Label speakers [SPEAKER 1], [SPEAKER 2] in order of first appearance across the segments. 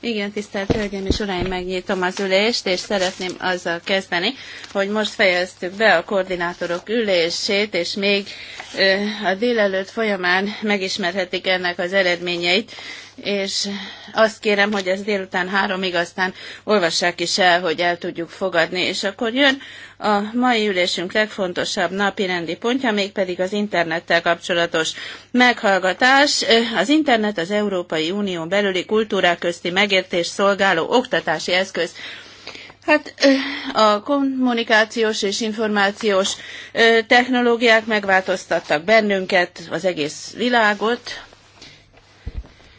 [SPEAKER 1] Igen, tisztelt Hölgyeim és Uraim, megnyitom az ülést, és szeretném azzal kezdeni, hogy most fejeztük be a koordinátorok ülését, és még a délelőtt folyamán megismerhetik ennek az eredményeit és azt kérem, hogy ez délután háromig aztán olvassák is el, hogy el tudjuk fogadni, és akkor jön a mai ülésünk legfontosabb napi rendi pontja, mégpedig az internettel kapcsolatos meghallgatás. Az internet az Európai Unió belüli kultúrák közti megértés szolgáló oktatási eszköz. Hát a kommunikációs és információs technológiák megváltoztattak bennünket, az egész világot,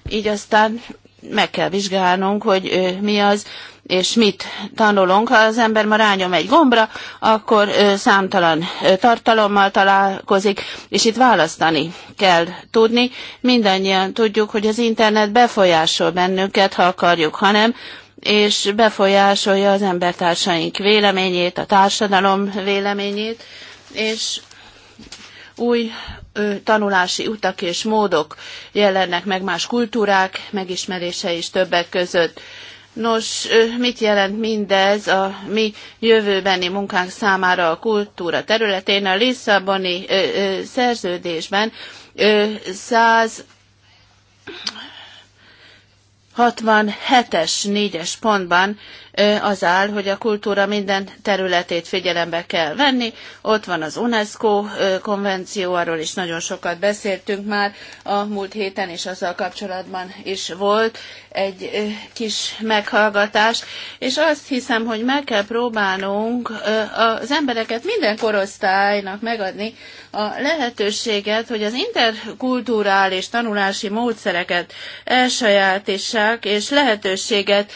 [SPEAKER 1] így aztán meg kell vizsgálnunk, hogy mi az, és mit tanulunk. Ha az ember ma rányom egy gombra, akkor számtalan tartalommal találkozik, és itt választani kell tudni. Mindannyian tudjuk, hogy az internet befolyásol bennünket, ha akarjuk, hanem és befolyásolja az embertársaink véleményét, a társadalom véleményét, és új tanulási utak és módok jelennek meg, más kultúrák megismerése is többek között. Nos, mit jelent mindez a mi jövőbeni munkánk számára a kultúra területén? A Lisszaboni szerződésben 100 67-es 4 pontban az áll, hogy a kultúra minden területét figyelembe kell venni. Ott van az UNESCO konvenció, arról is nagyon sokat beszéltünk már a múlt héten, és azzal kapcsolatban is volt egy kis meghallgatás, és azt hiszem, hogy meg kell próbálnunk az embereket minden korosztálynak megadni a lehetőséget, hogy az interkulturális tanulási módszereket elsajátítsák és lehetőséget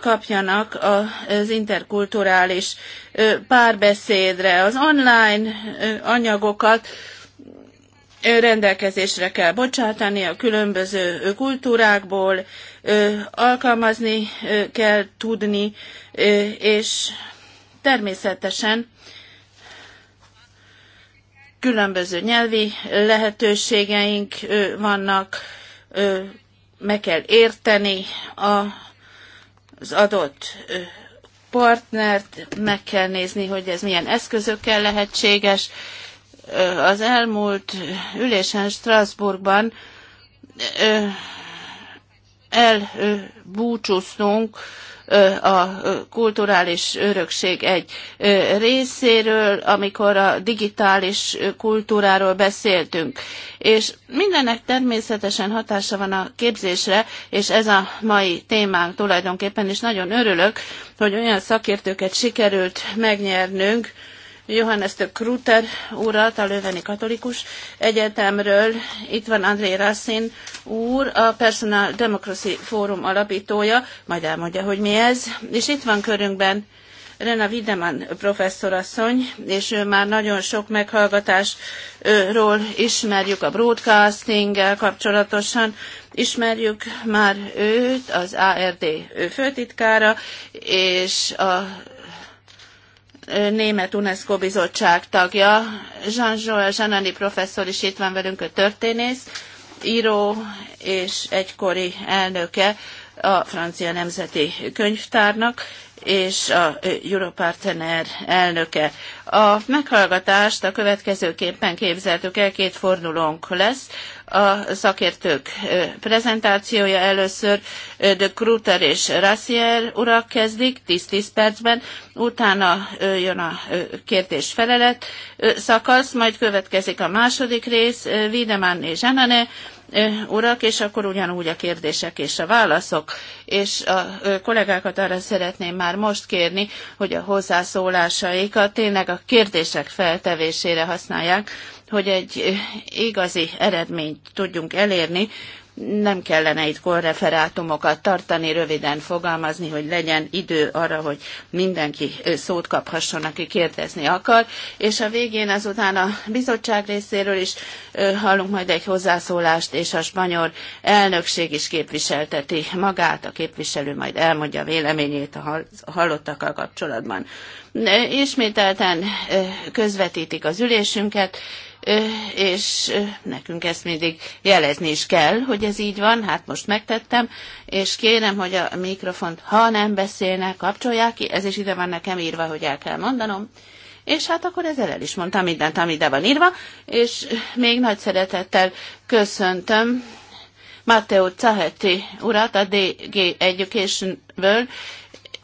[SPEAKER 1] kapjanak az interkulturális párbeszédre. Az online anyagokat rendelkezésre kell bocsátani a különböző kultúrákból, alkalmazni kell tudni, és természetesen különböző nyelvi lehetőségeink vannak, meg kell érteni a az adott partnert, meg kell nézni, hogy ez milyen eszközökkel lehetséges. Az elmúlt ülésen Strasbourgban elbúcsúztunk a kulturális örökség egy részéről, amikor a digitális kultúráról beszéltünk. És mindennek természetesen hatása van a képzésre, és ez a mai témánk tulajdonképpen, és nagyon örülök, hogy olyan szakértőket sikerült megnyernünk, Johannes de Kruter urat a Löveni Katolikus Egyetemről. Itt van André Rassin úr, a Personal Democracy Fórum alapítója, majd elmondja, hogy mi ez. És itt van körünkben Rena Wideman professzorasszony, és ő már nagyon sok meghallgatásról ismerjük a broadcasting kapcsolatosan, ismerjük már őt, az ARD főtitkára, és a német UNESCO bizottság tagja, Jean-Joël Zsanani professzor is itt van velünk, ő történész, író és egykori elnöke a francia nemzeti könyvtárnak, és a Europartner elnöke. A meghallgatást a következőképpen képzeltük el, két fordulónk lesz. A szakértők prezentációja először de Kruter és Rassier urak kezdik 10-10 percben, utána jön a kérdés-felelet szakasz, majd következik a második rész, Wiedemann és Anane, urak, és akkor ugyanúgy a kérdések és a válaszok. És a kollégákat arra szeretném már most kérni, hogy a hozzászólásaikat tényleg a kérdések feltevésére használják, hogy egy igazi eredményt tudjunk elérni, nem kellene itt korreferátumokat tartani, röviden fogalmazni, hogy legyen idő arra, hogy mindenki szót kaphasson, aki kérdezni akar. És a végén azután a bizottság részéről is hallunk majd egy hozzászólást, és a spanyol elnökség is képviselteti magát, a képviselő majd elmondja véleményét a hallottakkal kapcsolatban. Ismételten közvetítik az ülésünket, és nekünk ezt mindig jelezni is kell, hogy ez így van, hát most megtettem, és kérem, hogy a mikrofont, ha nem beszélnek, kapcsolják ki, ez is ide van nekem írva, hogy el kell mondanom, és hát akkor ezzel el is mondtam mindent, ami ide van írva, és még nagy szeretettel köszöntöm Matteo Cahetti urat a DG Education-ből,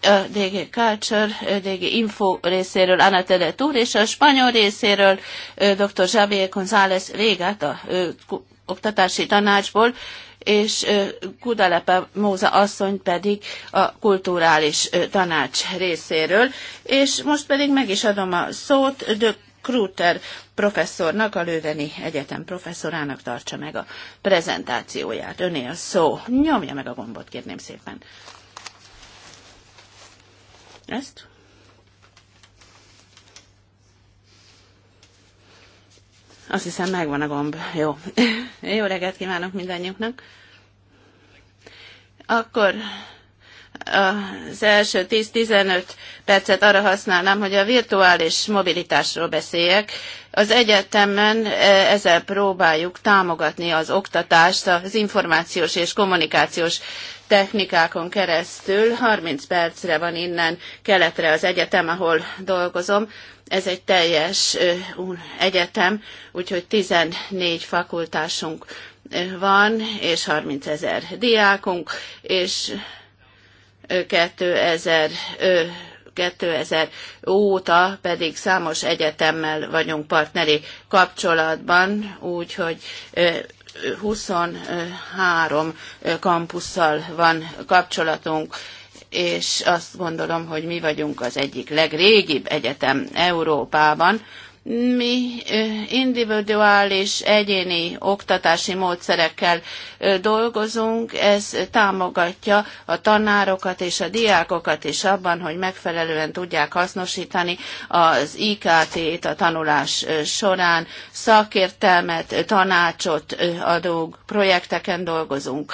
[SPEAKER 1] a DG Culture, DG Info részéről Ana Tede Túr, és a spanyol részéről dr. Javier González Régát a oktatási tanácsból, és Kudalepe Móza asszony pedig a kulturális tanács részéről. És most pedig meg is adom a szót de Kruter professzornak, a Lőveni Egyetem professzorának tartsa meg a prezentációját. Öné a szó. Nyomja meg a gombot, kérném szépen ezt. Azt hiszem megvan a gomb. Jó. Jó reggelt kívánok mindannyiuknak. Akkor az első 10-15 percet arra használnám, hogy a virtuális mobilitásról beszéljek. Az egyetemen e, ezzel próbáljuk támogatni az oktatást az információs és kommunikációs technikákon keresztül. 30 percre van innen keletre az egyetem, ahol dolgozom. Ez egy teljes egyetem, úgyhogy 14 fakultásunk van, és 30 ezer diákunk, és 2000 2000 óta pedig számos egyetemmel vagyunk partneri kapcsolatban, úgyhogy 23 kampusszal van kapcsolatunk, és azt gondolom, hogy mi vagyunk az egyik legrégibb egyetem Európában, mi individuális, egyéni oktatási módszerekkel dolgozunk, ez támogatja a tanárokat és a diákokat is abban, hogy megfelelően tudják hasznosítani az IKT-t a tanulás során, szakértelmet, tanácsot adó projekteken dolgozunk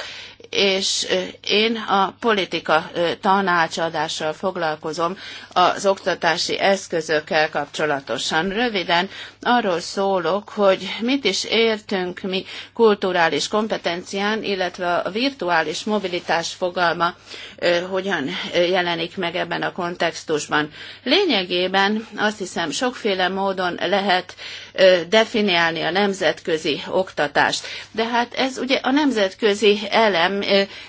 [SPEAKER 1] és én a politika tanácsadással foglalkozom az oktatási eszközökkel kapcsolatosan. Röviden arról szólok, hogy mit is értünk mi kulturális kompetencián, illetve a virtuális mobilitás fogalma hogyan jelenik meg ebben a kontextusban. Lényegében azt hiszem sokféle módon lehet definiálni a nemzetközi oktatást, de hát ez ugye a nemzetközi elem,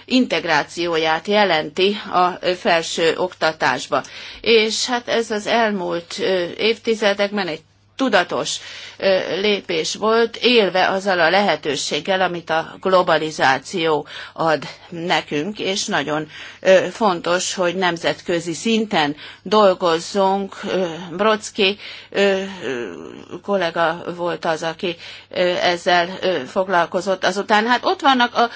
[SPEAKER 1] integrációját jelenti a felső oktatásba. És hát ez az elmúlt évtizedekben egy tudatos lépés volt, élve azzal a lehetőséggel, amit a globalizáció ad nekünk, és nagyon fontos, hogy nemzetközi szinten dolgozzunk. Brocki kollega volt az, aki ezzel foglalkozott. Azután hát ott vannak a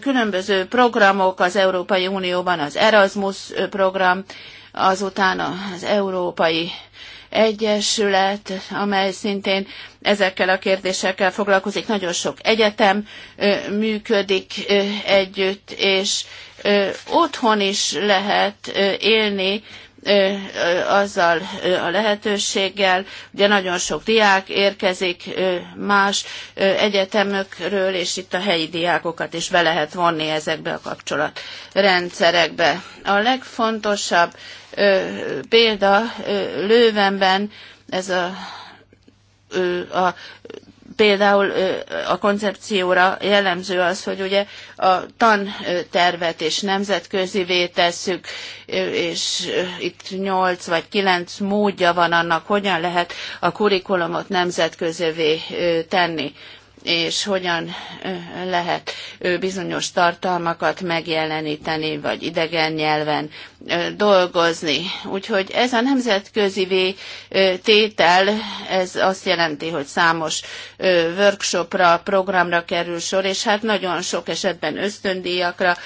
[SPEAKER 1] különböző programok az Európai Unióban, az Erasmus program, azután az Európai Egyesület, amely szintén ezekkel a kérdésekkel foglalkozik. Nagyon sok egyetem működik együtt, és otthon is lehet élni azzal a lehetőséggel, ugye nagyon sok diák érkezik más egyetemökről, és itt a helyi diákokat is be lehet vonni ezekbe a kapcsolatrendszerekbe. A legfontosabb példa Lővenben ez a a például a koncepcióra jellemző az, hogy ugye a tantervet és nemzetközi tesszük, és itt nyolc vagy kilenc módja van annak, hogyan lehet a kurikulumot nemzetközövé tenni és hogyan lehet bizonyos tartalmakat megjeleníteni, vagy idegen nyelven dolgozni. Úgyhogy ez a nemzetközi tétel, ez azt jelenti, hogy számos workshopra, programra kerül sor, és hát nagyon sok esetben ösztöndíjakra,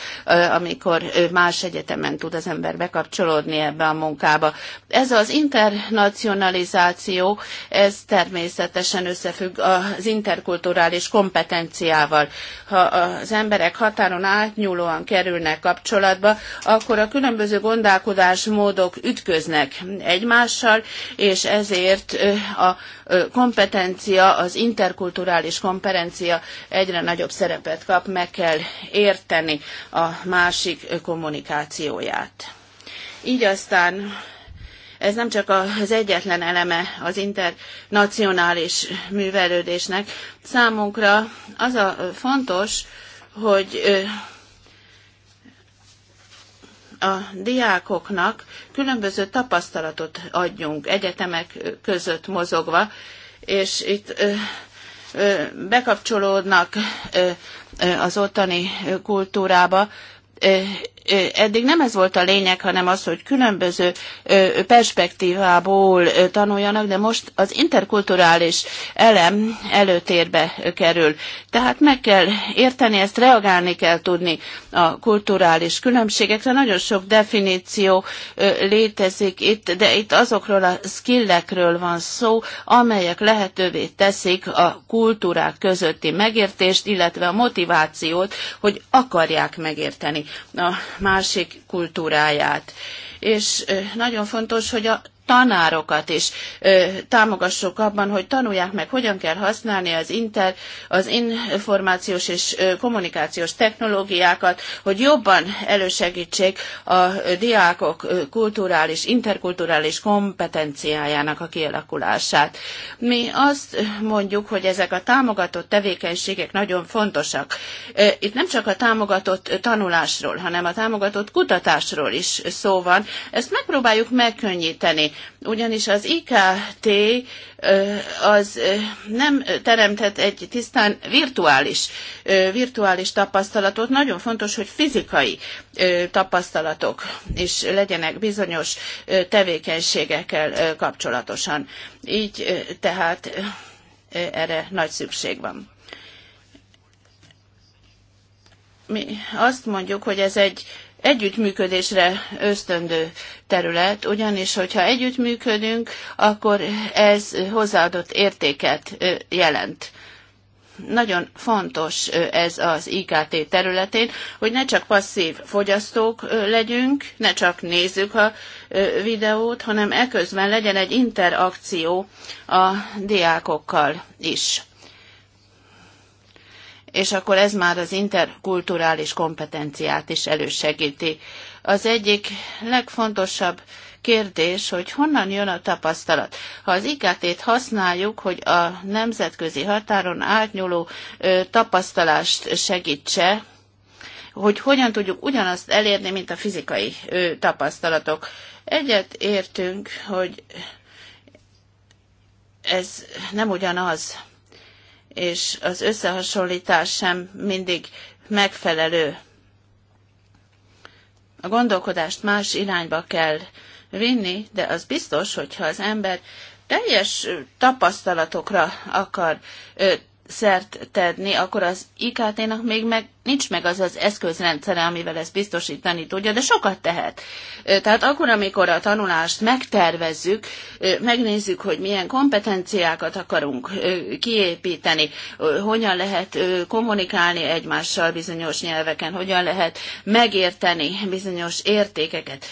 [SPEAKER 1] amikor más egyetemen tud az ember bekapcsolódni ebbe a munkába. Ez az internacionalizáció, ez természetesen összefügg az interkulturális kulturális kompetenciával. Ha az emberek határon átnyúlóan kerülnek kapcsolatba, akkor a különböző gondolkodásmódok ütköznek egymással, és ezért a kompetencia, az interkulturális kompetencia egyre nagyobb szerepet kap, meg kell érteni a másik kommunikációját. Így aztán ez nem csak az egyetlen eleme az internacionális művelődésnek. Számunkra az a fontos, hogy a diákoknak különböző tapasztalatot adjunk egyetemek között mozogva, és itt bekapcsolódnak az ottani kultúrába, eddig nem ez volt a lényeg, hanem az, hogy különböző perspektívából tanuljanak, de most az interkulturális elem előtérbe kerül. Tehát meg kell érteni, ezt reagálni kell tudni a kulturális különbségekre. Nagyon sok definíció létezik itt, de itt azokról a skillekről van szó, amelyek lehetővé teszik a kultúrák közötti megértést, illetve a motivációt, hogy akarják megérteni a másik kultúráját. És nagyon fontos, hogy a tanárokat is ö, támogassuk abban, hogy tanulják meg, hogyan kell használni az inter, az információs és ö, kommunikációs technológiákat, hogy jobban elősegítsék a ö, diákok ö, kulturális, interkulturális kompetenciájának a kialakulását. Mi azt mondjuk, hogy ezek a támogatott tevékenységek nagyon fontosak. Ö, itt nem csak a támogatott tanulásról, hanem a támogatott kutatásról is szó van. Ezt megpróbáljuk megkönnyíteni ugyanis az IKT az nem teremtett egy tisztán virtuális, virtuális tapasztalatot, nagyon fontos, hogy fizikai tapasztalatok is legyenek bizonyos tevékenységekkel kapcsolatosan. Így tehát erre nagy szükség van mi azt mondjuk, hogy ez egy együttműködésre ösztöndő terület, ugyanis hogyha együttműködünk, akkor ez hozzáadott értéket jelent nagyon fontos ez az IKT területén, hogy ne csak passzív fogyasztók legyünk, ne csak nézzük a videót, hanem eközben legyen egy interakció a diákokkal is és akkor ez már az interkulturális kompetenciát is elősegíti. Az egyik legfontosabb kérdés, hogy honnan jön a tapasztalat. Ha az IKT-t használjuk, hogy a nemzetközi határon átnyúló ö, tapasztalást segítse, hogy hogyan tudjuk ugyanazt elérni, mint a fizikai ö, tapasztalatok. Egyet értünk, hogy ez nem ugyanaz és az összehasonlítás sem mindig megfelelő. A gondolkodást más irányba kell vinni, de az biztos, hogyha az ember teljes tapasztalatokra akar ö, szert tenni, akkor az IKT-nak még meg nincs meg az az eszközrendszere, amivel ezt biztosítani tudja, de sokat tehet. Tehát akkor, amikor a tanulást megtervezzük, megnézzük, hogy milyen kompetenciákat akarunk kiépíteni, hogyan lehet kommunikálni egymással bizonyos nyelveken, hogyan lehet megérteni bizonyos értékeket,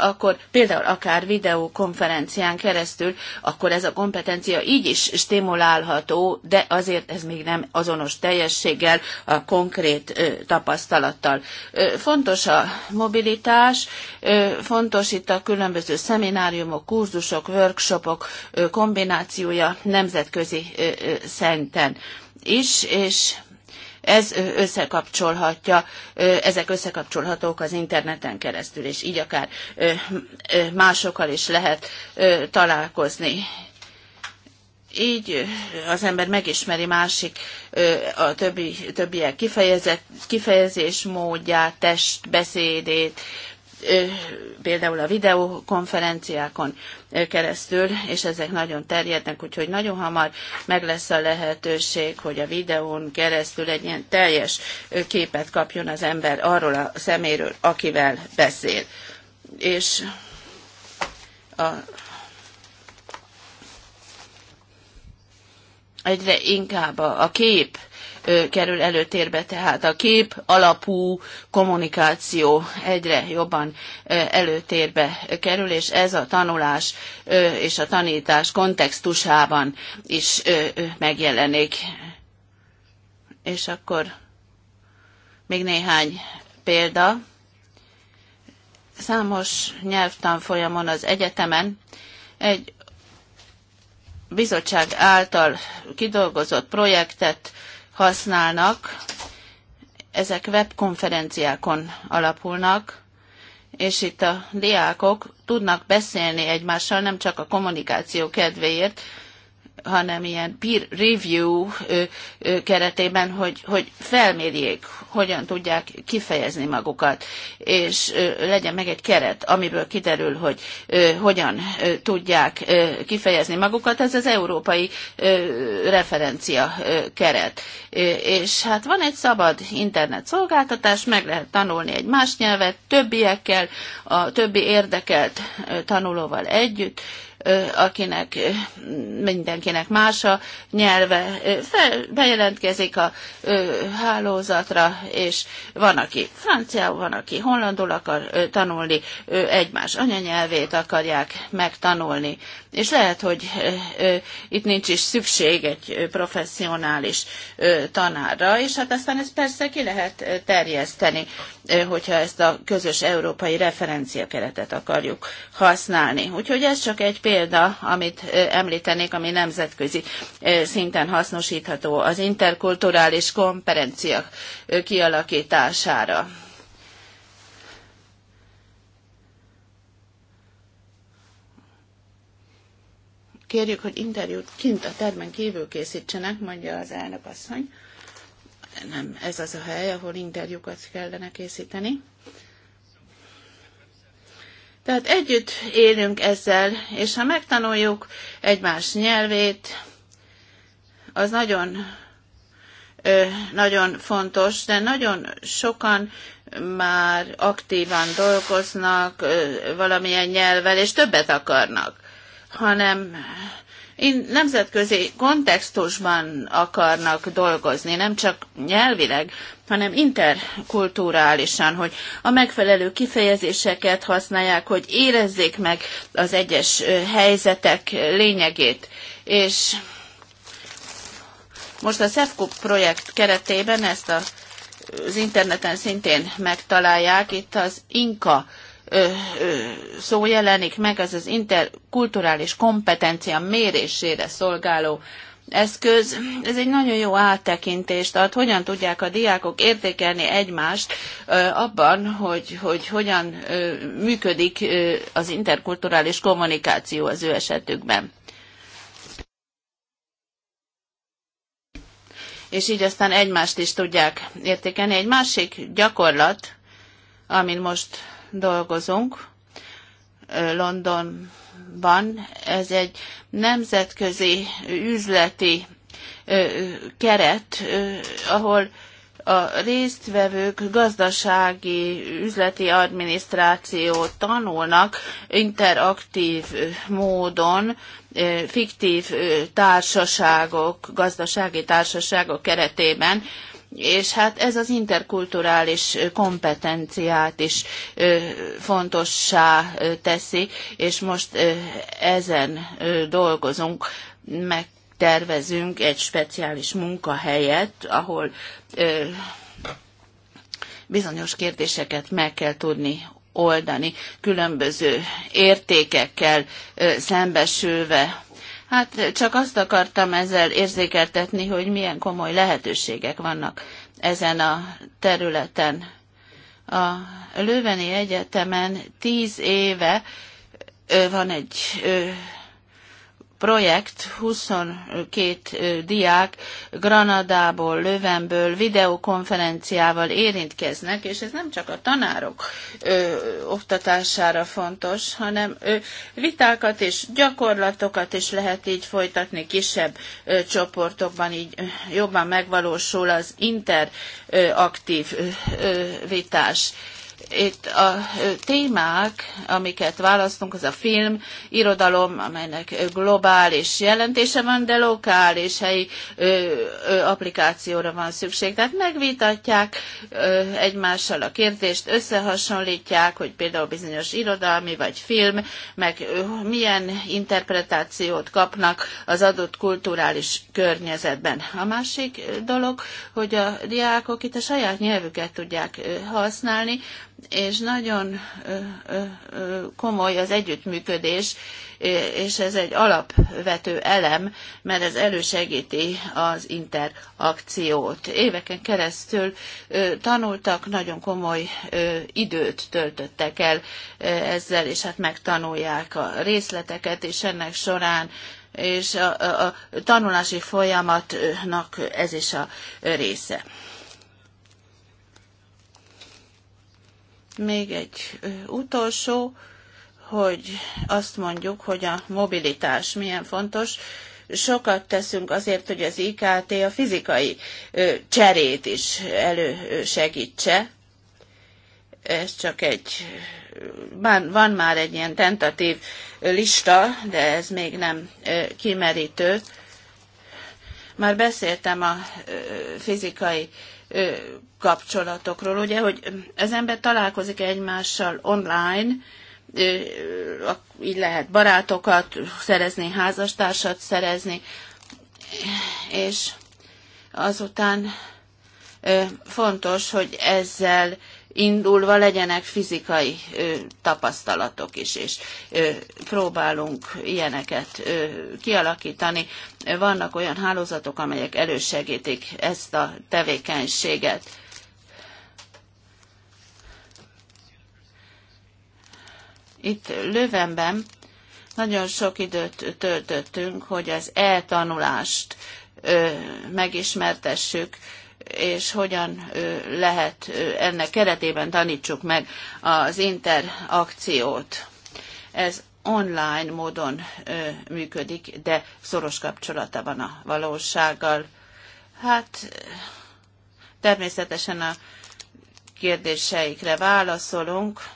[SPEAKER 1] akkor például akár videokonferencián keresztül, akkor ez a kompetencia így is stimulálható, de azért ez még nem azonos teljességgel a konkrét tapasztalattal. Fontos a mobilitás, fontos itt a különböző szemináriumok, kurzusok, workshopok kombinációja nemzetközi szenten is, és ez összekapcsolhatja, ezek összekapcsolhatók az interneten keresztül, és így akár másokkal is lehet találkozni így az ember megismeri másik, a többi, többiek kifejezett, kifejezés módját, testbeszédét, például a videokonferenciákon keresztül, és ezek nagyon terjednek, úgyhogy nagyon hamar meg lesz a lehetőség, hogy a videón keresztül egy ilyen teljes képet kapjon az ember arról a szeméről, akivel beszél. És a egyre inkább a kép kerül előtérbe, tehát a kép alapú kommunikáció egyre jobban előtérbe kerül, és ez a tanulás és a tanítás kontextusában is megjelenik. És akkor még néhány példa. Számos nyelvtanfolyamon az egyetemen egy bizottság által kidolgozott projektet használnak, ezek webkonferenciákon alapulnak, és itt a diákok tudnak beszélni egymással, nem csak a kommunikáció kedvéért, hanem ilyen peer review keretében, hogy, hogy felmérjék, hogyan tudják kifejezni magukat, és legyen meg egy keret, amiből kiderül, hogy hogyan tudják kifejezni magukat. Ez az európai referencia keret. És hát van egy szabad internet szolgáltatás, meg lehet tanulni egy más nyelvet többiekkel, a többi érdekelt tanulóval együtt, akinek mindenkinek más a nyelve, fel, bejelentkezik a hálózatra, és van, aki franciául, van, aki hollandul akar tanulni, egymás anyanyelvét akarják megtanulni. És lehet, hogy itt nincs is szükség egy professzionális tanárra, és hát aztán ezt persze ki lehet terjeszteni, hogyha ezt a közös európai referenciakeretet akarjuk használni. Úgyhogy ez csak egy példa, amit említenék, ami nemzetközi szinten hasznosítható, az interkulturális konferencia kialakítására. Kérjük, hogy interjút kint a termen kívül készítsenek, mondja az asszony. Nem, ez az a hely, ahol interjúkat kellene készíteni. Tehát együtt élünk ezzel, és ha megtanuljuk egymás nyelvét, az nagyon, nagyon fontos, de nagyon sokan már aktívan dolgoznak valamilyen nyelvvel, és többet akarnak, hanem in, nemzetközi kontextusban akarnak dolgozni, nem csak nyelvileg, hanem interkulturálisan, hogy a megfelelő kifejezéseket használják, hogy érezzék meg az egyes helyzetek lényegét. És most a SEFCUP projekt keretében ezt a, az interneten szintén megtalálják, itt az INKA szó jelenik meg, ez az interkulturális kompetencia mérésére szolgáló eszköz. Ez egy nagyon jó áttekintést ad, hogyan tudják a diákok értékelni egymást abban, hogy, hogy hogyan működik az interkulturális kommunikáció az ő esetükben. És így aztán egymást is tudják értékelni. Egy másik gyakorlat, amin most dolgozunk, Londonban. Ez egy nemzetközi üzleti keret, ahol a résztvevők gazdasági, üzleti adminisztrációt tanulnak interaktív módon, fiktív társaságok, gazdasági társaságok keretében, és hát ez az interkulturális kompetenciát is fontossá teszi, és most ezen dolgozunk, megtervezünk egy speciális munkahelyet, ahol bizonyos kérdéseket meg kell tudni oldani, különböző értékekkel szembesülve Hát csak azt akartam ezzel érzékeltetni, hogy milyen komoly lehetőségek vannak ezen a területen. A Lőveni Egyetemen tíz éve van egy projekt, 22 diák Granadából, Lövenből videokonferenciával érintkeznek, és ez nem csak a tanárok ö, oktatására fontos, hanem ö, vitákat és gyakorlatokat is lehet így folytatni kisebb ö, csoportokban, így ö, jobban megvalósul az interaktív vitás. Ö, itt a témák, amiket választunk, az a film, irodalom, amelynek globális jelentése van, de lokális helyi ö, ö, applikációra van szükség. Tehát megvitatják ö, egymással a kérdést, összehasonlítják, hogy például bizonyos irodalmi vagy film, meg ö, milyen interpretációt kapnak az adott kulturális környezetben. A másik dolog, hogy a diákok itt a saját nyelvüket tudják használni, és nagyon komoly az együttműködés, és ez egy alapvető elem, mert ez elősegíti az interakciót. Éveken keresztül tanultak, nagyon komoly időt töltöttek el ezzel, és hát megtanulják a részleteket, és ennek során és a, a, a tanulási folyamatnak ez is a része. Még egy utolsó, hogy azt mondjuk, hogy a mobilitás milyen fontos. Sokat teszünk azért, hogy az IKT a fizikai cserét is elősegítse. Ez csak egy, van már egy ilyen tentatív lista, de ez még nem kimerítő. Már beszéltem a fizikai kapcsolatokról. Ugye, hogy az ember találkozik egymással online, így lehet barátokat szerezni, házastársat szerezni, és azután fontos, hogy ezzel indulva legyenek fizikai ö, tapasztalatok is, és ö, próbálunk ilyeneket ö, kialakítani. Vannak olyan hálózatok, amelyek elősegítik ezt a tevékenységet. Itt Lövenben nagyon sok időt töltöttünk, hogy az eltanulást ö, megismertessük, ö, és hogyan lehet ennek keretében tanítsuk meg az interakciót. Ez online módon működik, de szoros kapcsolata van a valósággal. Hát természetesen a kérdéseikre válaszolunk.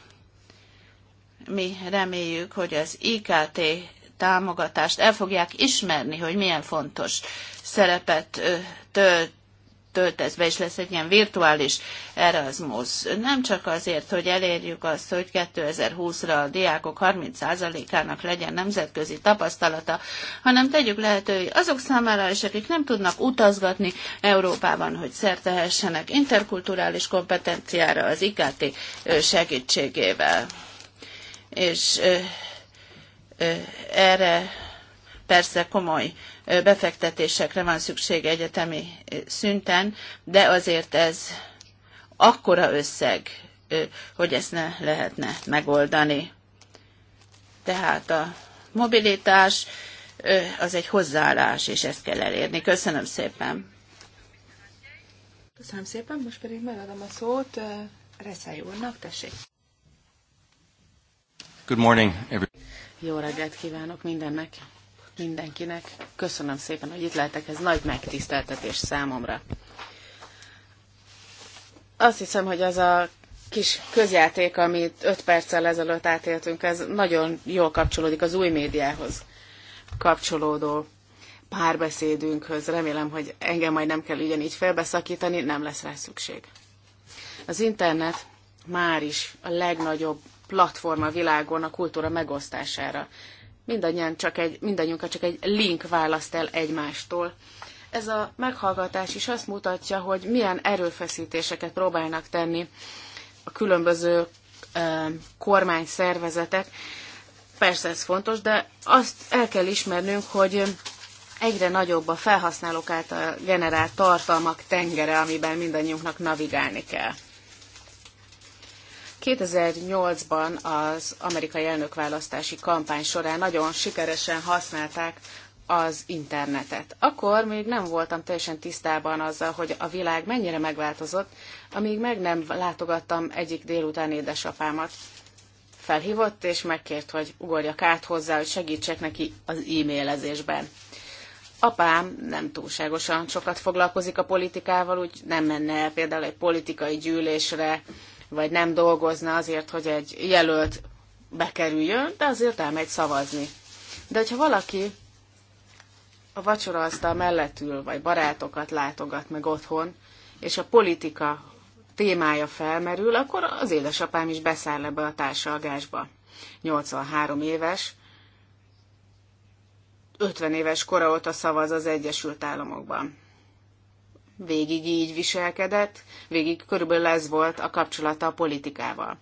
[SPEAKER 1] Mi reméljük, hogy az IKT támogatást el fogják ismerni, hogy milyen fontos szerepet tölt töltesz be, és lesz egy ilyen virtuális Erasmus. Nem csak azért, hogy elérjük azt, hogy 2020-ra a diákok 30%-ának legyen nemzetközi tapasztalata, hanem tegyük lehetővé azok számára is, akik nem tudnak utazgatni Európában, hogy szertehessenek interkulturális kompetenciára az IKT segítségével. És erre Persze komoly befektetésekre van szükség egyetemi szinten, de azért ez akkora összeg, hogy ezt ne lehetne megoldani. Tehát a mobilitás az egy hozzáállás, és ezt kell elérni. Köszönöm szépen!
[SPEAKER 2] Köszönöm szépen, most pedig megadom a szót Reszely úrnak, tessék! Good morning, everybody.
[SPEAKER 3] Jó reggelt kívánok mindennek! mindenkinek. Köszönöm szépen, hogy itt lehetek, ez nagy megtiszteltetés számomra. Azt hiszem, hogy az a kis közjáték, amit 5 perccel ezelőtt átéltünk, ez nagyon jól kapcsolódik az új médiához kapcsolódó párbeszédünkhöz. Remélem, hogy engem majd nem kell ugyanígy felbeszakítani, nem lesz rá szükség. Az internet már is a legnagyobb platforma világon a kultúra megosztására mindannyian csak egy, mindannyiunkat csak egy link választ el egymástól. Ez a meghallgatás is azt mutatja, hogy milyen erőfeszítéseket próbálnak tenni a különböző e, kormány szervezetek. Persze ez fontos, de azt el kell ismernünk, hogy egyre nagyobb a felhasználók által generált tartalmak tengere, amiben mindannyiunknak navigálni kell. 2008-ban az amerikai elnökválasztási kampány során nagyon sikeresen használták az internetet. Akkor még nem voltam teljesen tisztában azzal, hogy a világ mennyire megváltozott, amíg meg nem látogattam egyik délután édesapámat. Felhívott és megkért, hogy ugorjak át hozzá, hogy segítsek neki az e-mailezésben. Apám nem túlságosan sokat foglalkozik a politikával, úgy nem menne el például egy politikai gyűlésre, vagy nem dolgozna azért, hogy egy jelölt bekerüljön, de azért elmegy szavazni. De hogyha valaki a vacsoraasztal mellettül, vagy barátokat látogat meg otthon, és a politika témája felmerül, akkor az édesapám is beszáll le be a társalgásba. 83 éves, 50 éves kora óta szavaz az Egyesült Államokban végig így viselkedett, végig körülbelül ez volt a kapcsolata a politikával.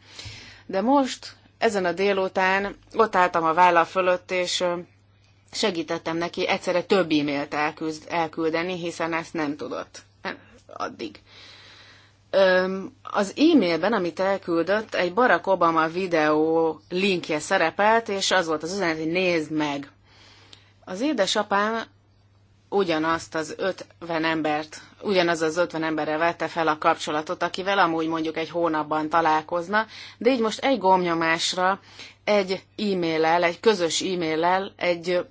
[SPEAKER 3] De most, ezen a délután ott álltam a vállal fölött, és segítettem neki egyszerre több e-mailt elküldeni, hiszen ezt nem tudott addig. Az e-mailben, amit elküldött, egy Barack Obama videó linkje szerepelt, és az volt az üzenet, hogy nézd meg. Az édesapám ugyanazt az 50 embert ugyanaz az 50 emberrel vette fel a kapcsolatot, akivel amúgy mondjuk egy hónapban találkozna, de így most egy gomnyomásra, egy e-maillel, egy közös e-maillel, egy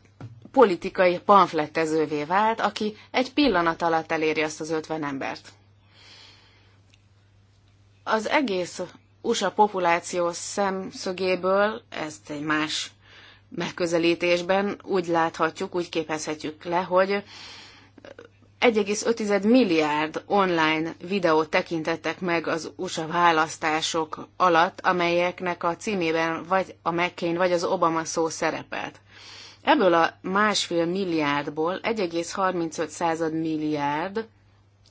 [SPEAKER 3] politikai pamflettezővé vált, aki egy pillanat alatt eléri azt az 50 embert. Az egész USA populáció szemszögéből, ezt egy más megközelítésben úgy láthatjuk, úgy képezhetjük le, hogy 1,5 milliárd online videót tekintettek meg az USA választások alatt, amelyeknek a címében vagy a McCain, vagy az Obama szó szerepelt. Ebből a másfél milliárdból 1,35 milliárd,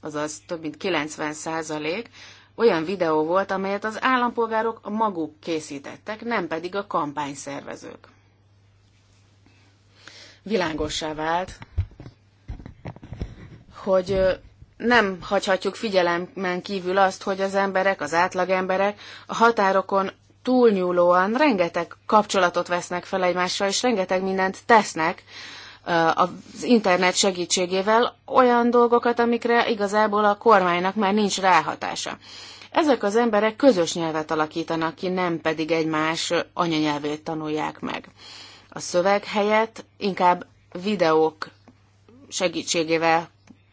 [SPEAKER 3] azaz több mint 90 százalék, olyan videó volt, amelyet az állampolgárok maguk készítettek, nem pedig a kampányszervezők. Világossá vált, hogy nem hagyhatjuk figyelemen kívül azt, hogy az emberek, az átlagemberek a határokon túlnyúlóan rengeteg kapcsolatot vesznek fel egymással, és rengeteg mindent tesznek az internet segítségével olyan dolgokat, amikre igazából a kormánynak már nincs ráhatása. Ezek az emberek közös nyelvet alakítanak ki, nem pedig egymás anyanyelvét tanulják meg. A szöveg helyett inkább videók segítségével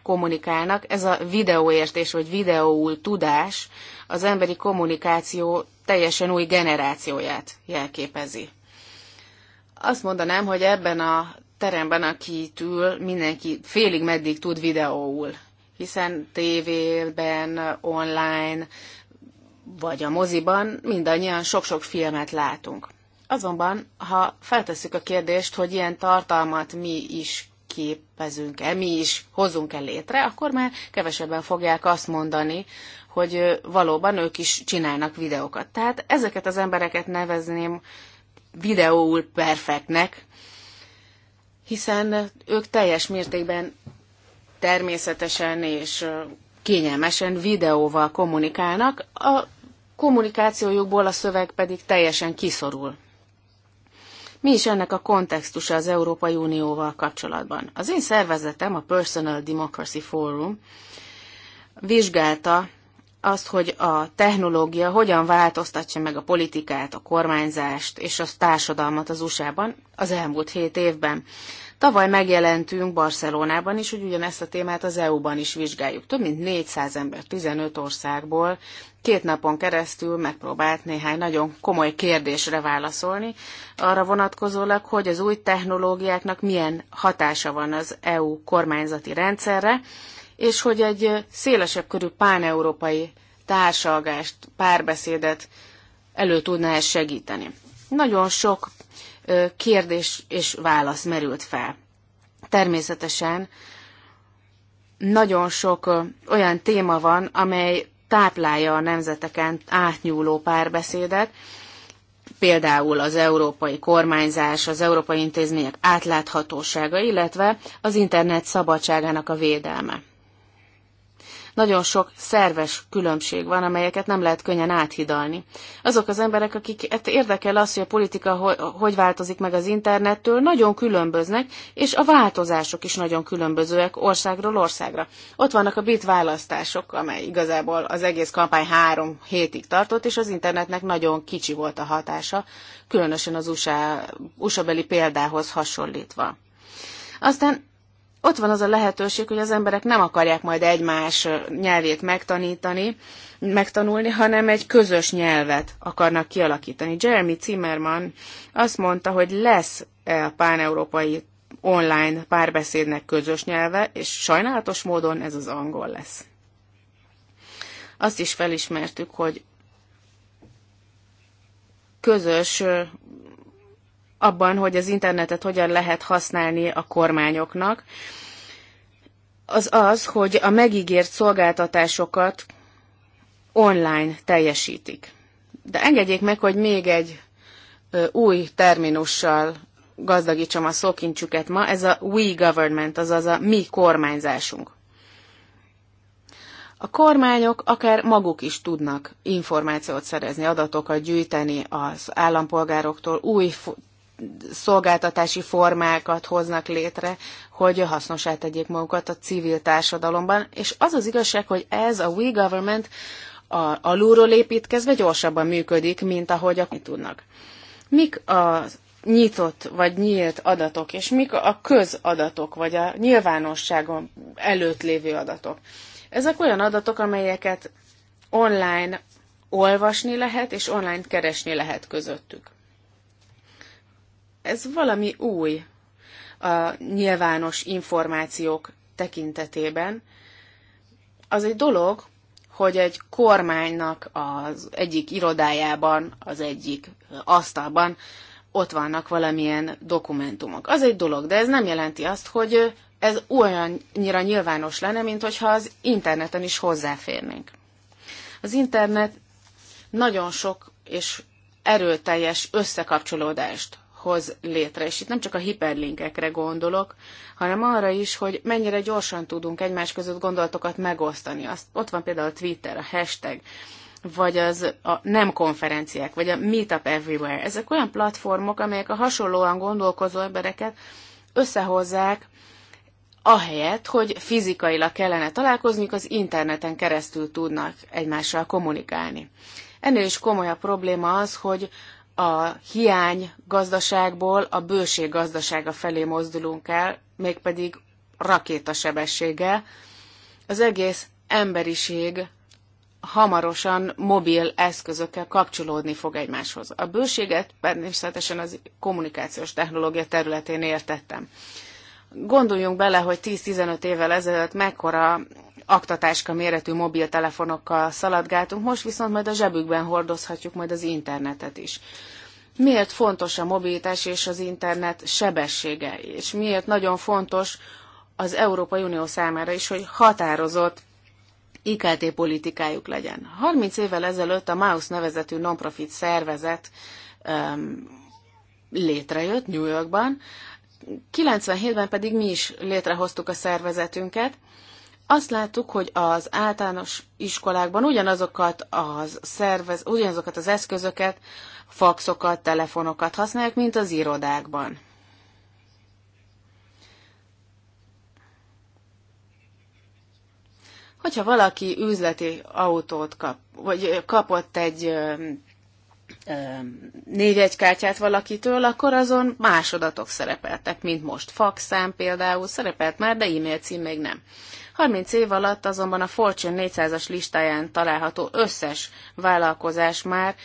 [SPEAKER 3] kommunikálnak. Ez a videóértés vagy videóul tudás az emberi kommunikáció teljesen új generációját jelképezi. Azt mondanám, hogy ebben a teremben, aki ül, mindenki félig meddig tud videóul, hiszen tévében, online, vagy a moziban mindannyian sok-sok filmet látunk. Azonban, ha feltesszük a kérdést, hogy ilyen tartalmat mi is képezünk-e, mi is hozunk-e létre, akkor már kevesebben fogják azt mondani, hogy valóban ők is csinálnak videókat. Tehát ezeket az embereket nevezném videóul perfektnek, hiszen ők teljes mértékben természetesen és kényelmesen videóval kommunikálnak, a kommunikációjukból a szöveg pedig teljesen kiszorul. Mi is ennek a kontextusa az Európai Unióval kapcsolatban? Az én szervezetem, a Personal Democracy Forum vizsgálta azt, hogy a technológia hogyan változtatja meg a politikát, a kormányzást és a társadalmat az USA-ban az elmúlt hét évben. Tavaly megjelentünk Barcelonában is, hogy ugyanezt a témát az EU-ban is vizsgáljuk. Több mint 400 ember 15 országból két napon keresztül megpróbált néhány nagyon komoly kérdésre válaszolni, arra vonatkozólag, hogy az új technológiáknak milyen hatása van az EU kormányzati rendszerre, és hogy egy szélesebb körű páneurópai társalgást, párbeszédet elő tudná ezt segíteni. Nagyon sok kérdés és válasz merült fel. Természetesen nagyon sok olyan téma van, amely táplálja a nemzeteken átnyúló párbeszédet, például az európai kormányzás, az európai intézmények átláthatósága, illetve az internet szabadságának a védelme. Nagyon sok szerves különbség van, amelyeket nem lehet könnyen áthidalni. Azok az emberek, akik érdekel az, hogy a politika hogy változik meg az internettől, nagyon különböznek, és a változások is nagyon különbözőek országról országra. Ott vannak a brit választások, amely igazából az egész kampány három hétig tartott, és az internetnek nagyon kicsi volt a hatása, különösen az USA, USA-beli példához hasonlítva. Aztán ott van az a lehetőség, hogy az emberek nem akarják majd egymás nyelvét megtanítani, megtanulni, hanem egy közös nyelvet akarnak kialakítani. Jeremy Zimmerman azt mondta, hogy lesz a páneurópai online párbeszédnek közös nyelve, és sajnálatos módon ez az angol lesz. Azt is felismertük, hogy közös abban, hogy az internetet hogyan lehet használni a kormányoknak, az az, hogy a megígért szolgáltatásokat online teljesítik. De engedjék meg, hogy még egy új terminussal gazdagítsam a szókincsüket ma, ez a we government, azaz a mi kormányzásunk. A kormányok akár maguk is tudnak információt szerezni, adatokat gyűjteni az állampolgároktól, új szolgáltatási formákat hoznak létre, hogy hasznosá tegyék magukat a civil társadalomban. És az az igazság, hogy ez a We Government a, alulról építkezve gyorsabban működik, mint ahogy akik tudnak. Mik a nyitott vagy nyílt adatok, és mik a közadatok, vagy a nyilvánosságon előtt lévő adatok? Ezek olyan adatok, amelyeket online olvasni lehet, és online keresni lehet közöttük. Ez valami új a nyilvános információk tekintetében. Az egy dolog, hogy egy kormánynak az egyik irodájában, az egyik asztalban ott vannak valamilyen dokumentumok. Az egy dolog, de ez nem jelenti azt, hogy ez olyannyira nyilvános lenne, mint hogyha az interneten is hozzáférnénk. Az internet nagyon sok és erőteljes összekapcsolódást hoz létre. És itt nem csak a hiperlinkekre gondolok, hanem arra is, hogy mennyire gyorsan tudunk egymás között gondolatokat megosztani. Azt, ott van például a Twitter, a hashtag, vagy az a nem konferenciák, vagy a Meetup Everywhere. Ezek olyan platformok, amelyek a hasonlóan gondolkozó embereket összehozzák, ahelyett, hogy fizikailag kellene találkozniuk, az interneten keresztül tudnak egymással kommunikálni. Ennél is komolyabb probléma az, hogy a hiány gazdaságból a bőség gazdasága felé mozdulunk el, mégpedig rakétasebességgel. Az egész emberiség hamarosan mobil eszközökkel kapcsolódni fog egymáshoz. A bőséget természetesen az kommunikációs technológia területén értettem. Gondoljunk bele, hogy 10-15 évvel ezelőtt mekkora aktatáska méretű mobiltelefonokkal szaladgáltunk, most viszont majd a zsebükben hordozhatjuk majd az internetet is. Miért fontos a mobilitás és az internet sebessége, és miért nagyon fontos az Európai Unió számára is, hogy határozott IKT politikájuk legyen. 30 évvel ezelőtt a Mouse nevezetű nonprofit szervezet um, létrejött New Yorkban, 97-ben pedig mi is létrehoztuk a szervezetünket. Azt láttuk, hogy az általános iskolákban ugyanazokat, az szervez, ugyanazokat az eszközöket, faxokat, telefonokat használják, mint az irodákban. hogyha valaki üzleti autót kap, vagy kapott egy kártyát valakitől, akkor azon más adatok szerepeltek, mint most. Faxszám például szerepelt már, de e-mail cím még nem. 30 év alatt azonban a Fortune 400-as listáján található összes vállalkozás már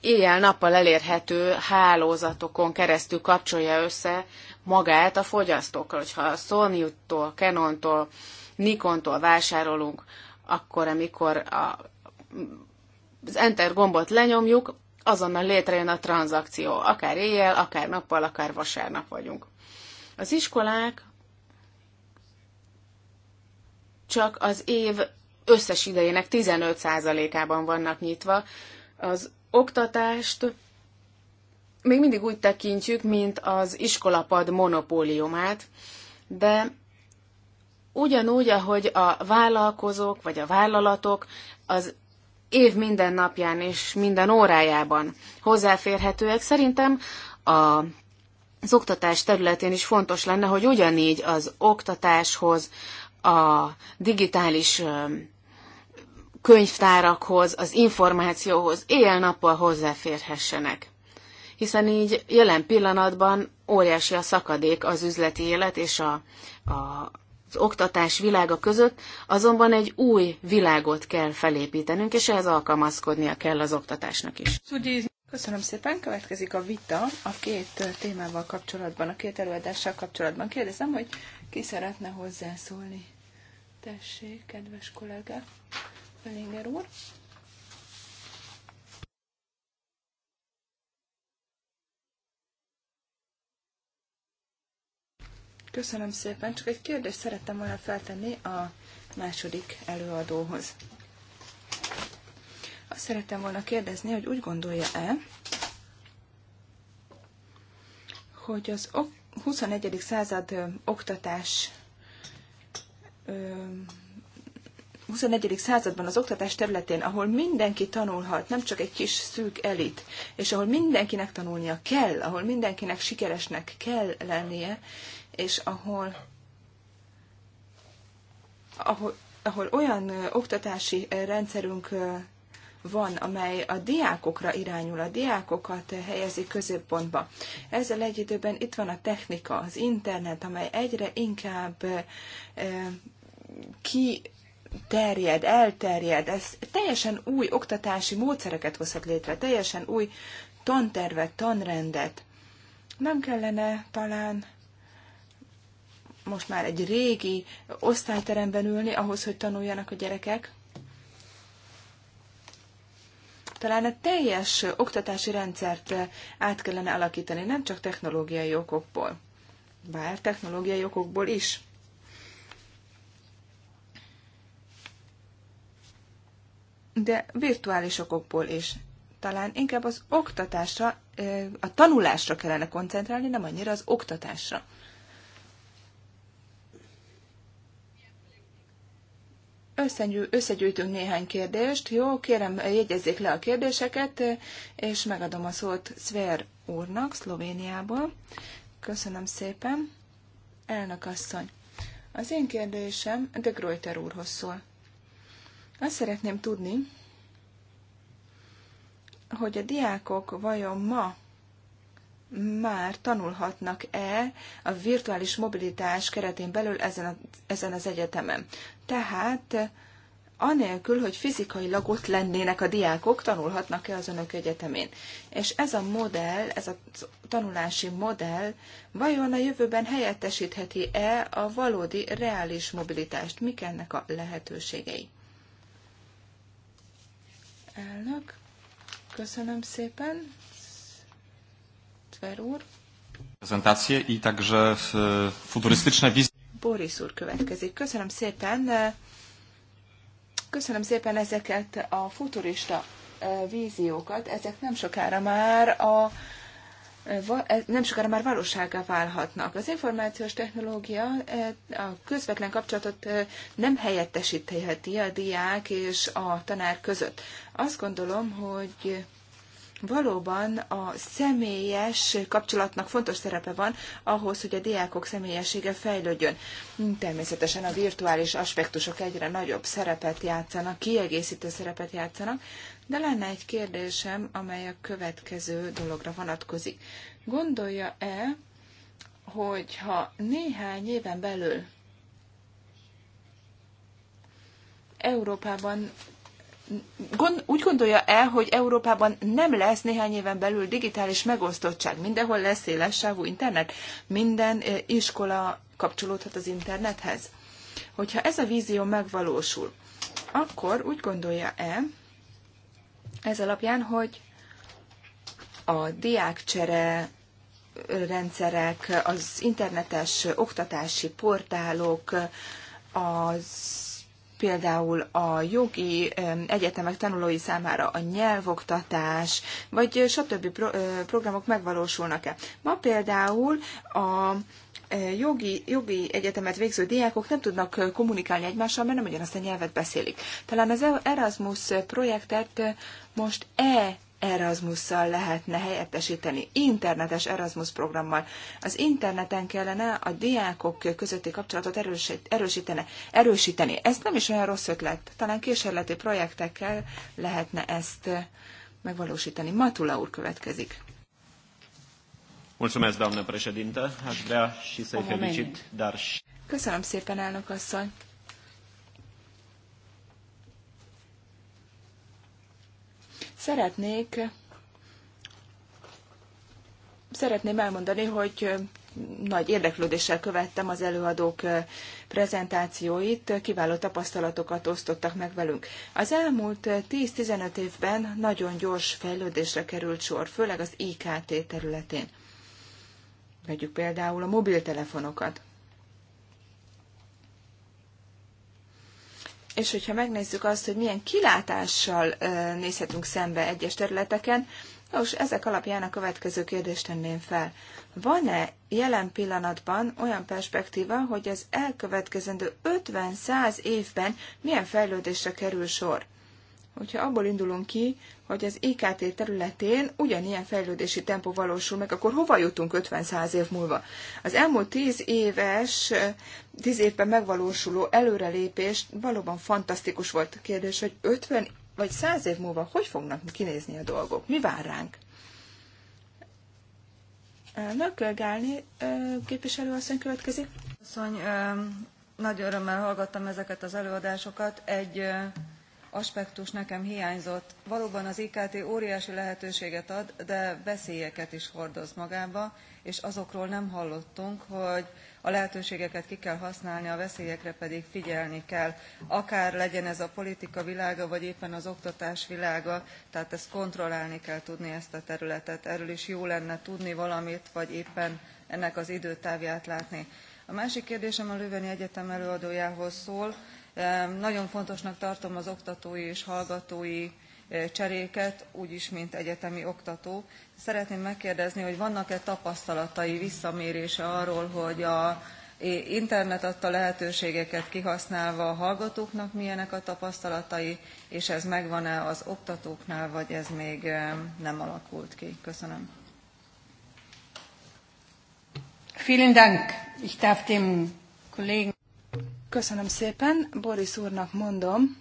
[SPEAKER 3] éjjel-nappal elérhető hálózatokon keresztül kapcsolja össze magát a fogyasztókkal. Hogyha a Sony-tól, Canon-tól, Nikon-tól vásárolunk, akkor amikor a, az Enter gombot lenyomjuk, azonnal létrejön a tranzakció, akár éjjel, akár nappal, akár vasárnap vagyunk. Az iskolák csak az év összes idejének 15%-ában vannak nyitva. Az oktatást még mindig úgy tekintjük, mint az iskolapad monopóliumát, de ugyanúgy, ahogy a vállalkozók vagy a vállalatok az év minden napján és minden órájában hozzáférhetőek. Szerintem a az oktatás területén is fontos lenne, hogy ugyanígy az oktatáshoz, a digitális könyvtárakhoz, az információhoz éjjel-nappal hozzáférhessenek. Hiszen így jelen pillanatban óriási a szakadék az üzleti élet és a, a, oktatás világa között, azonban egy új világot kell felépítenünk, és ehhez alkalmazkodnia kell az oktatásnak is.
[SPEAKER 2] Köszönöm szépen, következik a vita a két témával kapcsolatban, a két előadással kapcsolatban. Kérdezem, hogy ki szeretne hozzászólni. Tessék, kedves kollega, Felinger úr. Köszönöm szépen. Csak egy kérdést szerettem volna feltenni a második előadóhoz. Azt szerettem volna kérdezni, hogy úgy gondolja-e, hogy az 21. század oktatás 21. században az oktatás területén, ahol mindenki tanulhat, nem csak egy kis szűk elit, és ahol mindenkinek tanulnia kell, ahol mindenkinek sikeresnek kell lennie, és ahol, ahol, ahol olyan oktatási rendszerünk van, amely a diákokra irányul, a diákokat helyezi középpontba. Ezzel egy időben itt van a technika, az internet, amely egyre inkább ki terjed, elterjed, ez teljesen új oktatási módszereket hozhat létre, teljesen új tantervet, tanrendet. Nem kellene talán most már egy régi osztályteremben ülni ahhoz, hogy tanuljanak a gyerekek? Talán a teljes oktatási rendszert eh, át kellene alakítani, nem csak technológiai okokból, bár technológiai okokból is. De virtuális okokból is. Talán inkább az oktatásra, eh, a tanulásra kellene koncentrálni, nem annyira az oktatásra. összegyű, összegyűjtünk néhány kérdést. Jó, kérem, jegyezzék le a kérdéseket, és megadom a szót Szver úrnak Szlovéniából. Köszönöm szépen. Elnök asszony, az én kérdésem de Greuter úrhoz szól. Azt szeretném tudni, hogy a diákok vajon ma már tanulhatnak-e a virtuális mobilitás keretén belül ezen, a, ezen az egyetemen. Tehát eh, anélkül, hogy fizikailag ott lennének a diákok, tanulhatnak-e az önök egyetemén. És ez a modell, ez a tanulási modell vajon a jövőben helyettesítheti-e a valódi, reális mobilitást? Mik ennek a lehetőségei? Elnök, köszönöm szépen. Ötver
[SPEAKER 1] Prezentáció, i także e, futurystyczne
[SPEAKER 2] Boris úr következik. Köszönöm szépen. E, köszönöm szépen ezeket a futurista e, víziókat. Ezek nem sokára már a nem sokára már valósággá válhatnak. Az információs technológia a közvetlen kapcsolatot nem helyettesítheti a diák és a tanár között. Azt gondolom, hogy Valóban a személyes kapcsolatnak fontos szerepe van ahhoz, hogy a diákok személyessége fejlődjön. Természetesen a virtuális aspektusok egyre nagyobb szerepet játszanak, kiegészítő szerepet játszanak, de lenne egy kérdésem, amely a következő dologra vonatkozik. Gondolja-e, hogyha néhány éven belül Európában gond, úgy gondolja el, hogy Európában nem lesz néhány éven belül digitális megosztottság. Mindenhol lesz széles sávú internet, minden eh, iskola kapcsolódhat az internethez. Hogyha ez a vízió megvalósul, akkor úgy gondolja-e ez alapján, hogy a diákcsere eh, rendszerek, az internetes eh, oktatási portálok, az például a jogi egyetemek tanulói számára a nyelvoktatás, vagy stb. programok megvalósulnak-e. Ma például a jogi, jogi egyetemet végző diákok nem tudnak kommunikálni egymással, mert nem ugyanazt a nyelvet beszélik. Talán az e- Erasmus projektet most e Erasmusszal lehetne helyettesíteni, internetes Erasmus programmal. Az interneten kellene a diákok közötti kapcsolatot erősítene, erősíteni. Ez nem is olyan rossz ötlet. Talán kísérleti projektekkel lehetne ezt megvalósítani. Matula úr következik.
[SPEAKER 1] Mulțumesc, doamnă președinte. Aș vrea și să-i felicit, dar...
[SPEAKER 2] Köszönöm szépen, elnök asszony. Szeretnék szeretném elmondani, hogy nagy érdeklődéssel követtem az előadók prezentációit, kiváló tapasztalatokat osztottak meg velünk. Az elmúlt 10-15 évben nagyon gyors fejlődésre került sor, főleg az IKT területén. Vegyük például a mobiltelefonokat. és hogyha megnézzük azt, hogy milyen kilátással nézhetünk szembe egyes területeken, és ezek alapján a következő kérdést tenném fel. Van-e jelen pillanatban olyan perspektíva, hogy az elkövetkezendő 50-100 évben milyen fejlődésre kerül sor? Hogyha abból indulunk ki, hogy az IKT e területén ugyanilyen fejlődési tempó valósul meg, akkor hova jutunk 50-100 év múlva? Az elmúlt 10 éves, 10 évben megvalósuló előrelépés valóban fantasztikus volt a kérdés, hogy 50 vagy 100 év múlva hogy fognak kinézni a dolgok? Mi vár ránk? Elnök Gálni képviselőasszony következik. Asszony, nagy örömmel hallgattam ezeket az előadásokat. Egy aspektus nekem hiányzott. Valóban az IKT óriási lehetőséget ad, de veszélyeket is hordoz magába, és azokról nem hallottunk, hogy a lehetőségeket ki kell használni, a veszélyekre pedig figyelni kell. Akár legyen ez a politika világa, vagy éppen az oktatás világa, tehát ezt kontrollálni kell tudni ezt a területet. Erről is jó lenne tudni valamit, vagy éppen ennek az időtávját látni. A másik kérdésem a Lőveni Egyetem előadójához szól nagyon fontosnak tartom az oktatói és hallgatói e, cseréket, úgyis, mint egyetemi oktató. Szeretném megkérdezni, hogy vannak-e tapasztalatai, visszamérése arról, hogy a internet adta lehetőségeket kihasználva a hallgatóknak milyenek a tapasztalatai, és ez megvan-e az oktatóknál, vagy ez még e, nem alakult ki? Köszönöm. Vielen Dank. Ich darf dem Kollegen Köszönöm szépen. Boris úrnak mondom,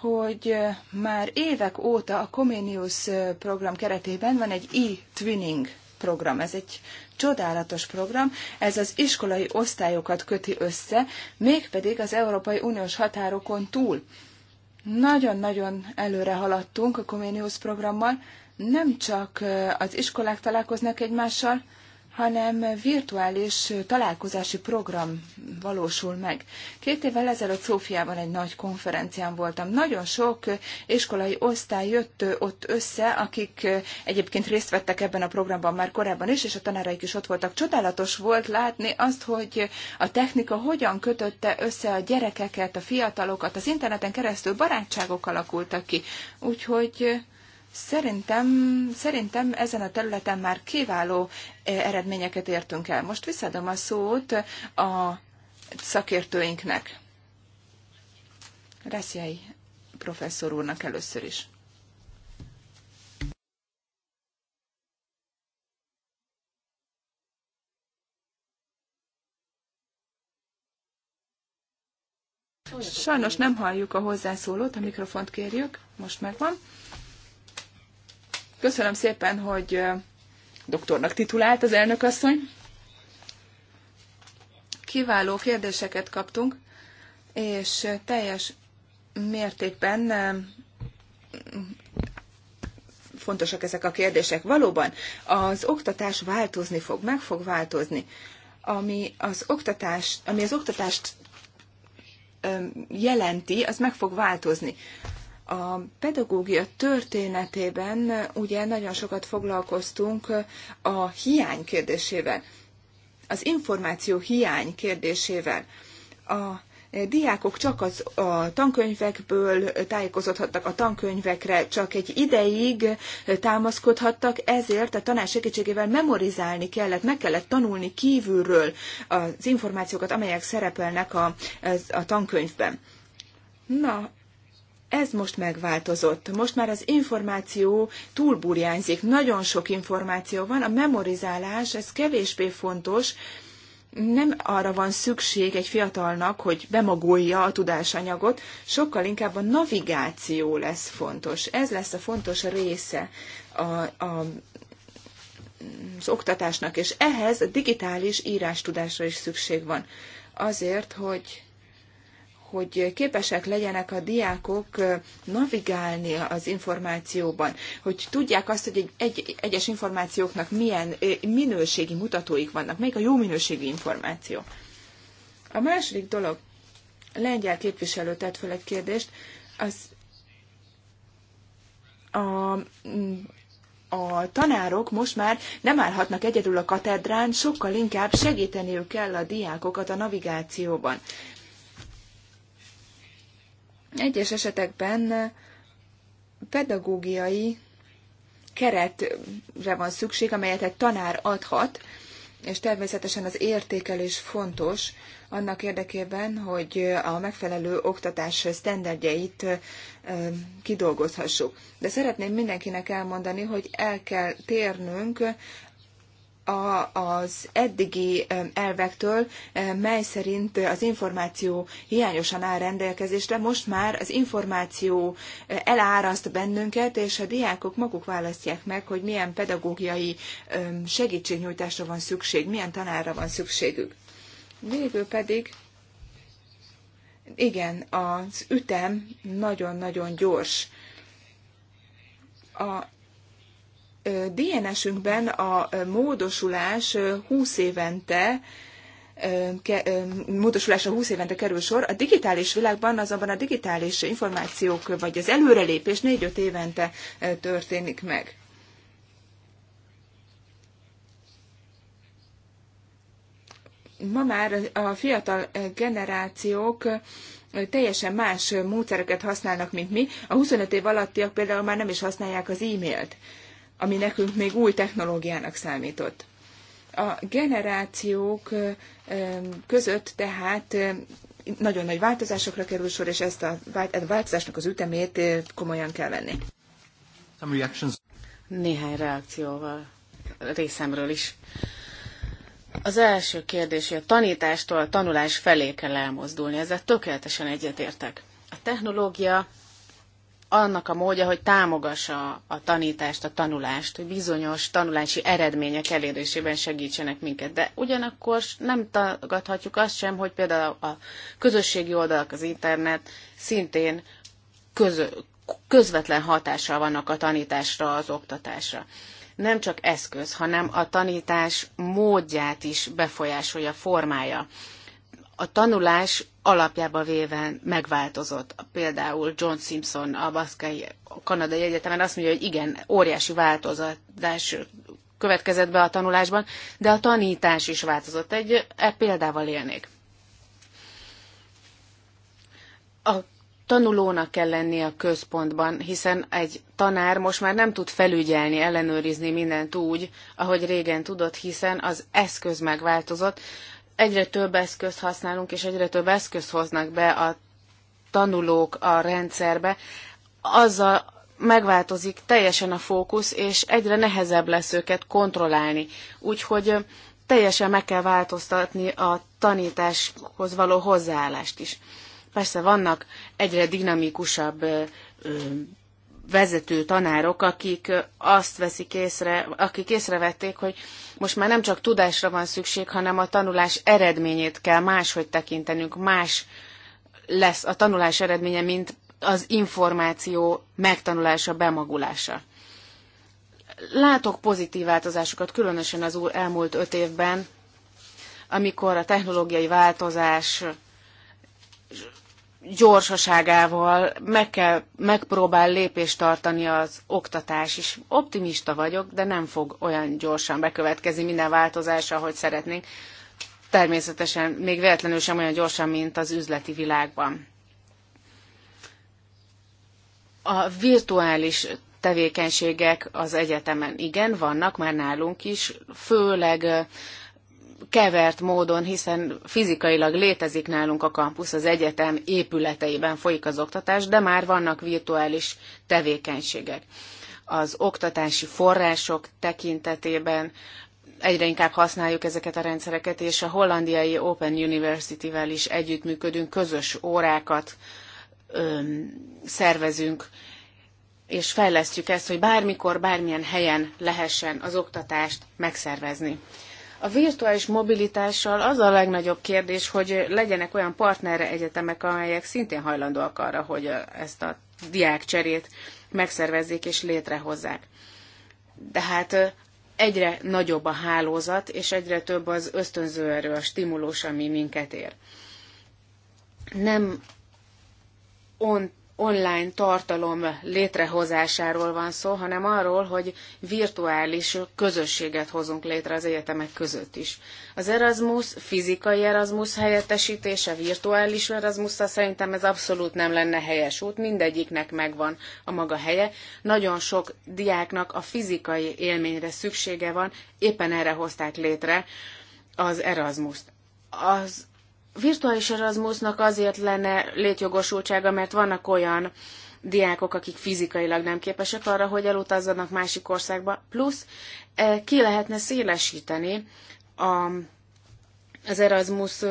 [SPEAKER 2] hogy már évek óta a Comenius program keretében van egy e-twinning program. Ez egy csodálatos program, ez az iskolai osztályokat köti össze, mégpedig az Európai Uniós határokon túl. Nagyon-nagyon előre haladtunk a Comenius programmal, nem csak az iskolák találkoznak egymással, hanem virtuális találkozási program valósul meg. Két évvel ezelőtt Szófiában egy nagy konferencián voltam. Nagyon sok iskolai osztály jött ott össze, akik egyébként részt vettek ebben a programban már korábban is, és a tanáraik is ott voltak. Csodálatos volt látni azt, hogy a technika hogyan kötötte össze a gyerekeket, a fiatalokat. Az interneten keresztül barátságok alakultak ki. Úgyhogy Szerintem, szerintem ezen a területen már kiváló eh, eredményeket értünk el. Most visszadom a szót a szakértőinknek. Reszjei professzor úrnak először is. Sajnos nem halljuk a hozzászólót, a mikrofont kérjük, most megvan. Köszönöm szépen, hogy doktornak titulált az elnök asszony. Kiváló kérdéseket kaptunk, és teljes mértékben fontosak ezek a kérdések. Valóban az oktatás változni fog, meg fog változni. Ami az oktatást, ami az oktatást jelenti, az meg fog változni. A pedagógia történetében ugye nagyon sokat foglalkoztunk a hiány kérdésével, az információ hiány kérdésével. A diákok csak az, a tankönyvekből tájékozódhattak, a tankönyvekre csak egy ideig támaszkodhattak, ezért a tanár segítségével memorizálni kellett, meg kellett tanulni kívülről az információkat, amelyek szerepelnek a, a tankönyvben. Na, ez most megváltozott. Most már az információ túlburjánzik, nagyon sok információ van, a memorizálás, ez kevésbé fontos, nem arra van szükség egy fiatalnak, hogy bemagolja a tudásanyagot, sokkal inkább a navigáció lesz fontos. Ez lesz a fontos része a, a, az oktatásnak, és ehhez a digitális írástudásra is szükség van. Azért, hogy hogy képesek legyenek a diákok navigálni az információban, hogy tudják azt, hogy egy, egy, egyes információknak milyen minőségi mutatóik vannak, melyik a jó minőségi információ. A második dolog, lengyel képviselő tett fel egy kérdést, az a, a tanárok most már nem állhatnak egyedül a katedrán, sokkal inkább segíteniük kell a diákokat a navigációban. Egyes esetekben pedagógiai keretre van szükség, amelyet egy tanár adhat, és természetesen az értékelés fontos annak érdekében, hogy a megfelelő oktatás sztenderdjeit kidolgozhassuk. De szeretném mindenkinek elmondani, hogy el kell térnünk a, az eddigi elvektől, mely szerint az információ hiányosan áll rendelkezésre, most már az információ eláraszt bennünket, és a diákok maguk választják meg, hogy milyen pedagógiai segítségnyújtásra van szükség, milyen tanárra van szükségük. Végül pedig, igen, az ütem nagyon-nagyon gyors. A DNS-ünkben a módosulás 20 évente módosulásra 20 évente kerül sor. A digitális világban azonban a digitális információk vagy az előrelépés 4-5 évente történik meg. Ma már a fiatal generációk teljesen más módszereket használnak, mint mi. A 25 év alattiak például már nem is használják az e-mailt ami nekünk még új technológiának számított. A generációk között tehát nagyon nagy változásokra kerül sor, és ezt a változásnak az ütemét komolyan kell venni.
[SPEAKER 3] Néhány reakcióval részemről is. Az első kérdés, hogy a tanítástól a tanulás felé kell elmozdulni, ezzel tökéletesen egyetértek. A technológia annak a módja, hogy támogassa a tanítást, a tanulást, hogy bizonyos tanulási eredmények elérésében segítsenek minket. De ugyanakkor nem tagadhatjuk azt sem, hogy például a közösségi oldalak, az internet szintén közö, közvetlen hatással vannak a tanításra, az oktatásra. Nem csak eszköz, hanem a tanítás módját is befolyásolja, formája a tanulás alapjába véve megváltozott. Például John Simpson a Baszkai a Kanadai Egyetemen azt mondja, hogy igen, óriási változás következett be a tanulásban, de a tanítás is változott. Egy e példával élnék. A tanulónak kell lennie a központban, hiszen egy tanár most már nem tud felügyelni, ellenőrizni mindent úgy, ahogy régen tudott, hiszen az eszköz megváltozott, egyre több eszközt használunk, és egyre több eszközt hoznak be a tanulók a rendszerbe, azzal megváltozik teljesen a fókusz, és egyre nehezebb lesz őket kontrollálni. Úgyhogy teljesen meg kell változtatni a tanításhoz való hozzáállást is. Persze vannak egyre dinamikusabb vezető tanárok, akik azt veszik észre, akik észrevették, hogy most már nem csak tudásra van szükség, hanem a tanulás eredményét kell máshogy tekintenünk, más lesz a tanulás eredménye, mint az információ megtanulása, bemagulása. Látok pozitív változásokat, különösen az elmúlt öt évben, amikor a technológiai változás gyorsaságával meg kell, megpróbál lépést tartani az oktatás is. Optimista vagyok, de nem fog olyan gyorsan bekövetkezni minden változás, ahogy szeretnénk. Természetesen még véletlenül sem olyan gyorsan, mint az üzleti világban. A virtuális tevékenységek az egyetemen igen, vannak már nálunk is, főleg kevert módon, hiszen fizikailag létezik nálunk a kampusz, az egyetem épületeiben folyik az oktatás, de már vannak virtuális tevékenységek. Az oktatási források tekintetében egyre inkább használjuk ezeket a rendszereket, és a hollandiai Open University-vel is együttműködünk, közös órákat öm, szervezünk, és fejlesztjük ezt, hogy bármikor, bármilyen helyen lehessen az oktatást megszervezni. A virtuális mobilitással az a legnagyobb kérdés, hogy legyenek olyan partnere egyetemek, amelyek szintén hajlandóak arra, hogy ezt a diákcserét megszervezzék és létrehozzák. De hát egyre nagyobb a hálózat, és egyre több az ösztönző erő, a stimulus, ami minket ér. Nem on online tartalom létrehozásáról van szó, hanem arról, hogy virtuális közösséget hozunk létre az egyetemek között is. Az Erasmus, fizikai Erasmus helyettesítése virtuális erasmus szerintem ez abszolút nem lenne helyes út, mindegyiknek megvan a maga helye. Nagyon sok diáknak a fizikai élményre szüksége van, éppen erre hozták létre az Erasmus-t. Az virtuális Erasmusnak azért lenne létjogosultsága, mert vannak olyan diákok, akik fizikailag nem képesek arra, hogy elutazzanak másik országba, plusz eh, ki lehetne szélesíteni a, az Erasmus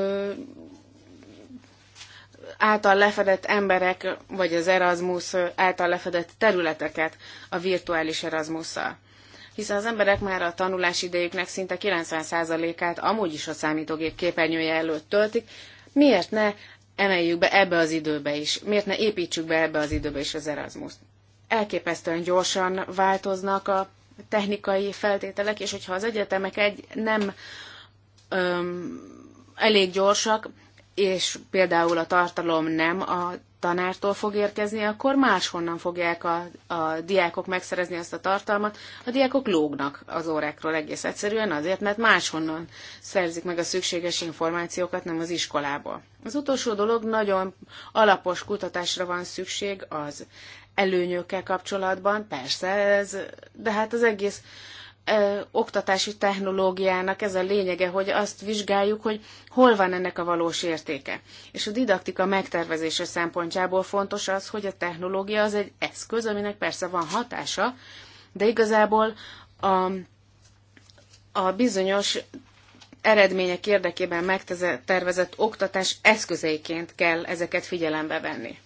[SPEAKER 3] által lefedett emberek, vagy az Erasmus által lefedett területeket a virtuális Erasmusszal hiszen az emberek már a tanulás idejüknek szinte 90%-át amúgy is a számítógép képernyője előtt töltik, miért ne emeljük be ebbe az időbe is, miért ne építsük be ebbe az időbe is az Erasmus-t. Elképesztően gyorsan változnak a technikai feltételek, és hogyha az egyetemek egy nem öm, elég gyorsak, és például a tartalom nem a tanártól fog érkezni, akkor máshonnan fogják a, a diákok megszerezni azt a tartalmat. A diákok lógnak az órákról egész egyszerűen azért, mert máshonnan szerzik meg a szükséges információkat, nem az iskolából. Az utolsó dolog, nagyon alapos kutatásra van szükség az előnyökkel kapcsolatban, persze ez, de hát az egész ö, oktatási technológiának ez a lényege, hogy azt vizsgáljuk, hogy hol van ennek a valós értéke. És a didaktika megtervezése szempontjából fontos az, hogy a technológia az egy eszköz, aminek persze van hatása, de igazából a, a bizonyos eredmények érdekében megtervezett oktatás eszközeiként kell ezeket figyelembe venni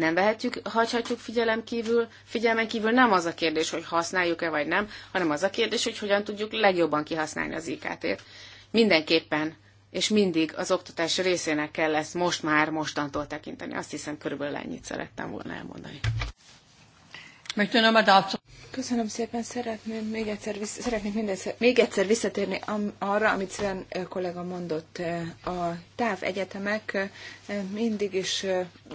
[SPEAKER 3] nem vehetjük, hagyhatjuk figyelem kívül, figyelmen kívül nem az a kérdés, hogy használjuk-e vagy nem, hanem az a kérdés, hogy hogyan tudjuk legjobban kihasználni az IKT-t. Mindenképpen és mindig az oktatás részének kell ezt most már mostantól tekinteni. Azt hiszem, körülbelül ennyit szerettem volna elmondani.
[SPEAKER 2] Köszönöm szépen, szeretném még egyszer, szeretnék mindegyszer, még egyszer visszatérni arra, amit Sven kollega mondott. A táv egyetemek mindig is,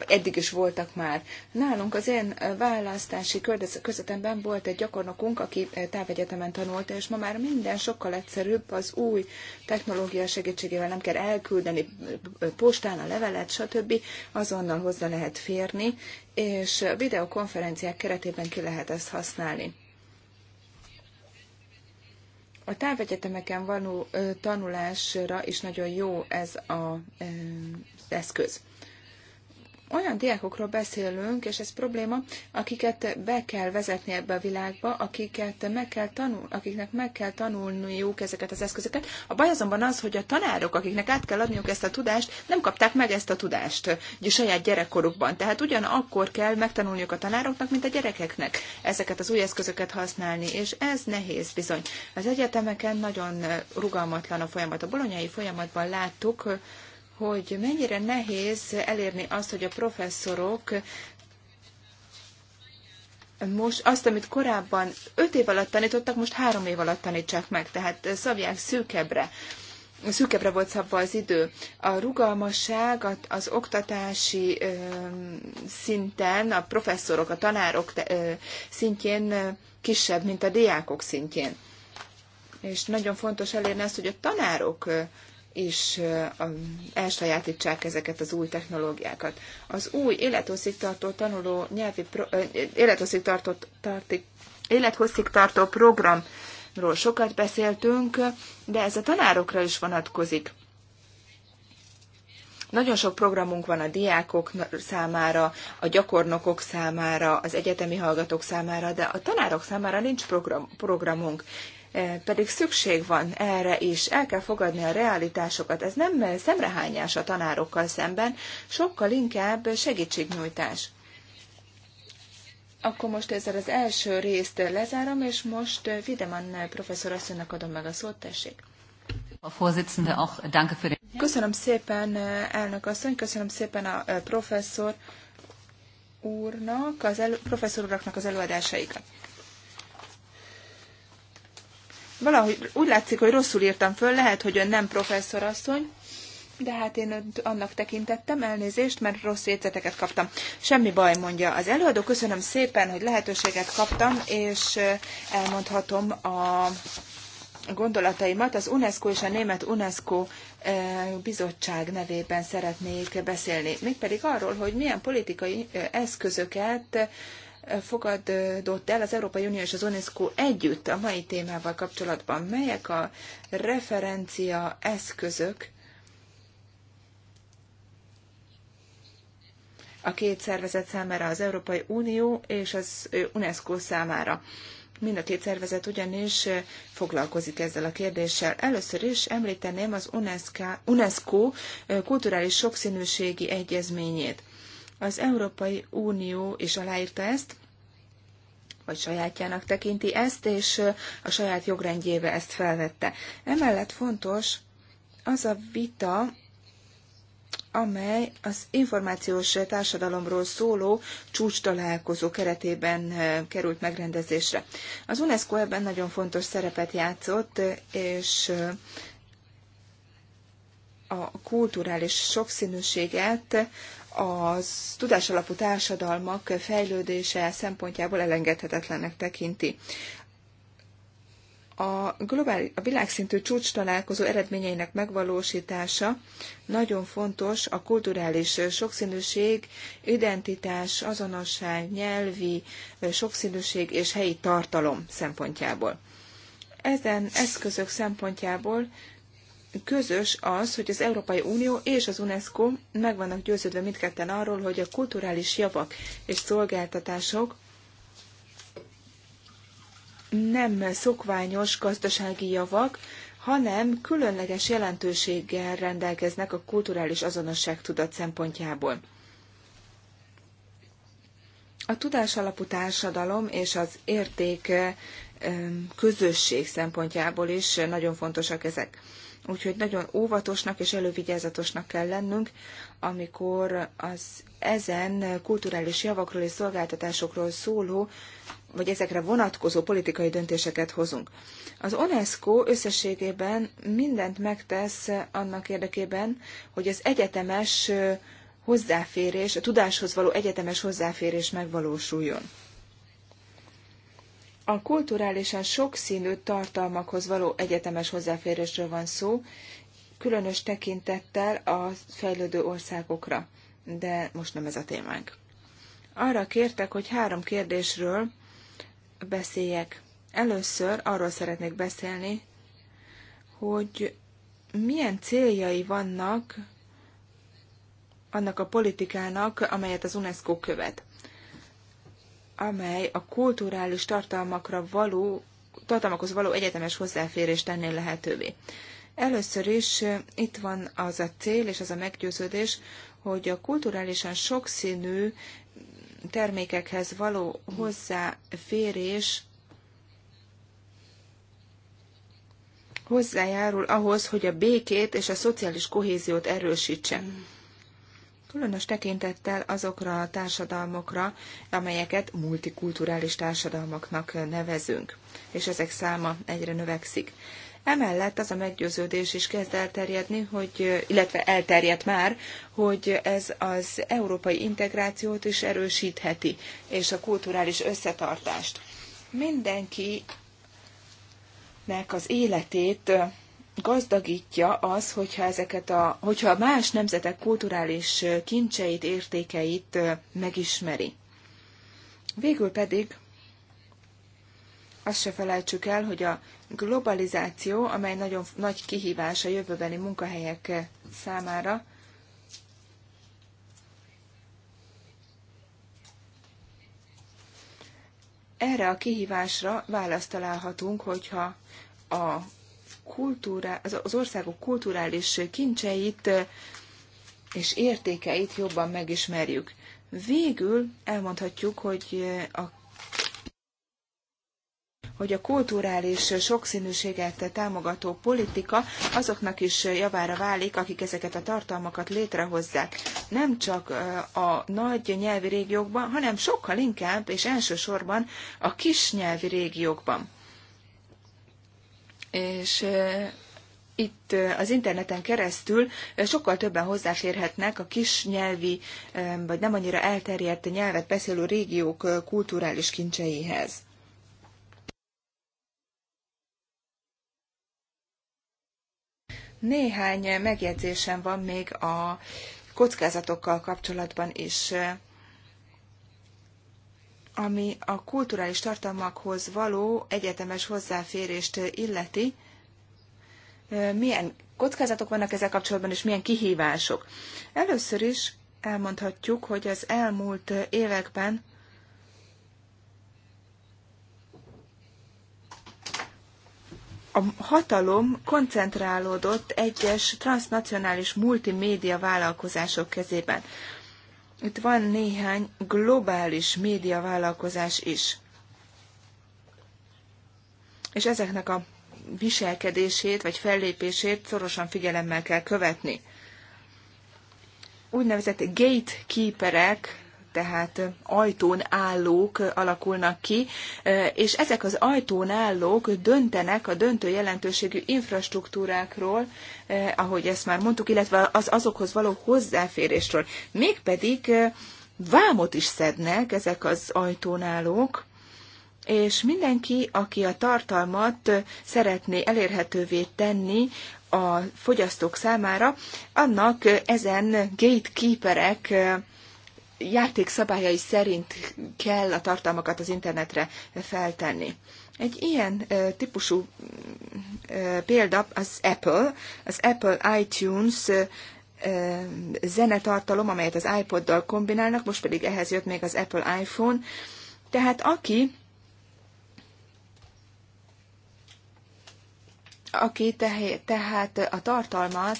[SPEAKER 2] eddig is voltak már. Nálunk az én választási körzetemben volt egy gyakornokunk, aki távegyetemen tanulta, és ma már minden sokkal egyszerűbb az új technológia segítségével nem kell elküldeni postán a levelet, stb. Azonnal hozzá lehet férni, és videokonferenciák keretében ki lehet ezt használni. A távegyetemeken való tanulásra is nagyon jó ez az eszköz olyan diákokról beszélünk, és ez probléma, akiket be kell vezetni ebbe a világba, akiket meg kell tanul, akiknek meg kell tanulniuk ezeket az eszközöket. A baj azonban az, hogy a tanárok, akiknek át kell adniuk ezt a tudást, nem kapták meg ezt a tudást ugye, saját gyerekkorukban. Tehát ugyanakkor kell megtanulniuk a tanároknak, mint a gyerekeknek ezeket az új eszközöket használni, és ez nehéz bizony. Az egyetemeken nagyon rugalmatlan a folyamat. A bolonyai folyamatban láttuk, hogy mennyire nehéz elérni azt, hogy a professzorok most azt, amit korábban öt év alatt tanítottak, most három év alatt tanítsák meg, tehát szabják szűkebbre. Szűkebbre volt szabva az idő. A rugalmasság az oktatási szinten, a professzorok, a tanárok szintjén kisebb, mint a diákok szintjén. És nagyon fontos elérni azt, hogy a tanárok és elsajátítsák ezeket az új technológiákat. Az új élethosszígtartó tanuló nyelvi pro, élethosszígtartó, tartik, élethosszígtartó programról sokat beszéltünk, de ez a tanárokra is vonatkozik. Nagyon sok programunk van a diákok számára, a gyakornokok számára, az egyetemi hallgatók számára, de a tanárok számára nincs program, programunk. Eh, pedig szükség van erre is, el kell fogadni a realitásokat. Ez nem eh, szemrehányás a tanárokkal szemben, sokkal inkább segítségnyújtás. Akkor most ezzel az első részt lezárom, és most Videman eh, professzor asszonynak adom meg a szót, tessék. Köszönöm szépen, elnök asszony, köszönöm szépen a professzor úrnak, az elő, professzor uraknak az előadásaikat valahogy úgy látszik, hogy rosszul írtam föl, lehet, hogy ön nem professzor asszony, de hát én annak tekintettem elnézést, mert rossz jegyzeteket kaptam. Semmi baj, mondja az előadó. Köszönöm szépen, hogy lehetőséget kaptam, és eh, elmondhatom a gondolataimat. Az UNESCO és a Német UNESCO eh, bizottság nevében szeretnék beszélni. Mégpedig arról, hogy milyen politikai eh, eszközöket fogadott el az Európai Unió és az UNESCO együtt a mai témával kapcsolatban. Melyek a referencia eszközök a két szervezet számára, az Európai Unió és az UNESCO számára? Mind a két szervezet ugyanis foglalkozik ezzel a kérdéssel. Először is említeném az UNESCO, UNESCO kulturális sokszínűségi egyezményét. Az Európai Unió is aláírta ezt, vagy sajátjának tekinti ezt, és a saját jogrendjébe ezt felvette. Emellett fontos az a vita, amely az információs társadalomról szóló csúcs találkozó keretében került megrendezésre. Az UNESCO ebben nagyon fontos szerepet játszott, és a kulturális sokszínűséget a tudásalapú társadalmak fejlődése szempontjából elengedhetetlennek tekinti. A, globális, a világszintű csúcs találkozó eredményeinek megvalósítása nagyon fontos a kulturális sokszínűség, identitás, azonosság, nyelvi sokszínűség és helyi tartalom szempontjából. Ezen eszközök szempontjából közös az, hogy az Európai Unió és az UNESCO meg vannak győződve mindketten arról, hogy a kulturális javak és szolgáltatások nem szokványos gazdasági javak, hanem különleges jelentőséggel rendelkeznek a kulturális azonosság tudat szempontjából. A alapú társadalom és az érték közösség szempontjából is nagyon fontosak ezek. Úgyhogy nagyon óvatosnak és elővigyázatosnak kell lennünk, amikor az ezen kulturális javakról és szolgáltatásokról szóló, vagy ezekre vonatkozó politikai döntéseket hozunk. Az UNESCO összességében mindent megtesz annak érdekében, hogy az egyetemes hozzáférés, a tudáshoz való egyetemes hozzáférés megvalósuljon a kulturálisan sokszínű tartalmakhoz való egyetemes hozzáférésről van szó, különös tekintettel a fejlődő országokra, de most nem ez a témánk. Arra kértek, hogy három kérdésről beszéljek. Először arról szeretnék beszélni, hogy milyen céljai vannak annak a politikának, amelyet az UNESCO követ amely a kulturális tartalmakra való, tartalmakhoz való egyetemes hozzáférést tenné lehetővé. Először is itt van az a cél és az a meggyőződés, hogy a kulturálisan sokszínű termékekhez való hozzáférés hozzájárul ahhoz, hogy a békét és a szociális kohéziót erősítse különös tekintettel azokra a társadalmokra, amelyeket multikulturális társadalmaknak nevezünk, és ezek száma egyre növekszik. Emellett az a meggyőződés is kezd elterjedni, hogy, illetve elterjedt már, hogy ez az európai integrációt is erősítheti, és a kulturális összetartást. Mindenkinek az életét gazdagítja az, hogyha, ezeket a, hogyha más nemzetek kulturális kincseit, értékeit megismeri. Végül pedig azt se felejtsük el, hogy a globalizáció, amely nagyon nagy kihívás a jövőbeni munkahelyek számára, erre a kihívásra választ találhatunk, hogyha a Kultúra, az, az országok kulturális kincseit eh, és értékeit jobban megismerjük. Végül elmondhatjuk, hogy eh, a hogy a kulturális sokszínűséget támogató politika azoknak is javára válik, akik ezeket a tartalmakat létrehozzák. Nem csak eh, a nagy nyelvi régiókban, hanem sokkal inkább és elsősorban a kis nyelvi régiókban és itt az interneten keresztül sokkal többen hozzáférhetnek a kis nyelvi, vagy nem annyira elterjedt nyelvet beszélő régiók kulturális kincseihez. Néhány megjegyzésem van még a kockázatokkal kapcsolatban is ami a kulturális tartalmakhoz való egyetemes hozzáférést illeti, milyen kockázatok vannak ezzel kapcsolatban, és milyen kihívások. Először is elmondhatjuk, hogy az elmúlt években a hatalom koncentrálódott egyes transnacionális multimédia vállalkozások kezében itt van néhány globális médiavállalkozás is. És ezeknek a viselkedését vagy fellépését szorosan figyelemmel kell követni. Úgynevezett gatekeeperek tehát ajtón állók alakulnak ki, és ezek az ajtón állók döntenek a döntő jelentőségű infrastruktúrákról, eh, ahogy ezt már mondtuk, illetve az azokhoz való hozzáférésről. Mégpedig eh, vámot is szednek ezek az ajtón állók, és mindenki, aki a tartalmat szeretné elérhetővé tenni a fogyasztók számára, annak ezen gatekeeperek eh, játékszabályai szabályai szerint kell a tartalmakat az internetre feltenni. Egy ilyen ö, típusú ö, példa az Apple, az Apple iTunes ö, ö, zenetartalom, amelyet az iPoddal kombinálnak, most pedig ehhez jött még az Apple iPhone. Tehát aki aki tehát a tartalmat,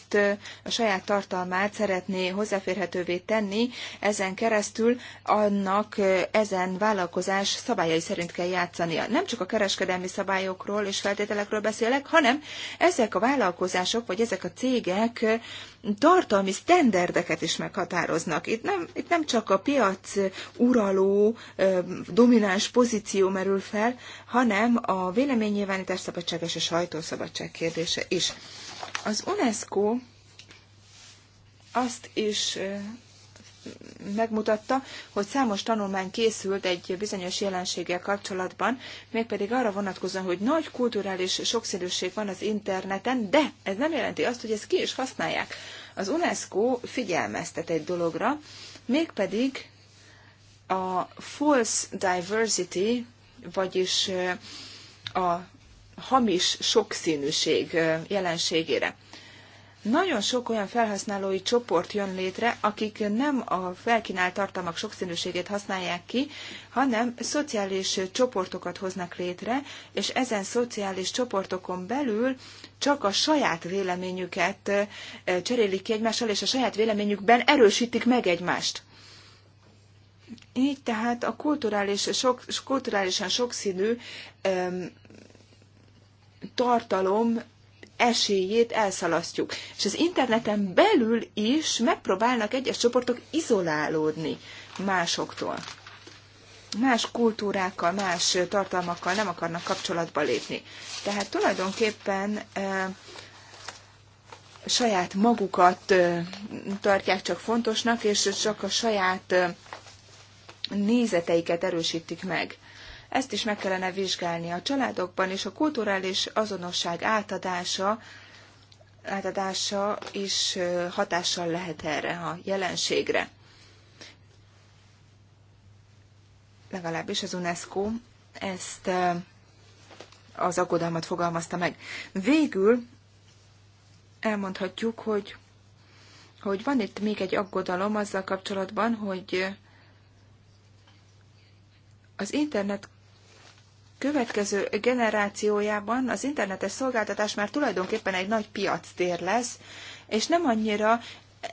[SPEAKER 2] a saját tartalmát szeretné hozzáférhetővé tenni, ezen keresztül annak ezen vállalkozás szabályai szerint kell játszania. Nem csak a kereskedelmi szabályokról és feltételekről beszélek, hanem ezek a vállalkozások, vagy ezek a cégek tartalmi sztenderdeket is meghatároznak. Itt nem, itt nem csak a piac uraló, domináns pozíció merül fel, hanem a véleménynyilvánítás szabadság és a sajtószabadság kérdése is. Az UNESCO azt is megmutatta, hogy számos tanulmány készült egy bizonyos jelenséggel kapcsolatban, mégpedig arra vonatkozóan, hogy nagy kulturális sokszínűség van az interneten, de ez nem jelenti azt, hogy ezt ki is használják. Az UNESCO figyelmeztet egy dologra, mégpedig a false diversity, vagyis a hamis sokszínűség jelenségére. Nagyon sok olyan felhasználói csoport jön létre, akik nem a felkínált tartalmak sokszínűségét használják ki, hanem szociális csoportokat hoznak létre, és ezen szociális csoportokon belül csak a saját véleményüket eh, cserélik ki egymással, és a saját véleményükben erősítik meg egymást. Így tehát a kulturális, sok, kulturálisan sokszínű tartalom esélyét elszalasztjuk. És az interneten belül is megpróbálnak egyes csoportok izolálódni másoktól. Más kultúrákkal, más tartalmakkal nem akarnak kapcsolatba lépni. Tehát tulajdonképpen saját magukat tartják csak fontosnak, és csak a saját nézeteiket erősítik meg. Ezt is meg kellene vizsgálni a családokban, és a kulturális azonosság átadása, átadása is hatással lehet erre a jelenségre. Legalábbis az UNESCO ezt az aggodalmat fogalmazta meg. Végül elmondhatjuk, hogy, hogy van itt még egy aggodalom azzal kapcsolatban, hogy az internet következő generációjában az internetes szolgáltatás már tulajdonképpen egy nagy piac tér lesz, és nem annyira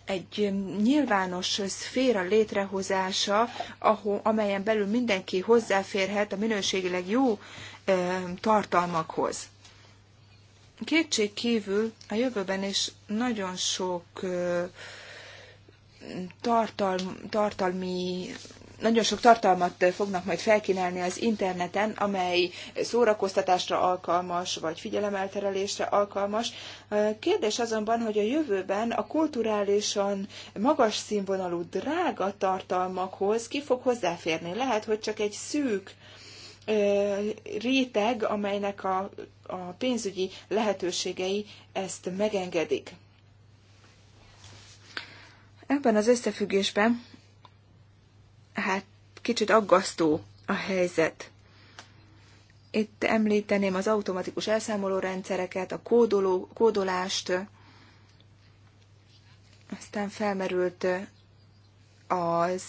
[SPEAKER 2] egy nyilvános szféra létrehozása, ahol, amelyen belül mindenki hozzáférhet a minőségileg jó ö, tartalmakhoz. Kétség kívül a jövőben is nagyon sok ö, tartal, tartalmi nagyon sok tartalmat fognak majd felkínálni az interneten, amely szórakoztatásra alkalmas, vagy figyelemelterelésre alkalmas. Kérdés azonban, hogy a jövőben a kulturálisan magas színvonalú drága tartalmakhoz ki fog hozzáférni. Lehet, hogy csak egy szűk réteg, amelynek a, a pénzügyi lehetőségei ezt megengedik. Ebben az összefüggésben hát kicsit aggasztó a helyzet. Itt említeném az automatikus elszámoló rendszereket, a kódoló, kódolást, aztán felmerült az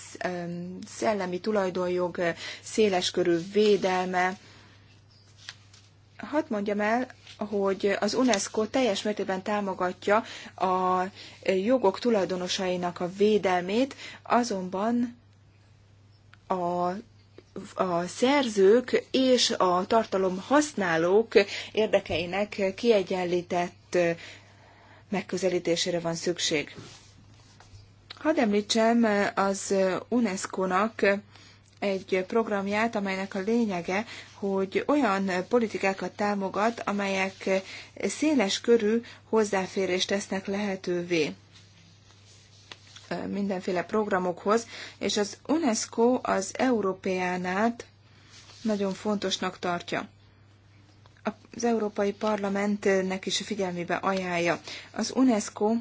[SPEAKER 2] szellemi tulajdonjog széleskörű védelme. Hadd mondjam el, hogy az UNESCO teljes mértékben támogatja a jogok tulajdonosainak a védelmét, azonban a a szerzők és a tartalom használók érdekeinek kiegyenlített megközelítésére van szükség. Hadd említsem az UNESCO-nak egy programját, amelynek a lényege, hogy olyan politikákat támogat, amelyek széles körű hozzáférést tesznek lehetővé mindenféle programokhoz, és az UNESCO az Európeánát nagyon fontosnak tartja. Az Európai Parlamentnek is figyelmébe ajánlja. Az UNESCO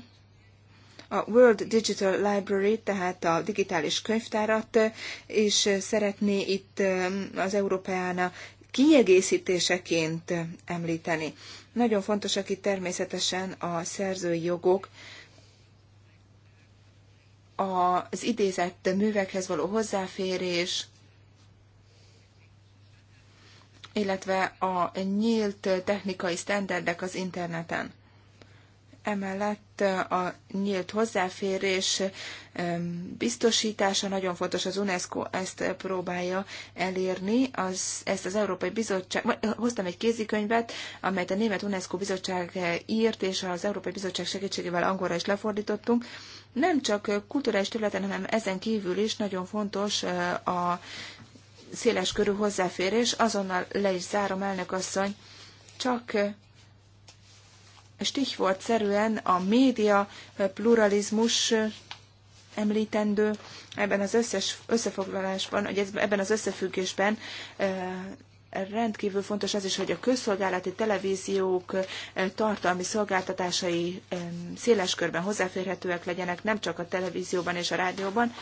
[SPEAKER 2] a World Digital Library, tehát a digitális könyvtárat, és szeretné itt az Európeána kiegészítéseként említeni. Nagyon fontosak itt természetesen a szerzői jogok, az idézett művekhez való hozzáférés, illetve a nyílt technikai sztenderdek az interneten. Emellett a nyílt hozzáférés biztosítása nagyon fontos, az UNESCO ezt próbálja elérni, az, ezt az Európai Bizottság, hoztam egy kézikönyvet, amelyet a Német UNESCO Bizottság írt, és az Európai Bizottság segítségével angolra is lefordítottunk, nem csak kulturális területen, hanem ezen kívül is nagyon fontos a széles körű hozzáférés. Azonnal le is zárom, elnök asszony. Csak szerűen a média pluralizmus említendő ebben az összes összefoglalásban, vagy ebben az összefüggésben rendkívül fontos az is, hogy a közszolgálati televíziók eh, tartalmi szolgáltatásai eh, széles körben hozzáférhetőek legyenek, nem csak a televízióban és a rádióban,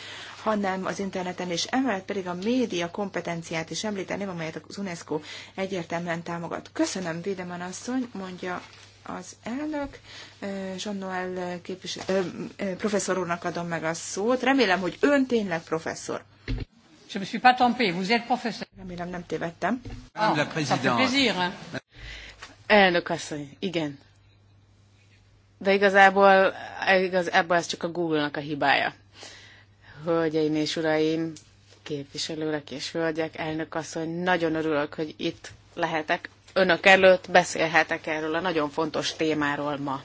[SPEAKER 2] hanem az interneten is. Emellett pedig a média kompetenciát is említeném, amelyet az UNESCO egyértelműen támogat. Köszönöm, Védeman asszony, mondja az elnök. Eh, Jean-Noël professzor úrnak adom meg a szót. Remélem, hogy ön tényleg professzor. Je me suis pas trompée. Vous êtes professeur. Remélem nem tévedtem. Ah, la présidente. Elnök asszony,
[SPEAKER 3] igen. De igazából, igaz, ebből ez csak a Google-nak a hibája. Hölgyeim és uraim, képviselőrek és hölgyek, elnök asszony, nagyon örülök, hogy itt lehetek. Önök előtt beszélhetek erről a nagyon fontos témáról ma.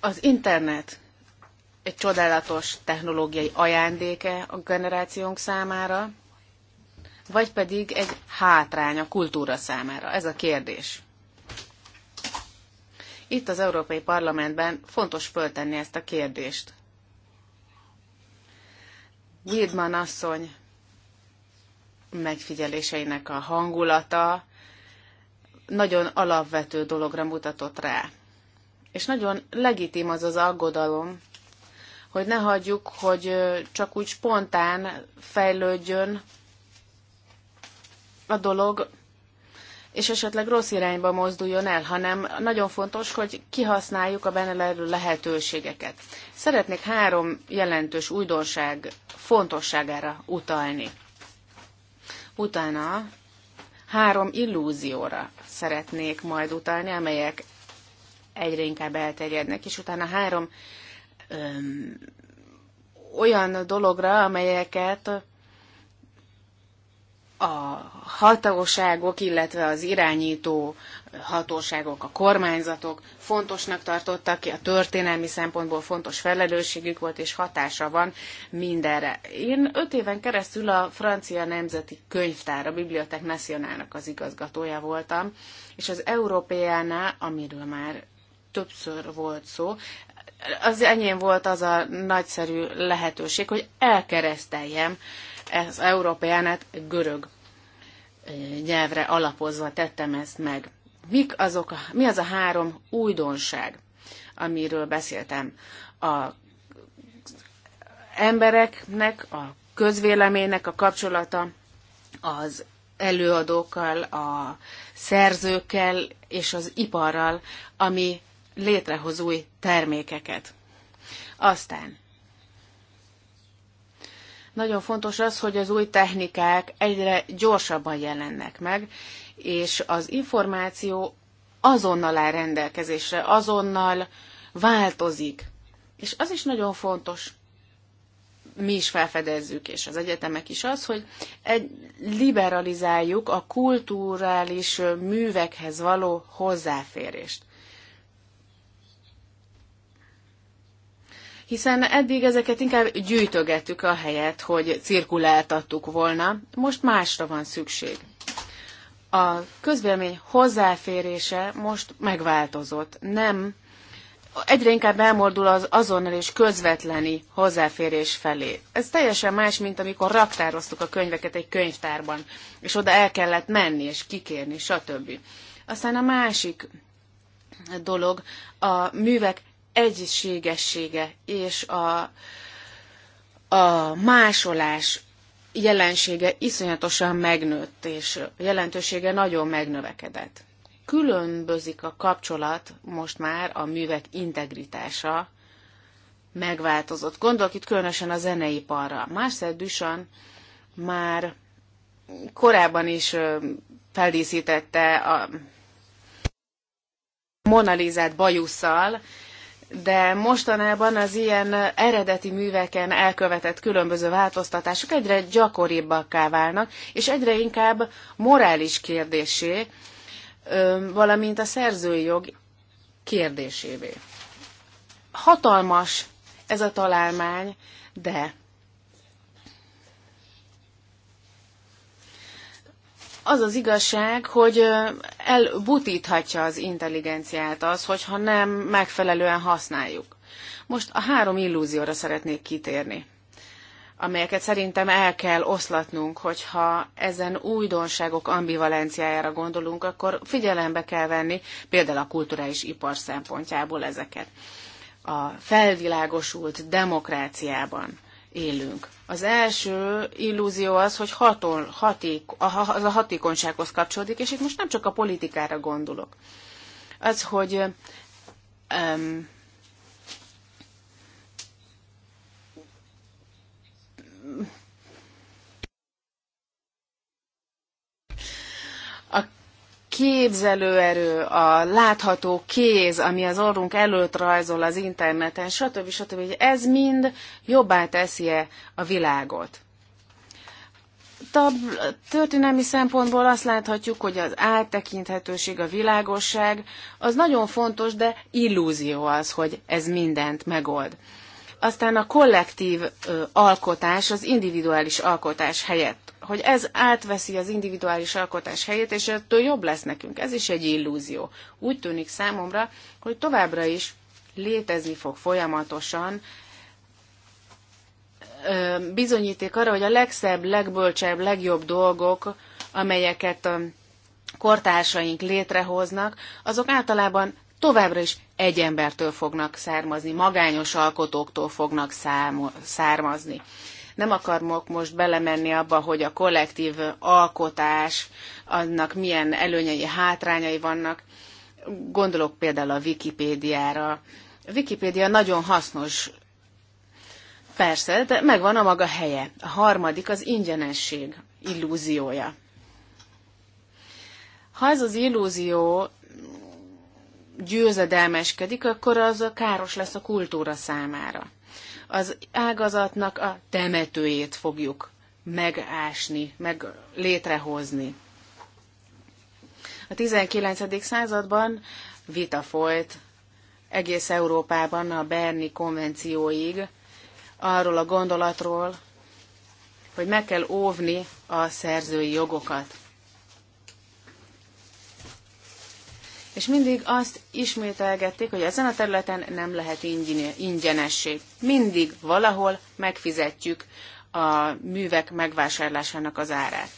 [SPEAKER 3] Az internet egy csodálatos technológiai ajándéke a generációnk számára, vagy pedig egy hátrány a kultúra számára? Ez a kérdés. Itt az Európai Parlamentben fontos föltenni ezt a kérdést. Wildman asszony megfigyeléseinek a hangulata nagyon alapvető dologra mutatott rá. És nagyon legitim az az aggodalom, hogy ne hagyjuk, hogy csak úgy spontán fejlődjön a dolog, és esetleg rossz irányba mozduljon el, hanem nagyon fontos, hogy kihasználjuk a benne levő lehetőségeket. Szeretnék három jelentős újdonság fontosságára utalni. Utána három illúzióra szeretnék majd utalni, amelyek egyre inkább elterjednek, és utána három öm, olyan dologra, amelyeket a hatóságok, illetve az irányító hatóságok, a kormányzatok fontosnak tartottak ki, a történelmi szempontból fontos felelősségük volt és hatása van mindenre. Én öt éven keresztül a francia nemzeti könyvtár, a Bibliotek Nacionálnak az igazgatója voltam, és az Európéjánál, amiről már többször volt szó, az enyém volt az a nagyszerű lehetőség, hogy elkereszteljem az európeánát görög nyelvre alapozva tettem ezt meg. Mik azok a, mi az a három újdonság, amiről beszéltem? A embereknek, a közvéleménynek a kapcsolata az előadókkal, a szerzőkkel és az iparral, ami létrehoz új termékeket. Aztán nagyon fontos az, hogy az új technikák egyre gyorsabban jelennek meg, és az információ azonnal áll rendelkezésre, azonnal változik. És az is nagyon fontos, mi is felfedezzük, és az egyetemek is az, hogy egy, liberalizáljuk a kulturális művekhez való hozzáférést. hiszen eddig ezeket inkább gyűjtögettük a helyet, hogy cirkuláltattuk volna, most másra van szükség. A közvélemény hozzáférése most megváltozott. Nem egyre inkább elmordul az azonnal és közvetleni hozzáférés felé. Ez teljesen más, mint amikor raktároztuk a könyveket egy könyvtárban, és oda el kellett menni, és kikérni, stb. Aztán a másik dolog, a művek egységessége és a, a másolás jelensége iszonyatosan megnőtt, és jelentősége nagyon megnövekedett. Különbözik a kapcsolat most már a művek integritása, megváltozott. Gondolok itt különösen a zeneiparra. Marcel Duchamp már korábban is feldíszítette a Monalizát bajusszal, de mostanában az ilyen eredeti műveken elkövetett különböző változtatások egyre gyakoribbakká válnak, és egyre inkább morális kérdésé, valamint a szerzői jog kérdésévé. Hatalmas ez a találmány, de Az az igazság, hogy elbutíthatja az intelligenciát az, hogyha nem megfelelően használjuk. Most a három illúzióra szeretnék kitérni amelyeket szerintem el kell oszlatnunk, hogyha ezen újdonságok ambivalenciájára gondolunk, akkor figyelembe kell venni például a kulturális ipar szempontjából ezeket. A felvilágosult demokráciában élünk. Az első illúzió az, hogy haton, haték, az a hatékonysághoz kapcsolódik, és itt most nem csak a politikára gondolok. Az, hogy um, képzelőerő, a látható kéz, ami az orrunk előtt rajzol az interneten, stb. stb. stb. Ez mind jobbá teszi -e a világot. Tab- történelmi szempontból azt láthatjuk, hogy az áttekinthetőség, a világosság az nagyon fontos, de illúzió az, hogy ez mindent megold. Aztán a kollektív ö, alkotás az individuális alkotás helyett hogy ez átveszi az individuális alkotás helyét, és ettől jobb lesz nekünk. Ez is egy illúzió. Úgy tűnik számomra, hogy továbbra is létezni fog folyamatosan bizonyíték arra, hogy a legszebb, legbölcsebb, legjobb dolgok, amelyeket a kortársaink létrehoznak, azok általában továbbra is egy embertől fognak származni, magányos alkotóktól fognak származni. Nem akarok most belemenni abba, hogy a kollektív alkotás, annak milyen előnyei, hátrányai vannak. Gondolok például a Wikipédiára. A Wikipédia nagyon hasznos, persze, de megvan a maga helye. A harmadik az ingyenesség illúziója. Ha ez az illúzió győzedelmeskedik, akkor az káros lesz a kultúra számára az ágazatnak a temetőjét fogjuk megásni, meg létrehozni. A 19. században vita folyt egész Európában a Berni konvencióig arról a gondolatról, hogy meg kell óvni a szerzői jogokat. és mindig azt ismételgették, hogy ezen a területen nem lehet ingyenesség. Mindig valahol megfizetjük a művek megvásárlásának az árát.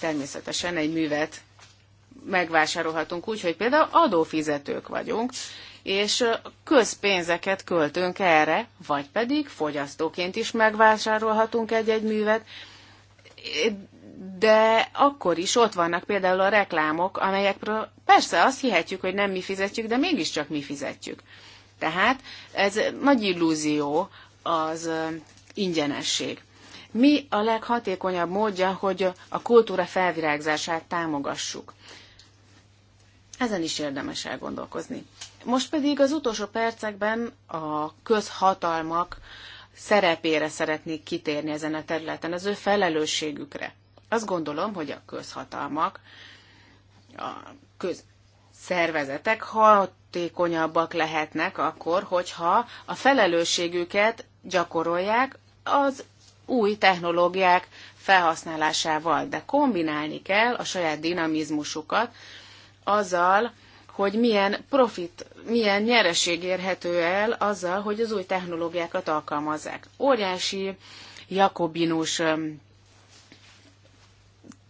[SPEAKER 3] Természetesen egy művet megvásárolhatunk úgy, hogy például adófizetők vagyunk, és közpénzeket költünk erre, vagy pedig fogyasztóként is megvásárolhatunk egy-egy művet, de akkor is ott vannak például a reklámok, amelyekről Persze, azt hihetjük, hogy nem mi fizetjük, de mégiscsak mi fizetjük. Tehát ez nagy illúzió az ingyenesség. Mi a leghatékonyabb módja, hogy a kultúra felvirágzását támogassuk? Ezen is érdemes elgondolkozni. Most pedig az utolsó percekben a közhatalmak szerepére szeretnék kitérni ezen a területen, az ő felelősségükre. Azt gondolom, hogy a közhatalmak a köz szervezetek hatékonyabbak lehetnek akkor, hogyha a felelősségüket gyakorolják az új technológiák felhasználásával, de kombinálni kell a saját dinamizmusukat azzal, hogy milyen profit, milyen nyereség érhető el azzal, hogy az új technológiákat alkalmazzák. Óriási jakobinus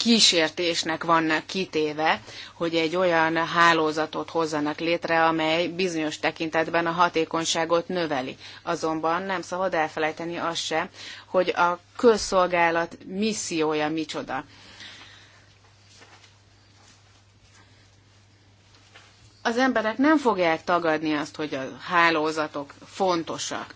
[SPEAKER 3] kísértésnek vannak kitéve, hogy egy olyan hálózatot hozzanak létre, amely bizonyos tekintetben a hatékonyságot növeli. Azonban nem szabad elfelejteni azt se, hogy a közszolgálat missziója micsoda. Az emberek nem fogják tagadni azt, hogy a hálózatok fontosak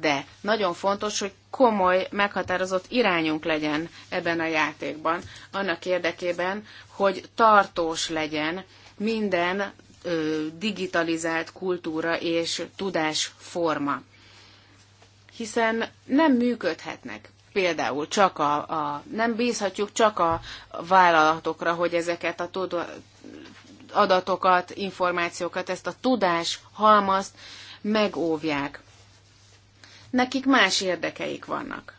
[SPEAKER 3] de nagyon fontos, hogy komoly, meghatározott irányunk legyen ebben a játékban, annak érdekében, hogy tartós legyen minden ö, digitalizált kultúra és tudásforma. Hiszen nem működhetnek például csak a, a nem bízhatjuk csak a vállalatokra, hogy ezeket a tud, adatokat, információkat, ezt a tudás halmazt megóvják nekik más érdekeik vannak.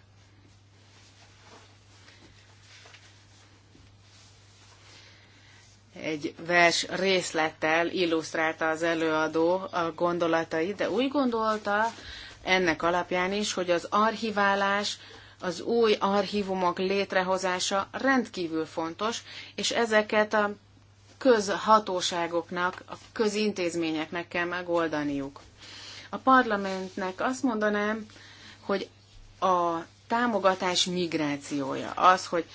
[SPEAKER 3] Egy vers részlettel illusztrálta az előadó a gondolatait, de úgy gondolta ennek alapján is, hogy az archiválás az új archívumok létrehozása rendkívül fontos, és ezeket a közhatóságoknak, a közintézményeknek kell megoldaniuk. A parlamentnek azt mondanám, hogy a támogatás migrációja, az, hogy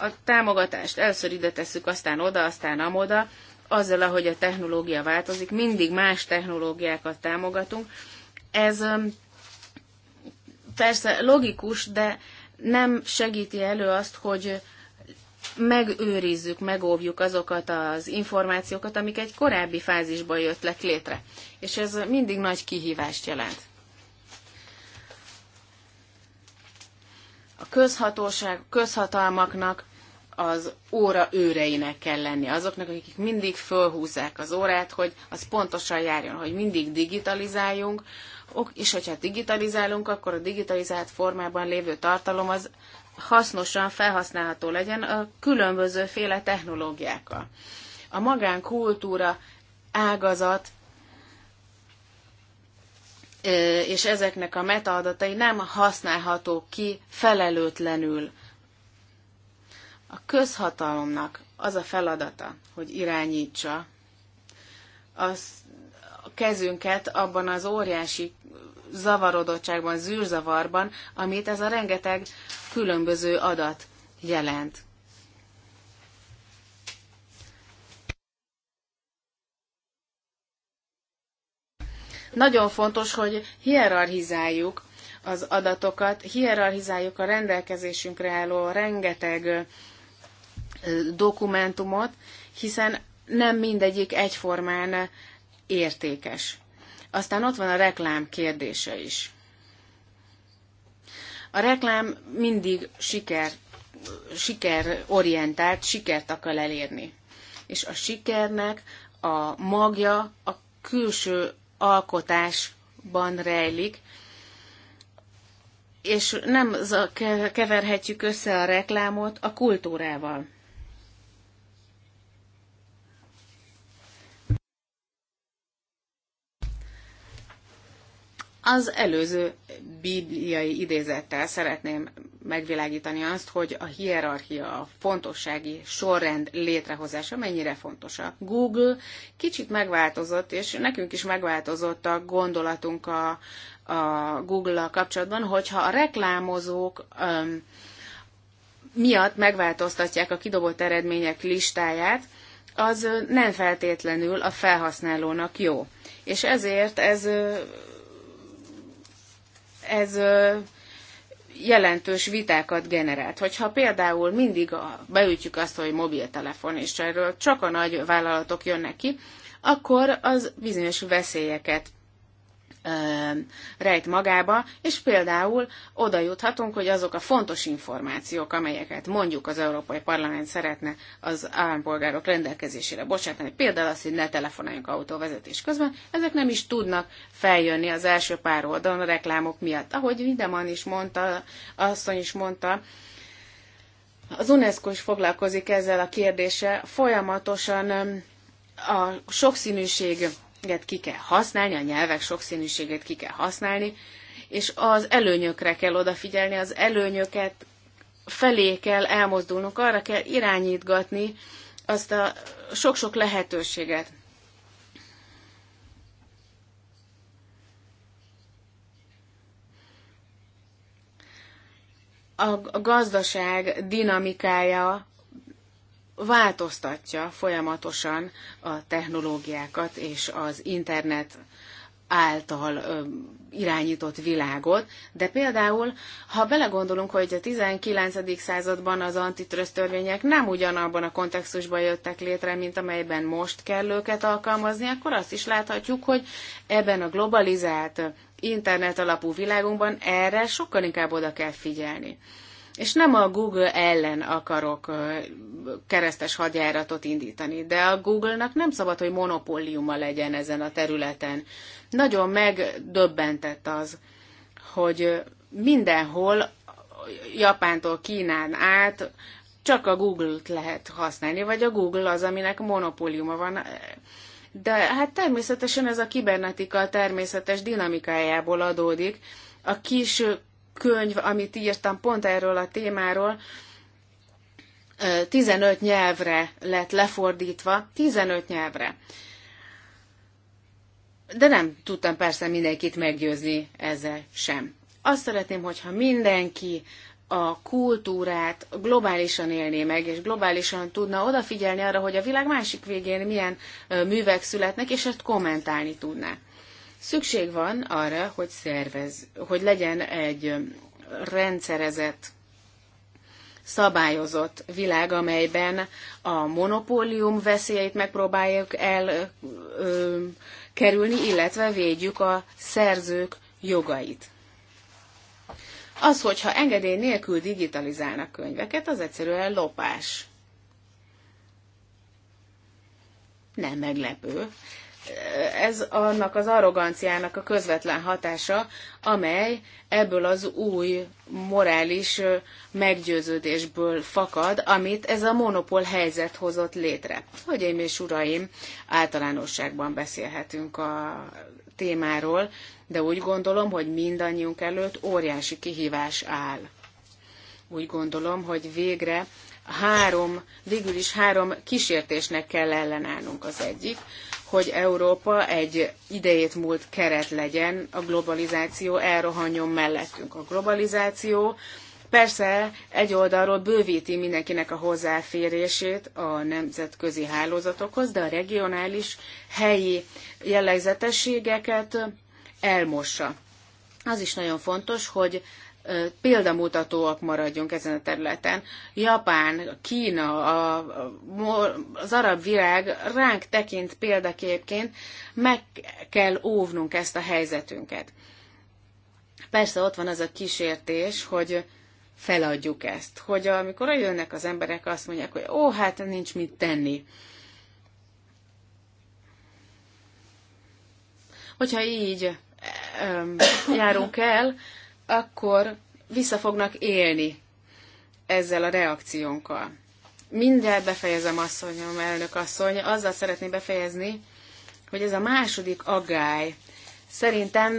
[SPEAKER 3] a támogatást először ide tesszük, aztán oda, aztán amoda, azzal, ahogy a technológia változik, mindig más technológiákat támogatunk. Ez persze logikus, de nem segíti elő azt, hogy megőrizzük, megóvjuk azokat az információkat, amik egy korábbi fázisban jöttek létre. És ez mindig nagy kihívást jelent. A közhatóság, közhatalmaknak az óra őreinek kell lenni. Azoknak, akik mindig fölhúzzák az órát, hogy az pontosan járjon, hogy mindig digitalizáljunk, és hogyha digitalizálunk, akkor a digitalizált formában lévő tartalom az hasznosan felhasználható legyen a különbözőféle technológiákkal. A magánkultúra ágazat és ezeknek a metaadatai nem használhatók ki felelőtlenül. A közhatalomnak az a feladata, hogy irányítsa az a kezünket abban az óriási zavarodottságban, zűrzavarban, amit ez a rengeteg különböző adat jelent. Nagyon fontos, hogy hierarchizáljuk az adatokat, hierarchizáljuk a rendelkezésünkre álló rengeteg dokumentumot, hiszen nem mindegyik egyformán értékes. Aztán ott van a reklám kérdése is. A reklám mindig siker, orientált, sikert akar elérni. És a sikernek a magja a külső alkotásban rejlik, és nem keverhetjük össze a reklámot a kultúrával. Az előző bibliai idézettel szeretném megvilágítani azt, hogy a hierarchia, a fontossági sorrend létrehozása mennyire fontos. A Google kicsit megváltozott, és nekünk is megváltozott a gondolatunk a, a Google-lal kapcsolatban, hogyha a reklámozók um, miatt megváltoztatják a kidobott eredmények listáját, az nem feltétlenül a felhasználónak jó. És ezért ez ez jelentős vitákat generált. Hogyha például mindig beütjük azt, hogy mobiltelefon, és erről csak a nagy vállalatok jönnek ki, akkor az bizonyos veszélyeket rejt magába, és például oda juthatunk, hogy azok a fontos információk, amelyeket mondjuk az Európai Parlament szeretne az állampolgárok rendelkezésére bocsátani, például az, hogy ne telefonáljunk autóvezetés közben, ezek nem is tudnak feljönni az első pár oldalon a reklámok miatt. Ahogy Videman is mondta, asszony is mondta, az UNESCO is foglalkozik ezzel a kérdéssel, folyamatosan a sokszínűség ki kell használni, a nyelvek sokszínűségét ki kell használni, és az előnyökre kell odafigyelni, az előnyöket felé kell elmozdulnunk, arra kell irányítgatni azt a sok-sok lehetőséget. A gazdaság dinamikája változtatja folyamatosan a technológiákat és az internet által ö, irányított világot, de például, ha belegondolunk, hogy a 19. században az antitrust törvények nem ugyanabban a kontextusban jöttek létre, mint amelyben most kell őket alkalmazni, akkor azt is láthatjuk, hogy ebben a globalizált internet alapú világunkban erre sokkal inkább oda kell figyelni. És nem a Google ellen akarok keresztes hadjáratot indítani, de a Google-nak nem szabad, hogy monopóliuma legyen ezen a területen. Nagyon megdöbbentett az, hogy mindenhol, Japántól Kínán át, csak a Google-t lehet használni, vagy a Google az, aminek monopóliuma van. De hát természetesen ez a kibernetika természetes dinamikájából adódik. A kis könyv, amit írtam pont erről a témáról, 15 nyelvre lett lefordítva, 15 nyelvre. De nem tudtam persze mindenkit meggyőzni ezzel sem. Azt szeretném, hogyha mindenki a kultúrát globálisan élné meg, és globálisan tudna odafigyelni arra, hogy a világ másik végén milyen művek születnek, és ezt kommentálni tudná. Szükség van arra, hogy szervez, hogy legyen egy rendszerezett, szabályozott világ, amelyben a monopólium veszélyeit megpróbáljuk elkerülni, illetve védjük a szerzők jogait. Az, hogyha engedély nélkül digitalizálnak könyveket, az egyszerűen lopás. Nem meglepő, ez annak az arroganciának a közvetlen hatása, amely ebből az új morális meggyőződésből fakad, amit ez a monopól helyzet hozott létre. én és uraim, általánosságban beszélhetünk a témáról, de úgy gondolom, hogy mindannyiunk előtt óriási kihívás áll. Úgy gondolom, hogy végre három, végül is három kísértésnek kell ellenállnunk az egyik, hogy Európa egy idejét múlt keret legyen, a globalizáció elrohanjon mellettünk. A globalizáció persze egy oldalról bővíti mindenkinek a hozzáférését a nemzetközi hálózatokhoz, de a regionális, helyi jellegzetességeket elmossa. Az is nagyon fontos, hogy példamutatóak maradjunk ezen a területen. Japán, Kína, a, a, az arab világ ránk tekint példaképként, meg kell óvnunk ezt a helyzetünket. Persze ott van az a kísértés, hogy feladjuk ezt, hogy amikor jönnek az emberek, azt mondják, hogy ó, hát nincs mit tenni. Hogyha így járunk el, akkor vissza fognak élni ezzel a reakciónkkal. Mindjárt befejezem, asszonyom, elnök asszony. Azzal szeretném befejezni, hogy ez a második aggály szerintem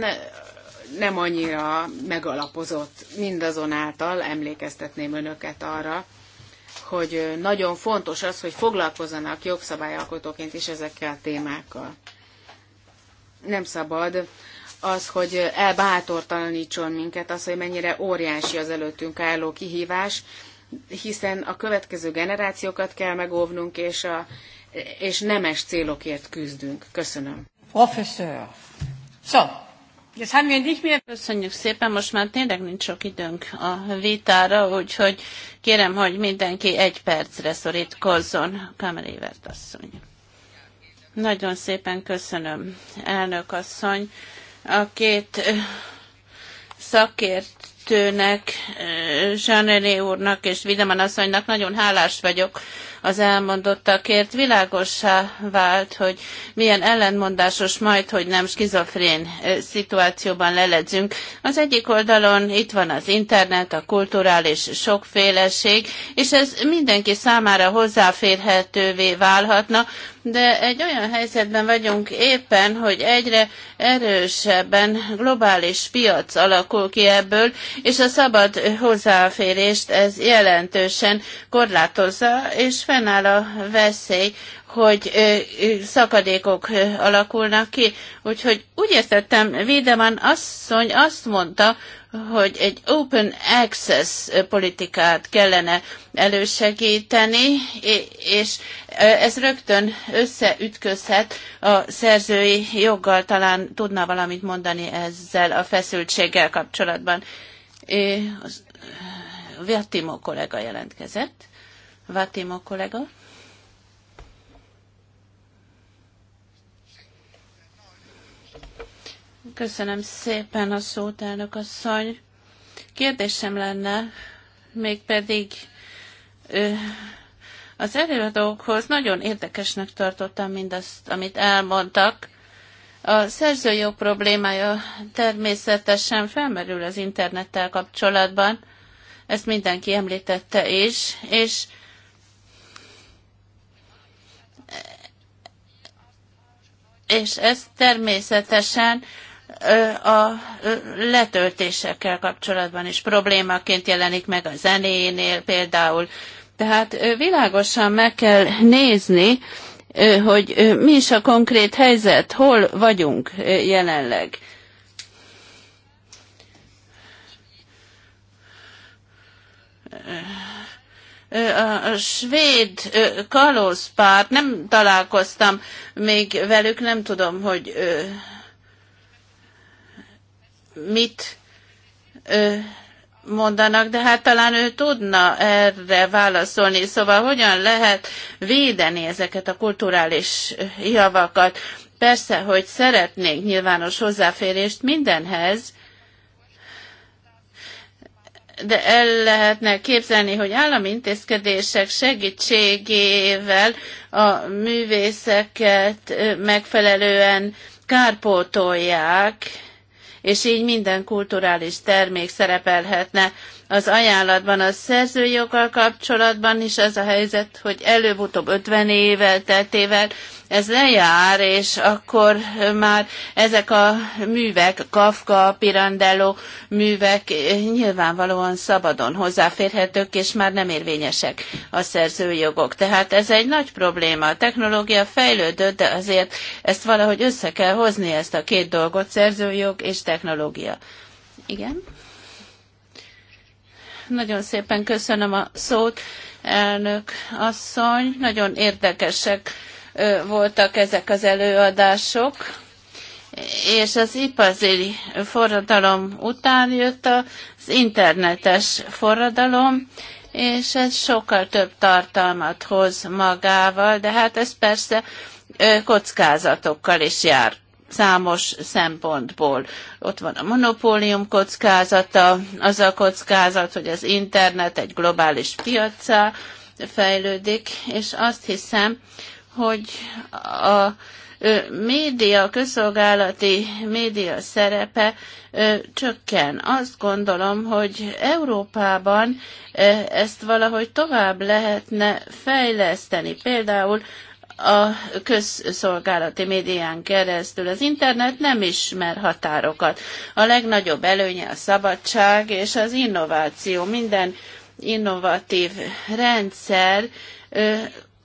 [SPEAKER 3] nem annyira megalapozott. Mindazonáltal emlékeztetném önöket arra, hogy nagyon fontos az, hogy foglalkozzanak jogszabályalkotóként is ezekkel a témákkal. Nem szabad az, hogy elbátortalanítson minket, az, hogy mennyire óriási az előttünk álló kihívás, hiszen a következő generációkat kell megóvnunk, és, a, és nemes célokért küzdünk. Köszönöm.
[SPEAKER 2] Professor.
[SPEAKER 1] So, Ez haben wir Köszönjük szépen, most már tényleg nincs sok időnk a vitára, úgyhogy kérem, hogy mindenki egy percre szorítkozzon. Kamerévert asszony. Nagyon szépen köszönöm, elnök asszony a két szakért kettőnek, Zsanené úrnak és Videman asszonynak nagyon hálás vagyok az elmondottakért. Világossá vált, hogy milyen ellenmondásos majd, hogy nem skizofrén szituációban leledzünk. Az egyik oldalon itt van az internet, a kulturális sokféleség, és ez mindenki számára hozzáférhetővé válhatna, de egy olyan helyzetben vagyunk éppen, hogy egyre erősebben globális piac alakul ki ebből, és a szabad hozzáférést ez jelentősen korlátozza, és fennáll a veszély, hogy szakadékok alakulnak ki. Úgyhogy úgy értettem, Wiedemann asszony azt mondta, hogy egy open access politikát kellene elősegíteni, és ez rögtön összeütközhet a szerzői joggal, talán tudna valamit mondani ezzel a feszültséggel kapcsolatban. Az Vattimo kollega jelentkezett. Vattimo kollega. Köszönöm szépen a szót, elnök asszony. Kérdésem lenne, mégpedig ö, az előadókhoz nagyon érdekesnek tartottam mindazt, amit elmondtak, a szerzőjog problémája természetesen felmerül az internettel kapcsolatban, ezt mindenki említette is, és és ez természetesen a letöltésekkel kapcsolatban is problémaként jelenik meg a zenénél például. Tehát világosan meg kell nézni, hogy mi is a konkrét helyzet, hol vagyunk jelenleg. a svéd kalózpárt, nem találkoztam még velük, nem tudom, hogy mit mondanak, de hát talán ő tudna erre válaszolni. Szóval hogyan lehet védeni ezeket a kulturális javakat? Persze, hogy szeretnénk nyilvános hozzáférést mindenhez, de el lehetne képzelni, hogy állami intézkedések segítségével a művészeket megfelelően kárpótolják, és így minden kulturális termék szerepelhetne az ajánlatban a szerzőjoggal kapcsolatban is ez a helyzet, hogy előbb-utóbb 50 évvel, teltével ez lejár, és akkor már ezek a művek, Kafka, Pirandello művek nyilvánvalóan szabadon hozzáférhetők, és már nem érvényesek a szerzőjogok. Tehát ez egy nagy probléma. A technológia fejlődött, de azért ezt valahogy össze kell hozni, ezt a két dolgot, szerzőjog és technológia. Igen? Nagyon szépen köszönöm a szót, elnök asszony. Nagyon érdekesek voltak ezek az előadások. És az ipazéli forradalom után jött az internetes forradalom, és ez sokkal több tartalmat hoz magával, de hát ez persze kockázatokkal is jár számos szempontból. Ott van a monopólium kockázata, az a kockázat, hogy az internet egy globális piacá fejlődik, és azt hiszem, hogy a média, a közszolgálati média szerepe csökken. Azt gondolom, hogy Európában ezt valahogy tovább lehetne fejleszteni. Például a közszolgálati médián keresztül. Az internet nem ismer határokat. A legnagyobb előnye a szabadság és az innováció. Minden innovatív rendszer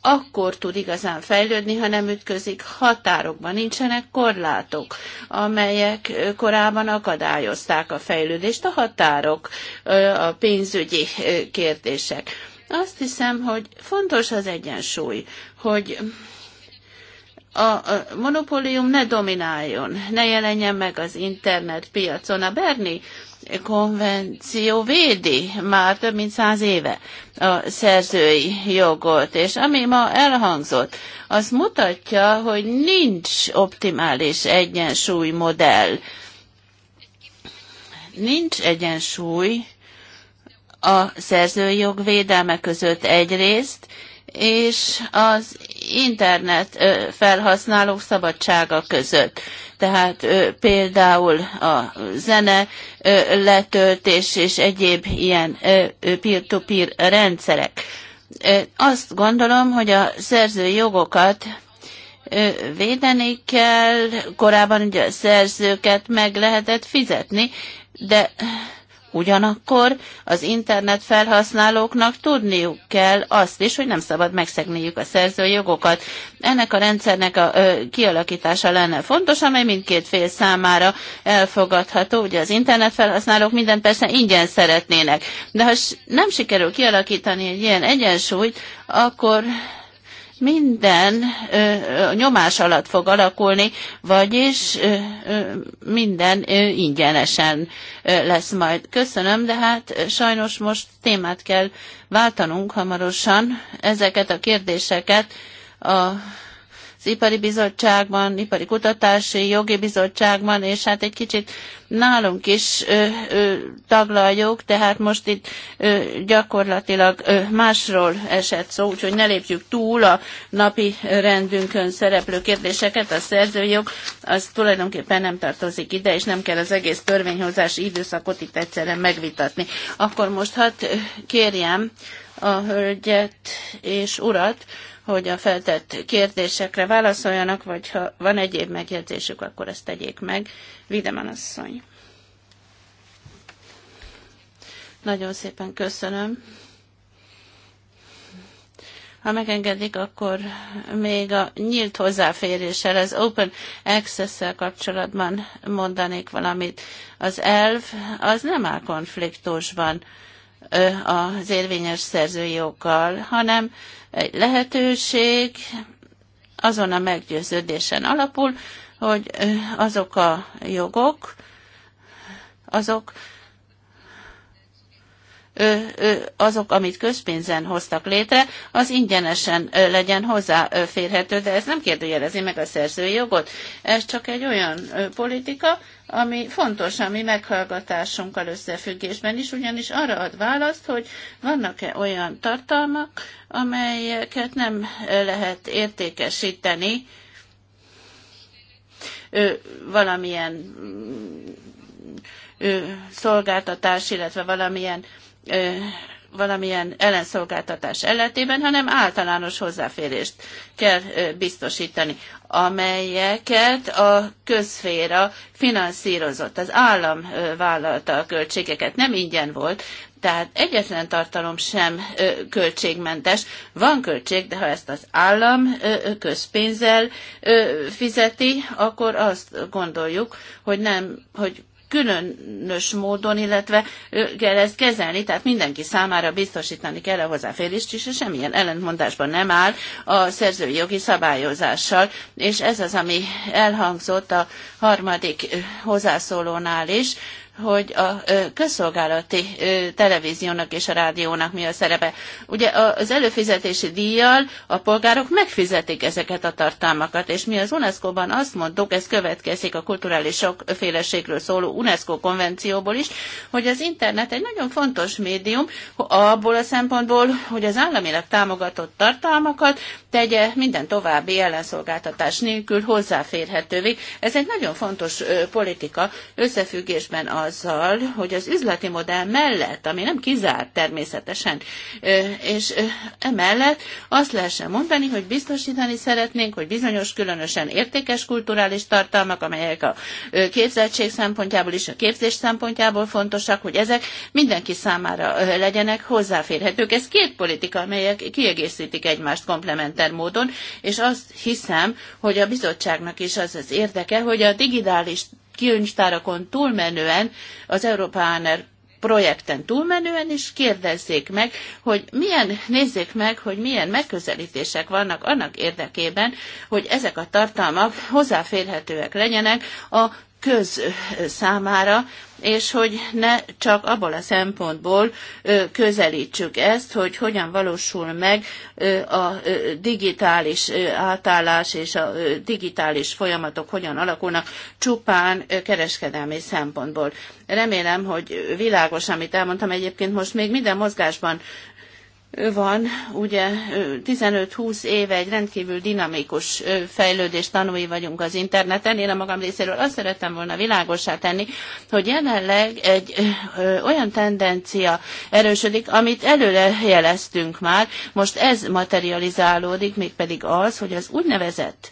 [SPEAKER 1] akkor tud igazán fejlődni, ha nem ütközik határokban, nincsenek korlátok, amelyek korábban akadályozták a fejlődést, a határok, a pénzügyi kérdések. Azt hiszem, hogy fontos az egyensúly, hogy a monopólium ne domináljon, ne jelenjen meg az internet piacon. A Berni konvenció védi már több mint száz éve a szerzői jogot, és ami ma elhangzott, az mutatja, hogy nincs optimális egyensúly modell. Nincs egyensúly a jog védelme között egyrészt, és az internet felhasználók szabadsága között. Tehát például a zene letöltés és egyéb ilyen peer-to-peer -peer rendszerek. Azt gondolom, hogy a szerzői jogokat védeni kell, korábban ugye a szerzőket meg lehetett fizetni, de Ugyanakkor az internet felhasználóknak tudniuk kell azt is, hogy nem szabad megszegniük a szerző jogokat. Ennek a rendszernek a ö, kialakítása lenne fontos, amely mindkét fél számára elfogadható. Ugye az internet felhasználók mindent persze ingyen szeretnének, de ha nem sikerül kialakítani egy ilyen egyensúlyt, akkor minden nyomás alatt fog alakulni, vagyis minden ingyenesen lesz majd. Köszönöm, de hát sajnos most témát kell váltanunk hamarosan ezeket a kérdéseket a az Ipari Bizottságban, Ipari Kutatási Jogi Bizottságban, és hát egy kicsit nálunk is ö, ö, taglaljuk, tehát most itt ö, gyakorlatilag ö, másról esett szó, úgyhogy ne lépjük túl a napi rendünkön szereplő kérdéseket, a szerzőjog az tulajdonképpen nem tartozik ide, és nem kell az egész törvényhozási időszakot itt egyszerre megvitatni. Akkor most hadd kérjem a hölgyet és urat, hogy a feltett kérdésekre válaszoljanak, vagy ha van egyéb megjegyzésük, akkor ezt tegyék meg. Videman asszony. Nagyon szépen köszönöm. Ha megengedik, akkor még a nyílt hozzáféréssel, az open access-szel kapcsolatban mondanék valamit. Az elv az nem áll konfliktusban az érvényes szerzői joggal, hanem egy lehetőség azon a meggyőződésen alapul, hogy azok a jogok, azok azok, amit közpénzen hoztak létre, az ingyenesen legyen hozzáférhető, de ez nem kérdőjelezi meg a szerzői jogot. Ez csak egy olyan politika, ami fontos a mi meghallgatásunkkal összefüggésben is, ugyanis arra ad választ, hogy vannak-e olyan tartalmak, amelyeket nem lehet értékesíteni valamilyen szolgáltatás, illetve valamilyen valamilyen ellenszolgáltatás elletében, hanem általános hozzáférést kell biztosítani, amelyeket a közféra finanszírozott. Az állam vállalta a költségeket, nem ingyen volt, tehát egyetlen tartalom sem költségmentes. Van költség, de ha ezt az állam közpénzzel fizeti, akkor azt gondoljuk, hogy nem, hogy különös módon, illetve kell ezt kezelni, tehát mindenki számára biztosítani kell a hozzáférést is, és semmilyen ellentmondásban nem áll a szerzői jogi szabályozással, és ez az, ami elhangzott a harmadik hozzászólónál is, hogy a közszolgálati televíziónak és a rádiónak mi a szerepe. Ugye az előfizetési díjjal a polgárok megfizetik ezeket a tartalmakat, és mi az UNESCO-ban azt mondtuk, ez következik a kulturális sokféleségről szóló UNESCO konvencióból is, hogy az internet egy nagyon fontos médium abból a szempontból, hogy az államilag támogatott tartalmakat tegye minden további ellenszolgáltatás nélkül hozzáférhetővé. Ez egy nagyon fontos politika összefüggésben az azzal, hogy az üzleti modell mellett, ami nem kizárt természetesen, és emellett azt lehessen mondani, hogy biztosítani szeretnénk, hogy bizonyos különösen értékes kulturális tartalmak, amelyek a képzettség szempontjából is, a képzés szempontjából fontosak, hogy ezek mindenki számára legyenek hozzáférhetők. Ez két politika, amelyek kiegészítik egymást komplementer módon, és azt hiszem, hogy a bizottságnak is az az érdeke, hogy a digitális kincstárakon túlmenően, az Európáner projekten túlmenően is kérdezzék meg, hogy milyen, nézzék meg, hogy milyen megközelítések vannak annak érdekében, hogy ezek a tartalmak hozzáférhetőek legyenek a köz számára, és hogy ne csak abból a szempontból közelítsük ezt, hogy hogyan valósul meg a digitális átállás és a digitális folyamatok hogyan alakulnak csupán kereskedelmi szempontból. Remélem, hogy világos, amit elmondtam egyébként most még minden mozgásban van, ugye 15-20 éve egy rendkívül dinamikus fejlődés tanúi vagyunk az interneten. Én a magam részéről azt szerettem volna világosá tenni, hogy jelenleg egy ö, olyan tendencia erősödik, amit előre jeleztünk már. Most ez materializálódik, mégpedig az, hogy az úgynevezett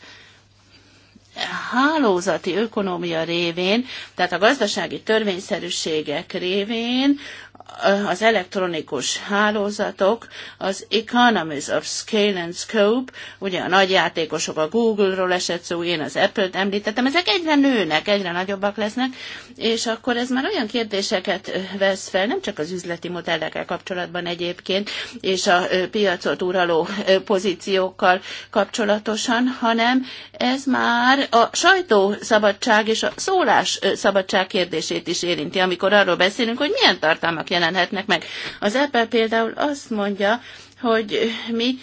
[SPEAKER 1] hálózati ökonómia révén, tehát a gazdasági törvényszerűségek révén az elektronikus hálózatok, az Economies of Scale and Scope, ugye a nagy játékosok, a Google-ról esett szó, én az Apple-t említettem, ezek egyre nőnek, egyre nagyobbak lesznek, és akkor ez már olyan kérdéseket vesz fel, nem csak az üzleti modellekkel kapcsolatban egyébként, és a piacot uraló pozíciókkal kapcsolatosan, hanem ez már a sajtószabadság és a szólásszabadság kérdését is érinti, amikor arról beszélünk, hogy milyen tartalmak jelenhetnek meg. Az Apple például azt mondja, hogy mi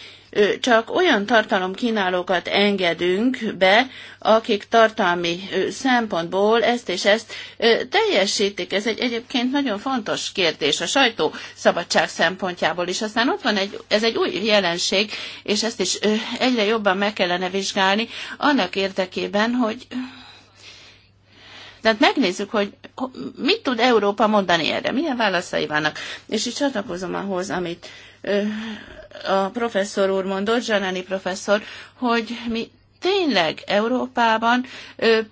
[SPEAKER 1] csak olyan tartalomkínálókat engedünk be, akik tartalmi szempontból ezt és ezt teljesítik. Ez egy egyébként nagyon fontos kérdés a sajtó szabadság szempontjából is. Aztán ott van egy, ez egy új jelenség, és ezt is egyre jobban meg kellene vizsgálni annak érdekében, hogy tehát megnézzük, hogy mit tud Európa mondani erre, milyen válaszai vannak. És itt csatlakozom ahhoz, amit a professzor úr mondott, Zsanani professzor, hogy mi tényleg Európában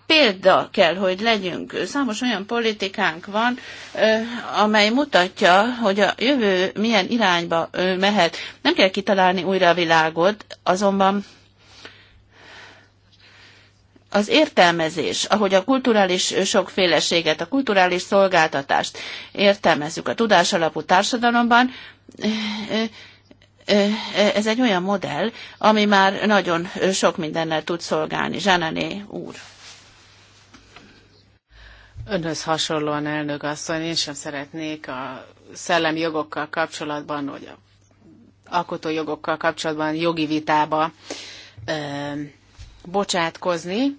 [SPEAKER 1] példa kell, hogy legyünk. Számos olyan politikánk van, amely mutatja, hogy a jövő milyen irányba mehet. Nem kell kitalálni újra a világot, azonban az értelmezés, ahogy a kulturális sokféleséget, a kulturális szolgáltatást értelmezzük a alapú társadalomban, eh, eh, eh, ez egy olyan modell, ami már nagyon sok mindennel tud szolgálni. Zsánané úr. Önhöz
[SPEAKER 3] hasonlóan elnök asszony, én sem szeretnék a szellemi jogokkal kapcsolatban, vagy a jogokkal kapcsolatban jogi vitába bocsátkozni,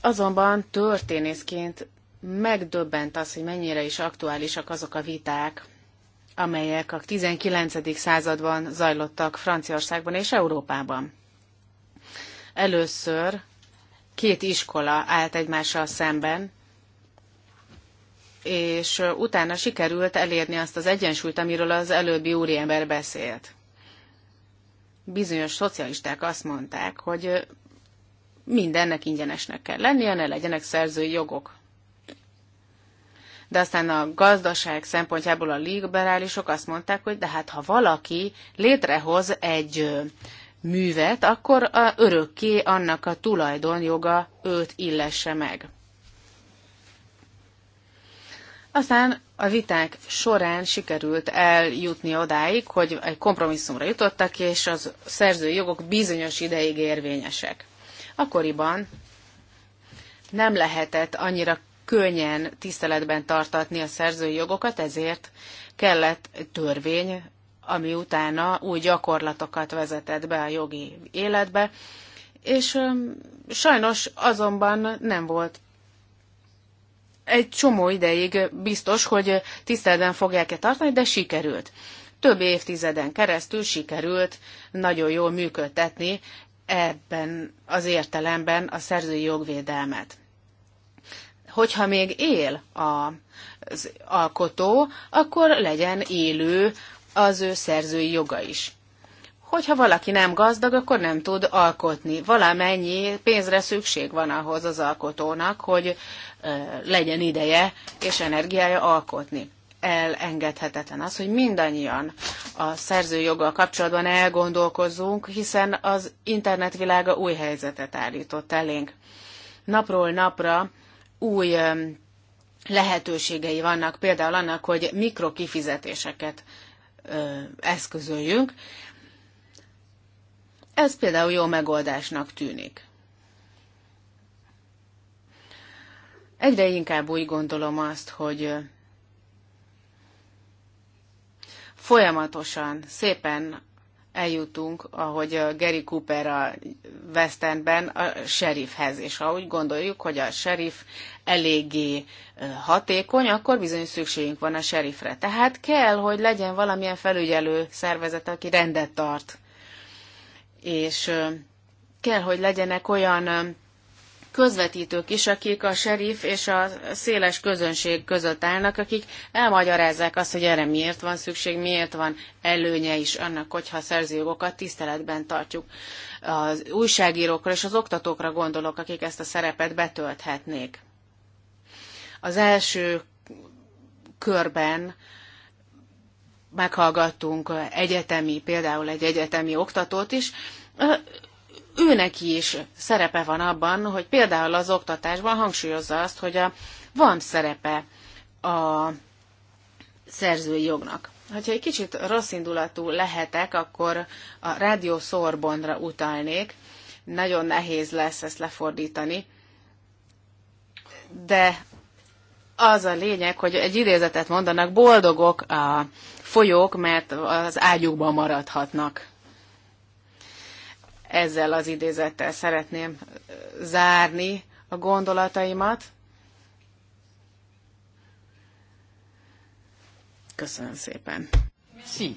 [SPEAKER 3] azonban történészként megdöbbent az, hogy mennyire is aktuálisak azok a viták, amelyek a 19. században zajlottak Franciaországban és Európában. Először két iskola állt egymással szemben, és utána sikerült elérni azt az egyensúlyt, amiről az előbbi úriember beszélt. Bizonyos szocialisták azt mondták, hogy mindennek ingyenesnek kell lennie, ne legyenek szerzői jogok. De aztán a gazdaság szempontjából a liberálisok azt mondták, hogy de hát ha valaki létrehoz egy művet, akkor a örökké annak a tulajdonjoga őt illesse meg. Aztán a viták során sikerült eljutni odáig, hogy egy kompromisszumra jutottak, és az szerzői jogok bizonyos ideig érvényesek. Akkoriban nem lehetett annyira könnyen tiszteletben tartatni a szerzői jogokat, ezért kellett törvény, ami utána új gyakorlatokat vezetett be a jogi életbe, és sajnos azonban nem volt egy csomó ideig biztos, hogy tiszteletben fogják-e tartani, de sikerült. Több évtizeden keresztül sikerült nagyon jól működtetni ebben az értelemben a szerzői jogvédelmet. Hogyha még él az alkotó, akkor legyen élő az ő szerzői joga is. Hogyha valaki nem gazdag, akkor nem tud alkotni. Valamennyi pénzre szükség van ahhoz az alkotónak, hogy legyen ideje és energiája alkotni elengedhetetlen az, hogy mindannyian a szerzőjoggal kapcsolatban elgondolkozzunk, hiszen az internet világa új helyzetet állított elénk. Napról napra új lehetőségei vannak például annak, hogy mikrokifizetéseket eszközöljünk. Ez például jó megoldásnak tűnik. Egyre inkább úgy gondolom azt, hogy folyamatosan, szépen eljutunk, ahogy a uh, Gary Cooper a West Endben, a sheriffhez, és ha úgy gondoljuk, hogy a sheriff eléggé uh, hatékony, akkor bizony szükségünk van a sheriffre. Tehát kell, hogy legyen valamilyen felügyelő szervezet, aki rendet tart. És uh, kell, hogy legyenek olyan um, közvetítők is, akik a serif és a széles közönség között állnak, akik elmagyarázzák azt, hogy erre miért van szükség, miért van előnye is annak, hogyha a szerzőjogokat tiszteletben tartjuk. Az újságírókra és az oktatókra gondolok, akik ezt a szerepet betölthetnék. Az első körben meghallgattunk egyetemi, például egy egyetemi oktatót is, őneki is szerepe van abban, hogy például az oktatásban hangsúlyozza azt, hogy a, van szerepe a szerzői jognak. Hogyha egy kicsit rosszindulatú lehetek, akkor a rádió szorbonra utalnék. Nagyon nehéz lesz ezt lefordítani. De az a lényeg, hogy egy idézetet mondanak, boldogok a folyók, mert az ágyukban maradhatnak. Ezzel az idézettel szeretném zárni a gondolataimat. Köszönöm szépen. Sí.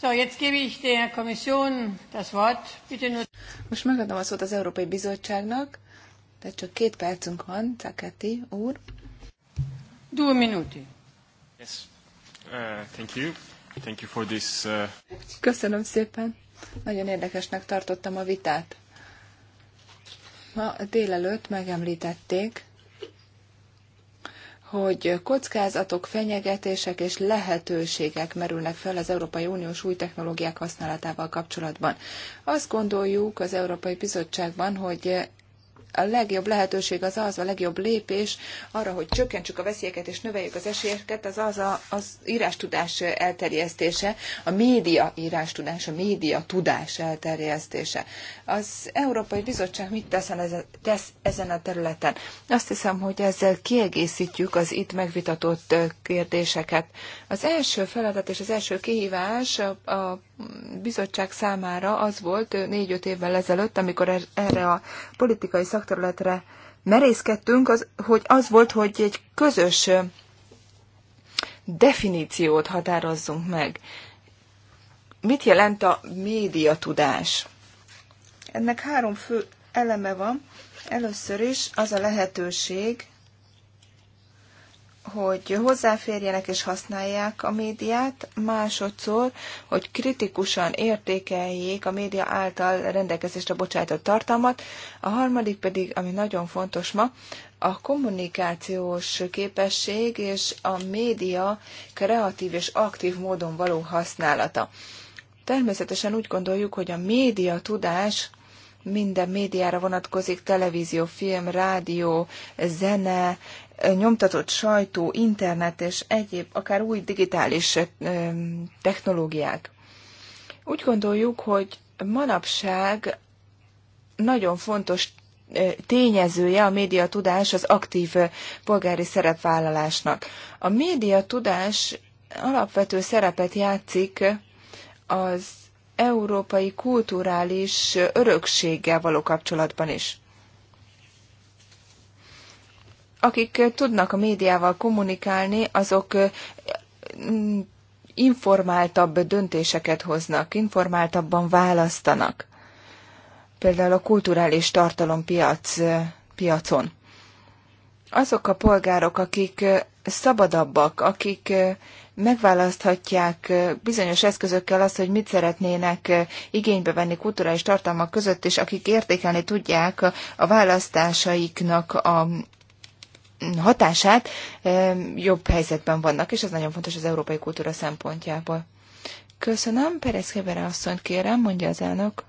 [SPEAKER 2] So, jetzt gebe ich der Kommission das Wort. Bitte nur... Most megadom a szót az Európai Bizottságnak, de csak két percünk van, Takati úr. Due minuti.
[SPEAKER 1] Yes. Uh, thank you. Thank you for this, uh...
[SPEAKER 2] Köszönöm szépen. Nagyon érdekesnek tartottam a vitát. Ma délelőtt megemlítették, hogy kockázatok, fenyegetések és lehetőségek merülnek fel az Európai Uniós új technológiák használatával kapcsolatban. Azt gondoljuk az Európai Bizottságban, hogy a legjobb lehetőség az az, a legjobb lépés arra, hogy csökkentsük a veszélyeket és növeljük az esélyeket, az az a, az írástudás elterjesztése, a média írástudás, a média tudás elterjesztése. Az Európai Bizottság mit tesz ezen, tesz ezen a területen? Azt hiszem, hogy ezzel kiegészítjük az itt megvitatott kérdéseket. Az első feladat és az első kihívás a, a bizottság számára az volt négy-öt évvel ezelőtt, amikor er-, erre a politikai szakterületre merészkedtünk, az, hogy az volt, hogy egy közös definíciót határozzunk meg. Mit jelent a médiatudás? Ennek három fő eleme van. Először is az a lehetőség, hogy hozzáférjenek és használják a médiát, másodszor, hogy kritikusan értékeljék a média által rendelkezésre bocsájtott tartalmat, a harmadik pedig, ami nagyon fontos ma, a kommunikációs képesség és a média kreatív és aktív módon való használata. Természetesen úgy gondoljuk, hogy a média tudás minden médiára vonatkozik, televízió, film, rádió, zene, nyomtatott sajtó, internet és egyéb, akár új digitális technológiák. Úgy gondoljuk, hogy manapság nagyon fontos tényezője a média tudás az aktív polgári szerepvállalásnak. A média tudás alapvető szerepet játszik az európai kulturális örökséggel való kapcsolatban is akik tudnak a médiával kommunikálni, azok informáltabb döntéseket hoznak, informáltabban választanak. Például a kulturális tartalompiac piacon. Azok a polgárok, akik szabadabbak, akik megválaszthatják bizonyos eszközökkel azt, hogy mit szeretnének igénybe venni kulturális tartalmak között, és akik értékelni tudják a választásaiknak a hatását jobb helyzetben vannak, és ez nagyon fontos az európai kultúra szempontjából. Köszönöm, Perez Kebere asszonyt kérem, mondja az elnök,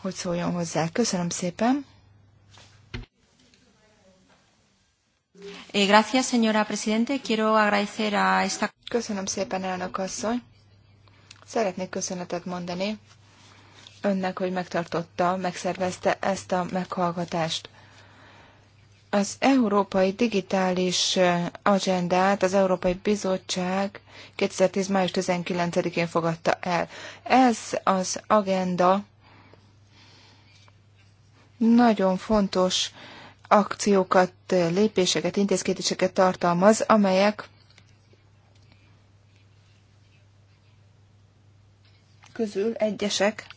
[SPEAKER 2] hogy szóljon hozzá. Köszönöm szépen. Eh, gracias, señora presidente. Quiero agradecer a esta... Köszönöm szépen, elnök asszony. Szeretnék köszönetet mondani önnek, hogy megtartotta, megszervezte ezt a meghallgatást. Az Európai Digitális Agendát az Európai Bizottság 2010. május 19-én fogadta el. Ez az agenda nagyon fontos akciókat, lépéseket, intézkedéseket tartalmaz, amelyek közül egyesek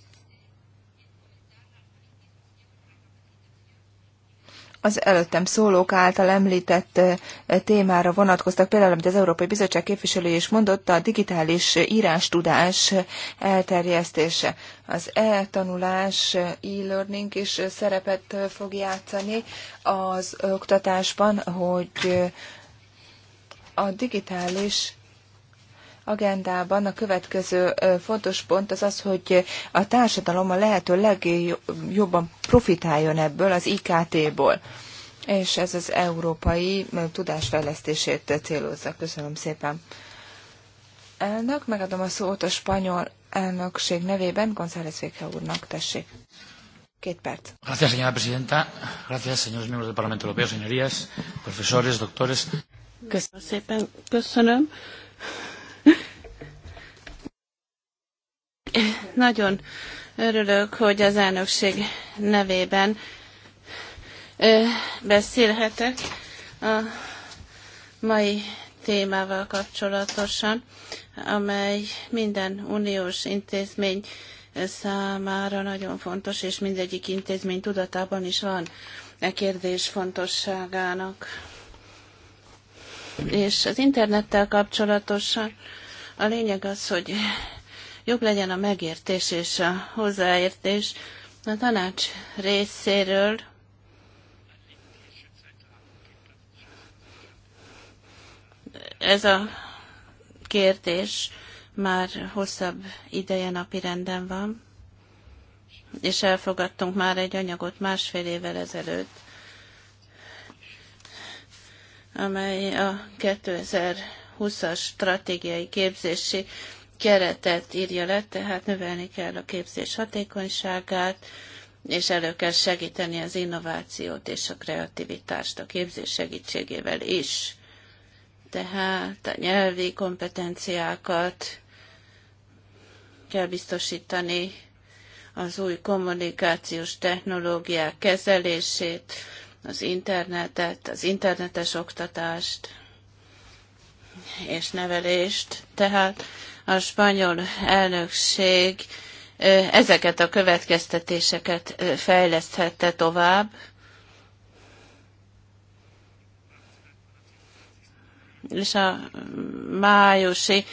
[SPEAKER 2] az előttem szólók által említett témára vonatkoztak, például amit az Európai Bizottság képviselője is mondotta, a digitális írástudás elterjesztése. Az e-tanulás, e-learning is szerepet fog játszani az oktatásban, hogy a digitális agendában a következő fontos pont az az, hogy a társadalom a lehető legjobban profitáljon ebből az IKT-ból. És ez az európai tudásfejlesztését célozza. Köszönöm szépen. Elnök, megadom a szót a spanyol elnökség nevében González Véke úrnak. Tessék. Két perc.
[SPEAKER 1] Gracias, señora presidenta. Gracias, señores miembros del Parlamento Europeo, señorías, profesores, doctores. Köszönöm szépen. Köszönöm. Nagyon örülök, hogy az elnökség nevében ö, beszélhetek a mai témával kapcsolatosan, amely minden uniós intézmény számára nagyon fontos, és mindegyik intézmény tudatában is van e kérdés fontosságának. És az internettel kapcsolatosan a lényeg az, hogy jobb legyen a megértés és a hozzáértés a tanács részéről, ez a kérdés már hosszabb ideje napirenden van, és elfogadtunk már egy anyagot másfél évvel ezelőtt, amely a 2020-as stratégiai képzési keretet írja le, tehát növelni kell a képzés hatékonyságát, és elő kell segíteni az innovációt és a kreativitást a képzés segítségével is. Tehát a nyelvi kompetenciákat kell biztosítani, az új kommunikációs technológiák kezelését, az internetet, az internetes oktatást, és nevelést, tehát a spanyol elnökség ezeket a következtetéseket fejleszthette tovább. És a májusi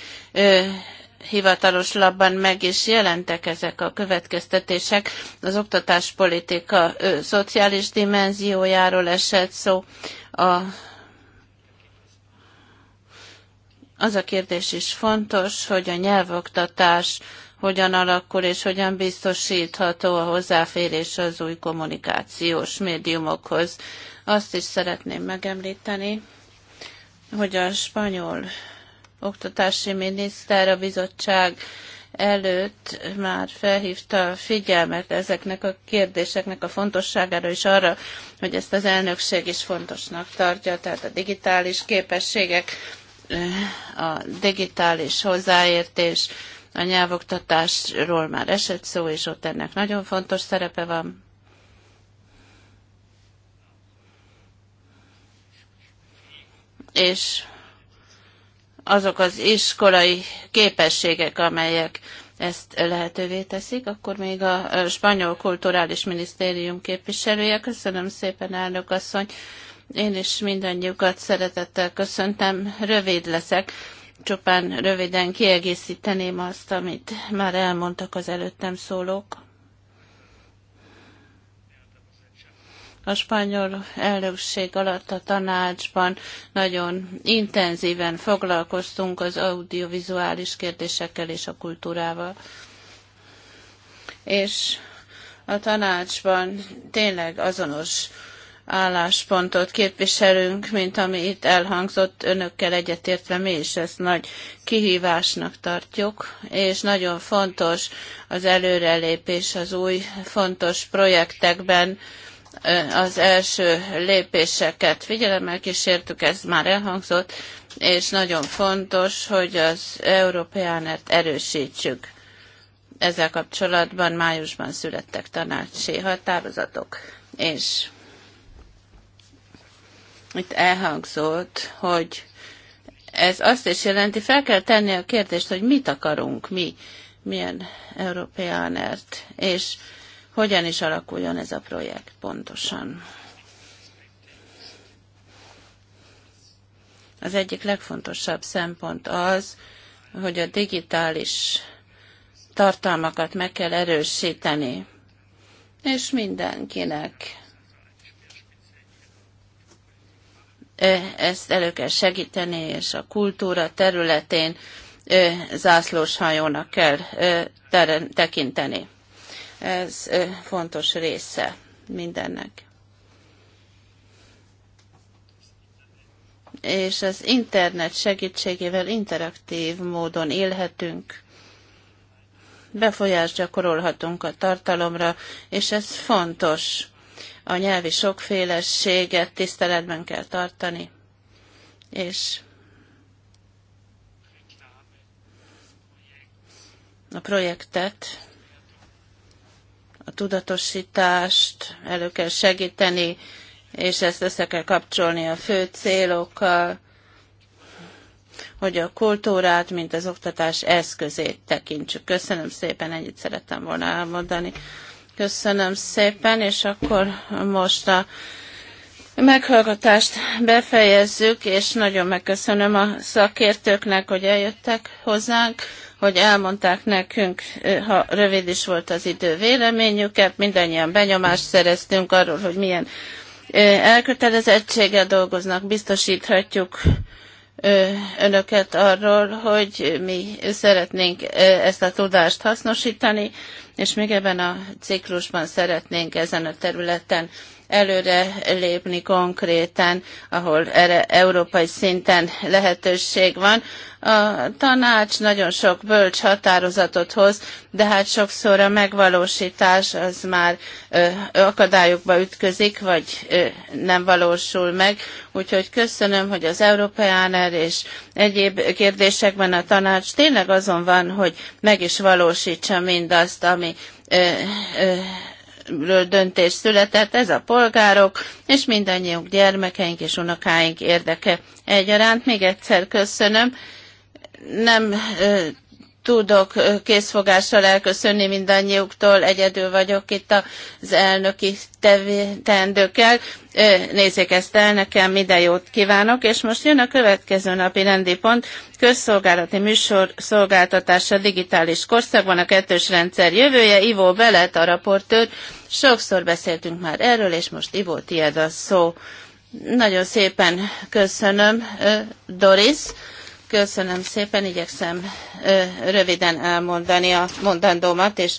[SPEAKER 1] hivatalos labban meg is jelentek ezek a következtetések. Az oktatáspolitika ö, szociális dimenziójáról esett szó, a az a kérdés is fontos, hogy a nyelvoktatás hogyan alakul és hogyan biztosítható a hozzáférés az új kommunikációs médiumokhoz. Azt is szeretném megemlíteni, hogy a spanyol oktatási miniszter a bizottság előtt már felhívta a figyelmet ezeknek a kérdéseknek a fontosságára, és arra, hogy ezt az elnökség is fontosnak tartja, tehát a digitális képességek a digitális hozzáértés, a nyelvoktatásról már esett szó, és ott ennek nagyon fontos szerepe van. És azok az iskolai képességek, amelyek ezt lehetővé teszik, akkor még a Spanyol Kulturális Minisztérium képviselője. Köszönöm szépen, elnök asszony. Én is mindannyiukat szeretettel köszöntem. Rövid leszek, csupán röviden kiegészíteném azt, amit már elmondtak az előttem szólók. a spanyol elnökség alatt a tanácsban nagyon intenzíven foglalkoztunk az audiovizuális kérdésekkel és a kultúrával. És a tanácsban tényleg azonos álláspontot képviselünk, mint ami itt elhangzott önökkel egyetértve, mi is ezt nagy kihívásnak tartjuk, és nagyon fontos az előrelépés az új fontos projektekben, az első lépéseket figyelemmel kísértük, ez már elhangzott, és nagyon fontos, hogy az Európeánert erősítsük. Ezzel kapcsolatban májusban születtek tanácsi határozatok, és itt elhangzott, hogy ez azt is jelenti, fel kell tenni a kérdést, hogy mit akarunk mi, milyen Európeánert, és hogyan is alakuljon ez a projekt pontosan. Az egyik legfontosabb szempont az, hogy a digitális tartalmakat meg kell erősíteni, és mindenkinek ezt elő kell segíteni, és a kultúra területén zászlós hajónak kell tekinteni. Ez fontos része mindennek. És az internet segítségével interaktív módon élhetünk, befolyást gyakorolhatunk a tartalomra, és ez fontos a nyelvi sokféleséget tiszteletben kell tartani, és a projektet, a tudatosítást elő kell segíteni, és ezt össze kell kapcsolni a fő célokkal, hogy a kultúrát, mint az oktatás eszközét tekintsük. Köszönöm szépen, ennyit szerettem volna elmondani. Köszönöm szépen, és akkor most a meghallgatást befejezzük, és nagyon megköszönöm a szakértőknek, hogy eljöttek hozzánk, hogy elmondták nekünk, ha rövid is volt az idő véleményüket, mindannyian benyomást szereztünk arról, hogy milyen elkötelezettséggel dolgoznak, biztosíthatjuk önöket arról, hogy mi szeretnénk ezt a tudást hasznosítani, és még ebben a ciklusban szeretnénk ezen a területen előre lépni konkrétan, ahol erre európai szinten lehetőség van. A tanács nagyon sok bölcs határozatot hoz, de hát sokszor a megvalósítás az már ö, akadályokba ütközik, vagy ö, nem valósul meg. Úgyhogy köszönöm, hogy az Európeáner és egyéb kérdésekben a tanács tényleg azon van, hogy meg is valósítsa mindazt, ami ö, ö, döntés született, ez a polgárok, és mindannyiunk gyermekeink és unokáink érdeke egyaránt. Még egyszer köszönöm. Nem tudok készfogással elköszönni mindannyiuktól, egyedül vagyok itt az elnöki teendőkkel. Nézzék ezt el, nekem minden jót kívánok, és most jön a következő napi rendi pont, közszolgálati műsor szolgáltatása digitális korszakban a kettős rendszer jövője, Ivó Belet, a raportőr, sokszor beszéltünk már erről, és most Ivó, tiéd a szó. Nagyon szépen köszönöm, Doris, köszönöm szépen, igyekszem röviden elmondani a mondandómat, és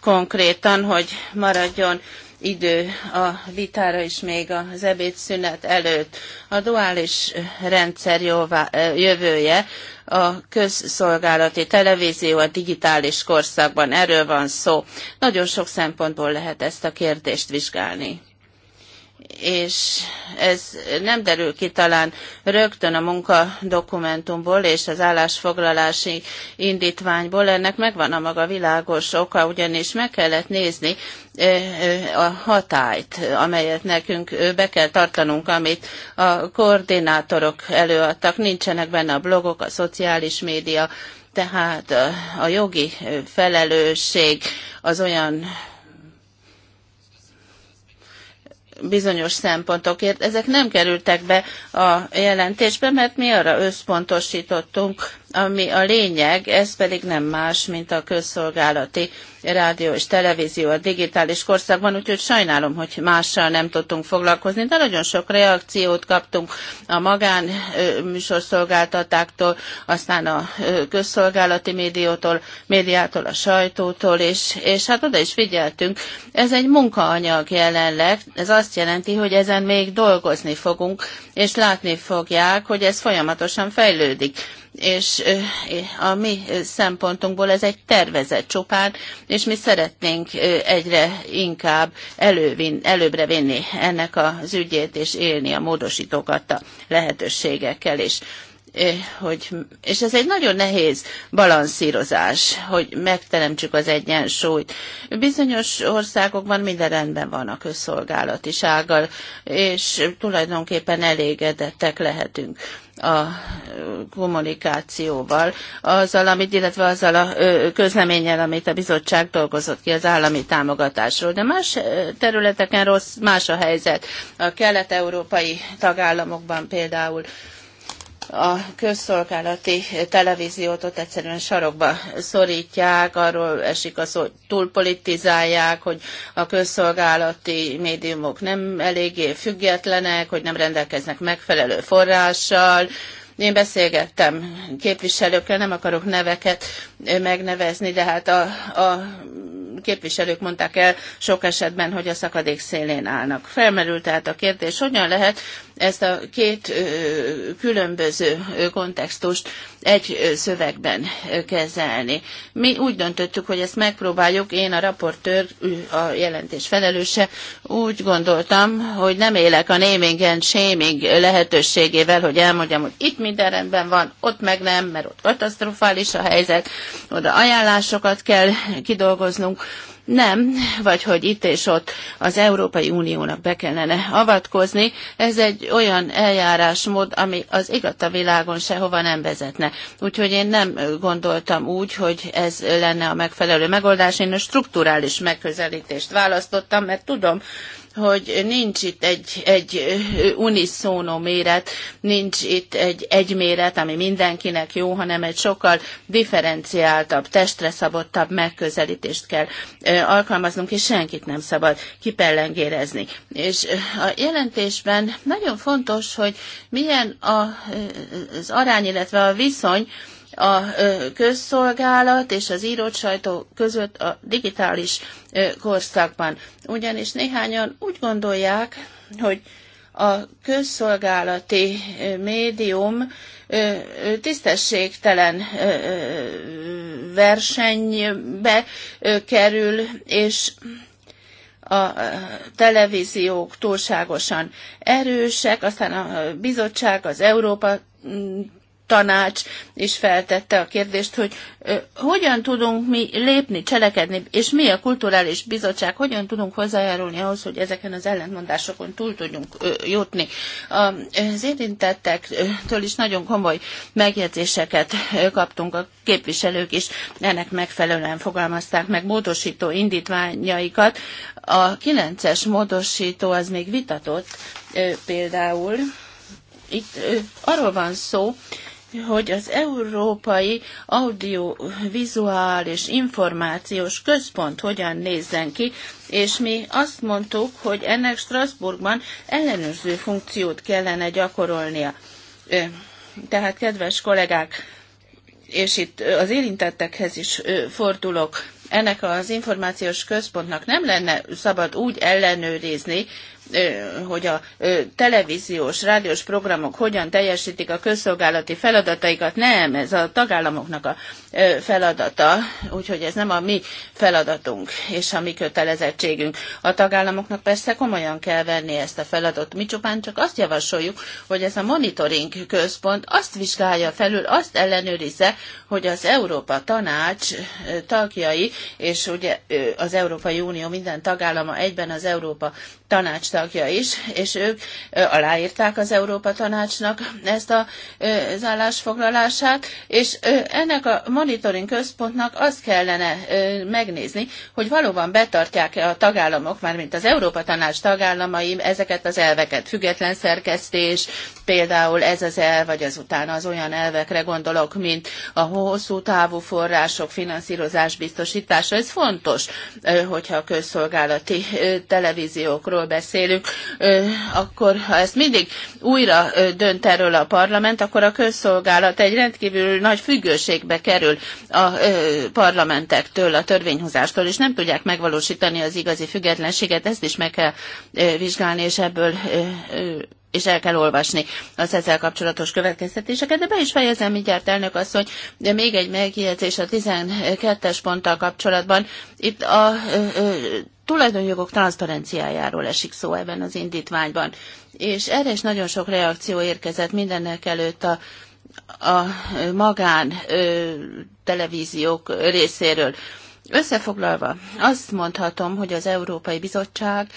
[SPEAKER 1] konkrétan, hogy maradjon idő a vitára is még az ebédszünet előtt. A duális rendszer jóvá, jövője a közszolgálati televízió a digitális korszakban, erről van szó. Nagyon sok szempontból lehet ezt a kérdést vizsgálni és ez nem derül ki talán rögtön a munkadokumentumból és az állásfoglalási indítványból. Ennek megvan a maga világos oka, ugyanis meg kellett nézni a hatályt, amelyet nekünk be kell tartanunk, amit a koordinátorok előadtak. Nincsenek benne a blogok, a szociális média, tehát a jogi felelősség az olyan bizonyos szempontokért. Ezek nem kerültek be a jelentésbe, mert mi arra összpontosítottunk, ami a lényeg, ez pedig nem más, mint a közszolgálati rádió és televízió a digitális korszakban, úgyhogy sajnálom, hogy mással nem tudtunk foglalkozni, de nagyon sok reakciót kaptunk a magán műsorszolgáltatáktól, aztán a közszolgálati médiótól, médiától, a sajtótól, és, és hát oda is figyeltünk. Ez egy munkaanyag jelenleg, ez azt jelenti, hogy ezen még dolgozni fogunk, és látni fogják, hogy ez folyamatosan fejlődik és a mi szempontunkból ez egy tervezett csupán, és mi szeretnénk egyre inkább elővin, előbbre vinni ennek az ügyét, és élni a módosítókat a lehetőségekkel is hogy, és ez egy nagyon nehéz balanszírozás, hogy megteremtsük az egyensúlyt. Bizonyos országokban minden rendben van a közszolgálatisággal, és tulajdonképpen elégedettek lehetünk a kommunikációval, azzal, amit, illetve azzal a közleménnyel, amit a bizottság dolgozott ki az állami támogatásról. De más területeken rossz, más a helyzet. A kelet-európai tagállamokban például a közszolgálati televíziót ott egyszerűen sarokba szorítják, arról esik az, hogy túlpolitizálják, hogy a közszolgálati médiumok nem eléggé függetlenek, hogy nem rendelkeznek megfelelő forrással, én beszélgettem képviselőkkel, nem akarok neveket megnevezni, de hát a, a képviselők mondták el sok esetben, hogy a szakadék szélén állnak. Felmerült tehát a kérdés, hogyan lehet ezt a két különböző kontextust egy szövegben kezelni. Mi úgy döntöttük, hogy ezt megpróbáljuk, én a raportőr, a jelentés felelőse, úgy gondoltam, hogy nem élek a naming and shaming lehetőségével, hogy elmondjam, hogy itt minden rendben van, ott meg nem, mert ott katasztrofális a helyzet, oda ajánlásokat kell kidolgoznunk, nem, vagy hogy itt és ott az Európai Uniónak be kellene avatkozni. Ez egy olyan eljárásmód, ami az igata világon sehova nem vezetne. Úgyhogy én nem gondoltam úgy, hogy ez lenne a megfelelő megoldás. Én a strukturális megközelítést választottam, mert tudom, hogy nincs itt egy, egy uniszónó méret, nincs itt egy, egy méret, ami mindenkinek jó, hanem egy sokkal differenciáltabb, testre szabottabb megközelítést kell alkalmaznunk, és senkit nem szabad kipellengérezni. És a jelentésben nagyon fontos, hogy milyen az arány, illetve a viszony, a közszolgálat és az írott sajtó között a digitális korszakban. Ugyanis néhányan úgy gondolják, hogy a közszolgálati médium tisztességtelen versenybe kerül, és a televíziók túlságosan erősek, aztán a bizottság, az Európa tanács és feltette a kérdést, hogy hogyan tudunk mi lépni, cselekedni, és mi a kulturális bizottság, hogyan tudunk hozzájárulni ahhoz, hogy ezeken az ellentmondásokon túl tudjunk jutni. Az érintettektől is nagyon komoly megjegyzéseket kaptunk a képviselők is, ennek megfelelően fogalmazták meg módosító indítványaikat. A 9-es módosító az még vitatott, például itt arról van szó, hogy az Európai Audiovizuális Információs Központ hogyan nézzen ki, és mi azt mondtuk, hogy ennek Strasbourgban ellenőrző funkciót kellene gyakorolnia. Tehát, kedves kollégák, és itt az érintettekhez is fordulok, ennek az információs központnak nem lenne szabad úgy ellenőrizni, hogy a televíziós, rádiós programok hogyan teljesítik a közszolgálati feladataikat. Nem, ez a tagállamoknak a feladata, úgyhogy ez nem a mi feladatunk és a mi kötelezettségünk. A tagállamoknak persze komolyan kell venni ezt a feladatot. Mi csupán csak azt javasoljuk, hogy ez a monitoring központ azt vizsgálja felül, azt ellenőrizze, hogy az Európa Tanács tagjai, és ugye az Európai Unió minden tagállama egyben az Európa Tanács tagja is, és ők aláírták az Európa Tanácsnak ezt a, az állásfoglalását, és ennek a monitoring központnak azt kellene megnézni, hogy valóban betartják-e a tagállamok, mármint az Európa Tanács tagállamai ezeket az elveket, független szerkesztés, Például ez az el, vagy azután az olyan elvekre gondolok, mint a hosszú távú források, finanszírozás biztosítása. Ez fontos, hogyha a közszolgálati televíziókról beszélünk, akkor ha ezt mindig újra dönt erről a parlament, akkor a közszolgálat egy rendkívül nagy függőségbe kerül a parlamentektől, a törvényhozástól, és nem tudják megvalósítani az igazi függetlenséget. Ezt is meg kell vizsgálni, és ebből és el kell olvasni az ezzel kapcsolatos következtetéseket, de be is fejezem mindjárt elnök asszony, de még egy megjegyzés a 12-es ponttal kapcsolatban. Itt a ö, ö, tulajdonjogok transzparenciájáról esik szó ebben az indítványban, és erre is nagyon sok reakció érkezett mindennek előtt a a magán ö, televíziók részéről. Összefoglalva, azt mondhatom, hogy az Európai Bizottság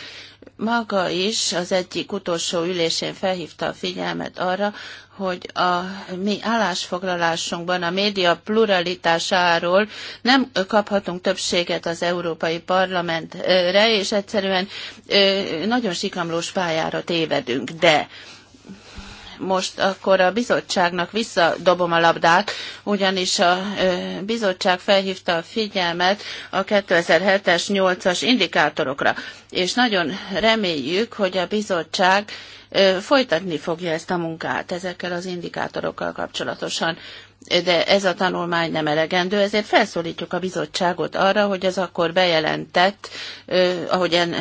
[SPEAKER 1] maga is az egyik utolsó ülésén felhívta a figyelmet arra, hogy a mi állásfoglalásunkban a média pluralitásáról nem kaphatunk többséget az Európai Parlamentre, és egyszerűen nagyon sikamlós pályára tévedünk. De most akkor a bizottságnak visszadobom a labdát, ugyanis a bizottság felhívta a figyelmet a 2007-es, 8-as indikátorokra, és nagyon reméljük, hogy a bizottság folytatni fogja ezt a munkát ezekkel az indikátorokkal kapcsolatosan de ez a tanulmány nem elegendő, ezért felszólítjuk a bizottságot arra, hogy az akkor bejelentett, ahogyan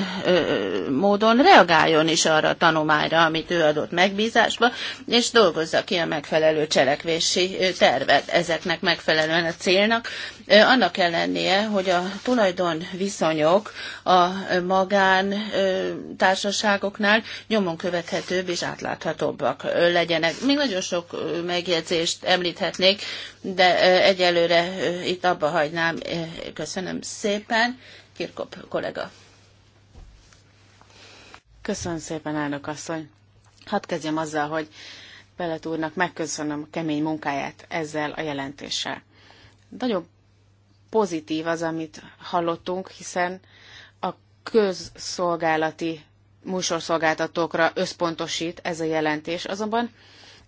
[SPEAKER 1] módon reagáljon is arra a tanulmányra, amit ő adott megbízásba, és dolgozza ki a megfelelő cselekvési tervet ezeknek megfelelően a célnak. Annak kell lennie, hogy a tulajdon viszonyok a magán társaságoknál nyomon követhetőbb és átláthatóbbak legyenek. Még nagyon sok megjegyzést említhetnék, még, de egyelőre itt abba hagynám. Köszönöm szépen. Kirkop kollega. Köszönöm szépen, elnök asszony. Hadd kezdjem azzal, hogy
[SPEAKER 3] Pellet úrnak megköszönöm a kemény munkáját ezzel a jelentéssel. Nagyon pozitív az, amit hallottunk, hiszen a közszolgálati műsorszolgáltatókra összpontosít ez a jelentés, azonban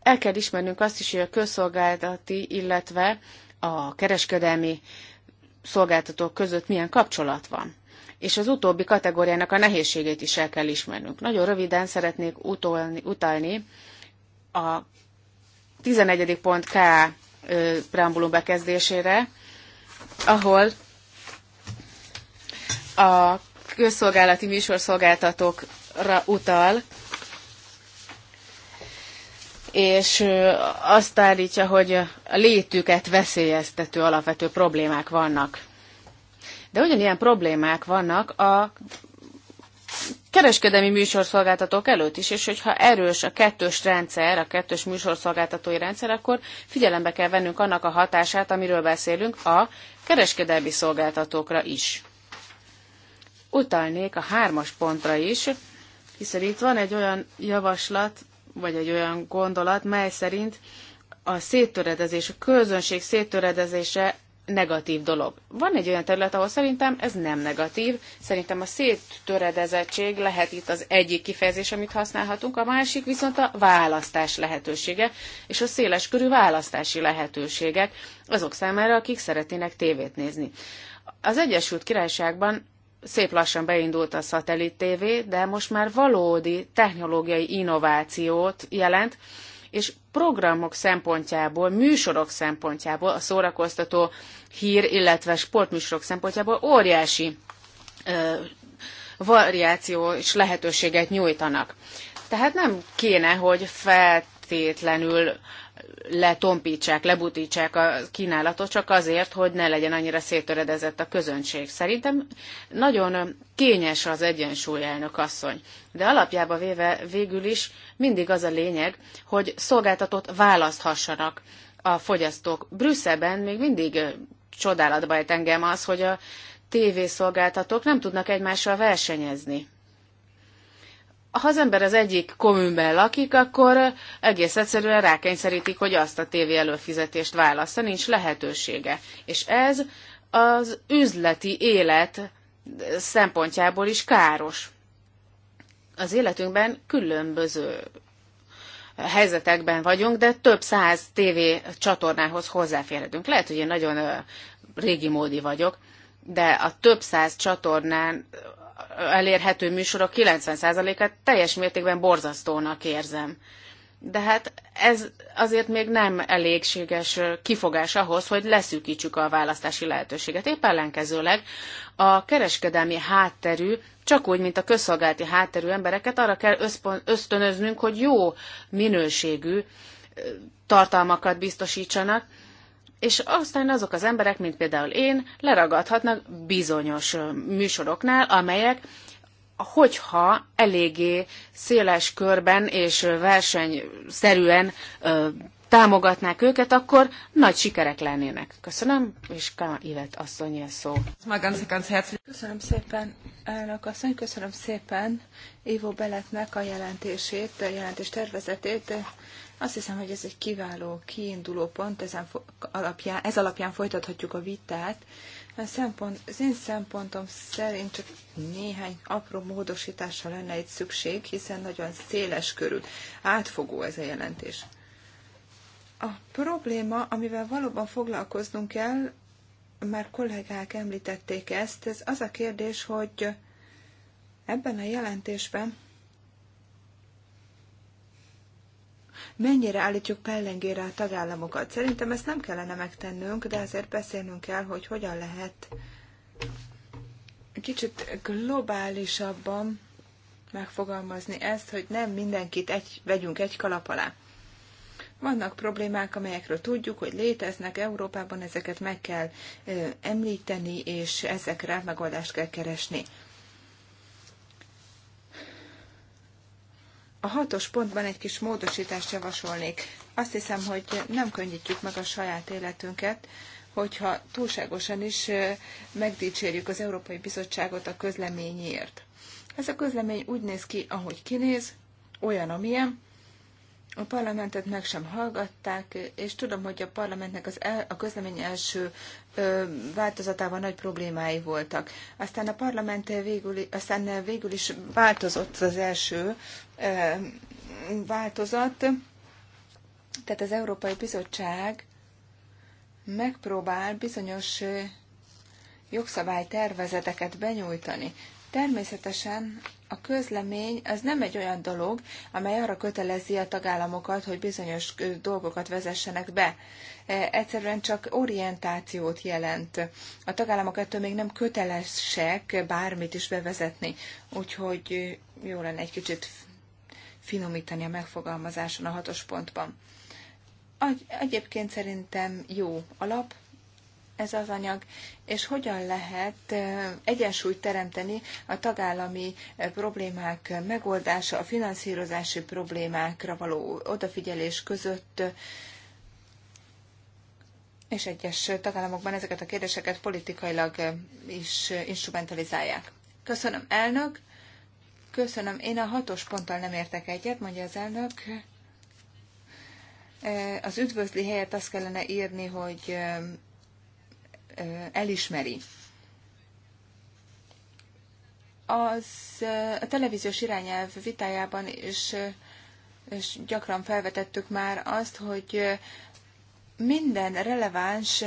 [SPEAKER 3] el kell ismernünk azt is, hogy a közszolgálati, illetve a kereskedelmi szolgáltatók között milyen kapcsolat van. És az utóbbi kategóriának a nehézségét is el kell ismernünk. Nagyon röviden szeretnék utolni, utalni a 11. pont K preambulum bekezdésére, ahol a közszolgálati műsorszolgáltatókra utal, és azt állítja, hogy a létüket veszélyeztető alapvető problémák vannak. De ugyanilyen problémák vannak a kereskedelmi műsorszolgáltatók előtt is, és hogyha erős a kettős rendszer, a kettős műsorszolgáltatói rendszer, akkor figyelembe kell vennünk annak a hatását, amiről beszélünk, a kereskedelmi szolgáltatókra is. Utalnék a hármas pontra is, hiszen itt van egy olyan javaslat, vagy egy olyan gondolat, mely szerint a széttöredezés, a közönség széttöredezése negatív dolog. Van egy olyan terület, ahol szerintem ez nem negatív. Szerintem a széttöredezettség lehet itt az egyik kifejezés, amit használhatunk, a másik viszont a választás lehetősége, és a széles körű választási lehetőségek azok számára, akik szeretnének tévét nézni. Az Egyesült Királyságban szép lassan beindult a szatellit TV, de most már valódi technológiai innovációt jelent, és programok szempontjából, műsorok szempontjából, a szórakoztató hír, illetve sportműsorok szempontjából óriási ö, variáció és lehetőséget nyújtanak. Tehát nem kéne, hogy feltétlenül letompítsák, lebutítsák a kínálatot, csak azért, hogy ne legyen annyira széttöredezett a közönség. Szerintem nagyon kényes az egyensúly, elnök asszony. De alapjába véve végül is mindig az a lényeg, hogy szolgáltatót választhassanak a fogyasztók. Brüsszelben még mindig csodálatba ejt engem az, hogy a tévészolgáltatók nem tudnak egymással versenyezni ha az ember az egyik kommunben lakik, akkor egész egyszerűen rákényszerítik, hogy azt a tévé előfizetést válassza, nincs lehetősége. És ez az üzleti élet szempontjából is káros. Az életünkben különböző helyzetekben vagyunk, de több száz tévé csatornához hozzáférhetünk. Lehet, hogy én nagyon régi módi vagyok, de a több száz csatornán elérhető műsorok 90%-át teljes mértékben borzasztónak érzem. De hát ez azért még nem elégséges kifogás ahhoz, hogy leszűkítsük a választási lehetőséget. Épp ellenkezőleg a kereskedelmi hátterű, csak úgy, mint a közszolgálati hátterű embereket arra kell ösztönöznünk, hogy jó minőségű tartalmakat biztosítsanak, és aztán azok az emberek, mint például én, leragadhatnak bizonyos műsoroknál, amelyek hogyha eléggé széles körben és versenyszerűen támogatnák őket, akkor nagy sikerek lennének. Köszönöm, és K. Ivet asszonyi a szó.
[SPEAKER 2] Köszönöm szépen, elnök asszony, köszönöm szépen Ivo Beletnek a jelentését, a jelentés tervezetét. Azt hiszem, hogy ez egy kiváló kiinduló pont, ezen alapján, ez alapján folytathatjuk a vitát. A szempont, az én szempontom szerint csak néhány apró módosításra lenne itt szükség, hiszen nagyon széles körül átfogó ez a jelentés. A probléma, amivel valóban foglalkoznunk kell, már kollégák említették ezt, ez az a kérdés, hogy ebben a jelentésben mennyire állítjuk pellengére a tagállamokat. Szerintem ezt nem kellene megtennünk, de azért beszélnünk kell, hogy hogyan lehet kicsit globálisabban megfogalmazni ezt, hogy nem mindenkit egy, vegyünk egy kalap alá. Vannak problémák, amelyekről tudjuk, hogy léteznek Európában, ezeket meg kell említeni, és ezekre megoldást kell keresni. A hatos pontban egy kis módosítást javasolnék. Azt hiszem, hogy nem könnyítjük meg a saját életünket, hogyha túlságosan is megdicsérjük az Európai Bizottságot a közleményért. Ez a közlemény úgy néz ki, ahogy kinéz, olyan, amilyen, a parlamentet meg sem hallgatták, és tudom, hogy a parlamentnek az el, a közlemény első ö, változatával nagy problémái voltak. Aztán a parlament végül, aztán végül is változott az első ö, változat, tehát az Európai Bizottság megpróbál bizonyos jogszabálytervezeteket benyújtani. Természetesen a közlemény az nem egy olyan dolog, amely arra kötelezi a tagállamokat, hogy bizonyos dolgokat vezessenek be. E, egyszerűen csak orientációt jelent. A tagállamok ettől még nem kötelesek bármit is bevezetni, úgyhogy jó lenne egy kicsit finomítani a megfogalmazáson a hatos pontban. Egyébként szerintem jó alap, ez az anyag, és hogyan lehet egyensúlyt teremteni a tagállami problémák megoldása, a finanszírozási problémákra való odafigyelés között, és egyes tagállamokban ezeket a kérdéseket politikailag is instrumentalizálják. Köszönöm, elnök! Köszönöm, én a hatos ponttal nem értek egyet, mondja az elnök. Az üdvözli helyet azt kellene írni, hogy elismeri. Az a televíziós irányelv vitájában is és gyakran felvetettük már azt, hogy minden releváns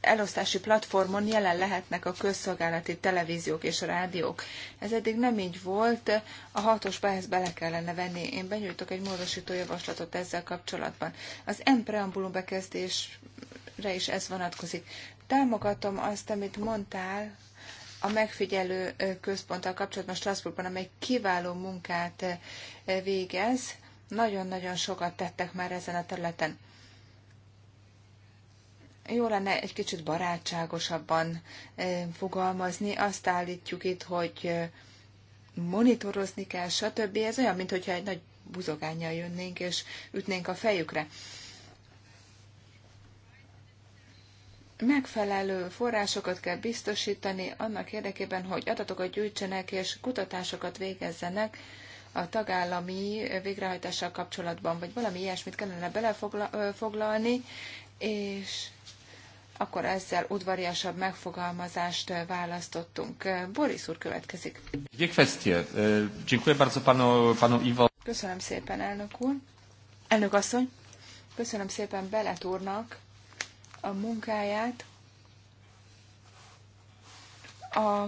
[SPEAKER 2] elosztási platformon jelen lehetnek a közszolgálati televíziók és a rádiók. Ez eddig nem így volt, a hatos ezt bele kellene venni. Én benyújtok egy módosító javaslatot ezzel kapcsolatban. Az M preambulum bekezdésre is ez vonatkozik. Támogatom azt, amit mondtál a megfigyelő központtal kapcsolatban Strasbourgban, amely kiváló munkát végez. Nagyon-nagyon sokat tettek már ezen a területen. Jó lenne egy kicsit barátságosabban fogalmazni. Azt állítjuk itt, hogy monitorozni kell, stb. Ez olyan, mintha egy nagy buzogányjal jönnénk és ütnénk a fejükre. megfelelő forrásokat kell biztosítani annak érdekében, hogy adatokat gyűjtsenek és kutatásokat végezzenek a tagállami végrehajtással kapcsolatban, vagy valami ilyesmit kellene belefoglalni, és akkor ezzel udvariasabb megfogalmazást választottunk. Boris úr következik.
[SPEAKER 1] E,
[SPEAKER 2] köszönöm szépen, elnök úr. Elnök asszony, köszönöm szépen Belet úrnak a munkáját a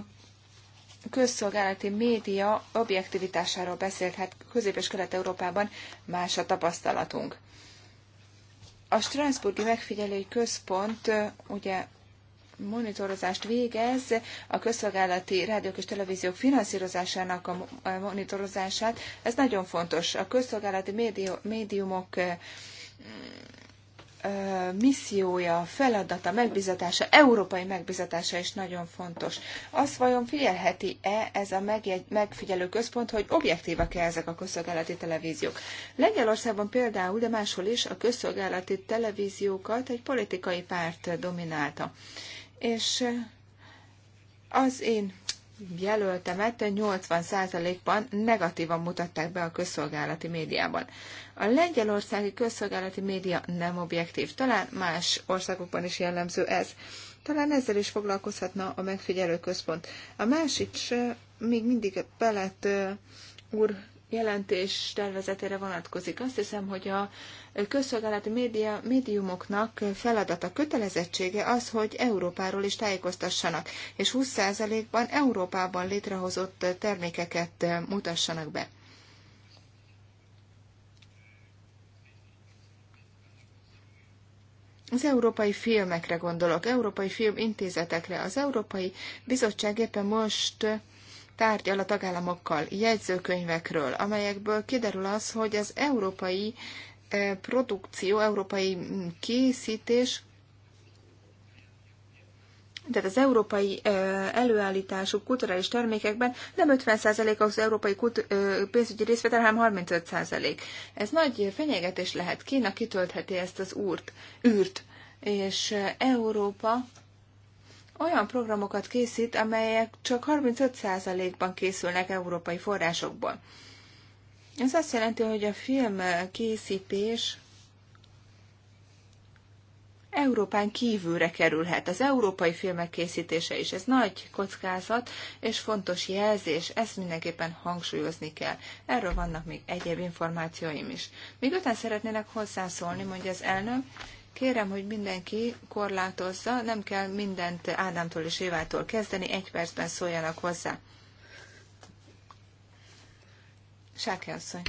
[SPEAKER 2] közszolgálati média objektivitásáról beszélt, hát Közép- és Kelet-Európában más a tapasztalatunk. A Strasburgi Megfigyelői Központ ugye monitorozást végez, a közszolgálati rádiók és televíziók finanszírozásának a monitorozását. Ez nagyon fontos. A közszolgálati médiumok missziója, feladata, megbizatása, európai megbizatása is nagyon fontos. Azt vajon figyelheti-e ez a megfigyelő központ, hogy objektívak-e ezek a közszolgálati televíziók? Lengyelországban például, de máshol is a közszolgálati televíziókat egy politikai párt dominálta. És az én jelöltemet 80%-ban negatívan mutatták be a közszolgálati médiában. A lengyelországi közszolgálati média nem objektív, talán más országokban is jellemző ez. Talán ezzel is foglalkozhatna a megfigyelő központ. A másik még mindig Belet úr jelentés tervezetére vonatkozik. Azt hiszem, hogy a közszolgálati média, médiumoknak feladata, kötelezettsége az, hogy Európáról is tájékoztassanak, és 20%-ban Európában létrehozott termékeket mutassanak be. Az európai filmekre gondolok, európai filmintézetekre. Az Európai Bizottság éppen most tárgyal a tagállamokkal jegyzőkönyvekről, amelyekből kiderül az, hogy az európai eh, produkció, európai mm, készítés, tehát az európai eh, előállítású kulturális termékekben nem 50% az európai eh, pénzügyi részvétel, hanem 35%. Ez nagy fenyegetés lehet. Kína kitöltheti ezt az úrt, űrt, és Európa olyan programokat készít, amelyek csak 35%-ban készülnek európai forrásokból. Ez azt jelenti, hogy a film készítés Európán kívülre kerülhet. Az európai filmek készítése is. Ez nagy kockázat és fontos jelzés, ezt mindenképpen hangsúlyozni kell. Erről vannak még egyéb információim is. Még után szeretnének hozzászólni, mondja az elnök, Kérem, hogy mindenki korlátozza, nem kell mindent Ádámtól és Évától kezdeni, egy percben szóljanak hozzá. Sáke asszony.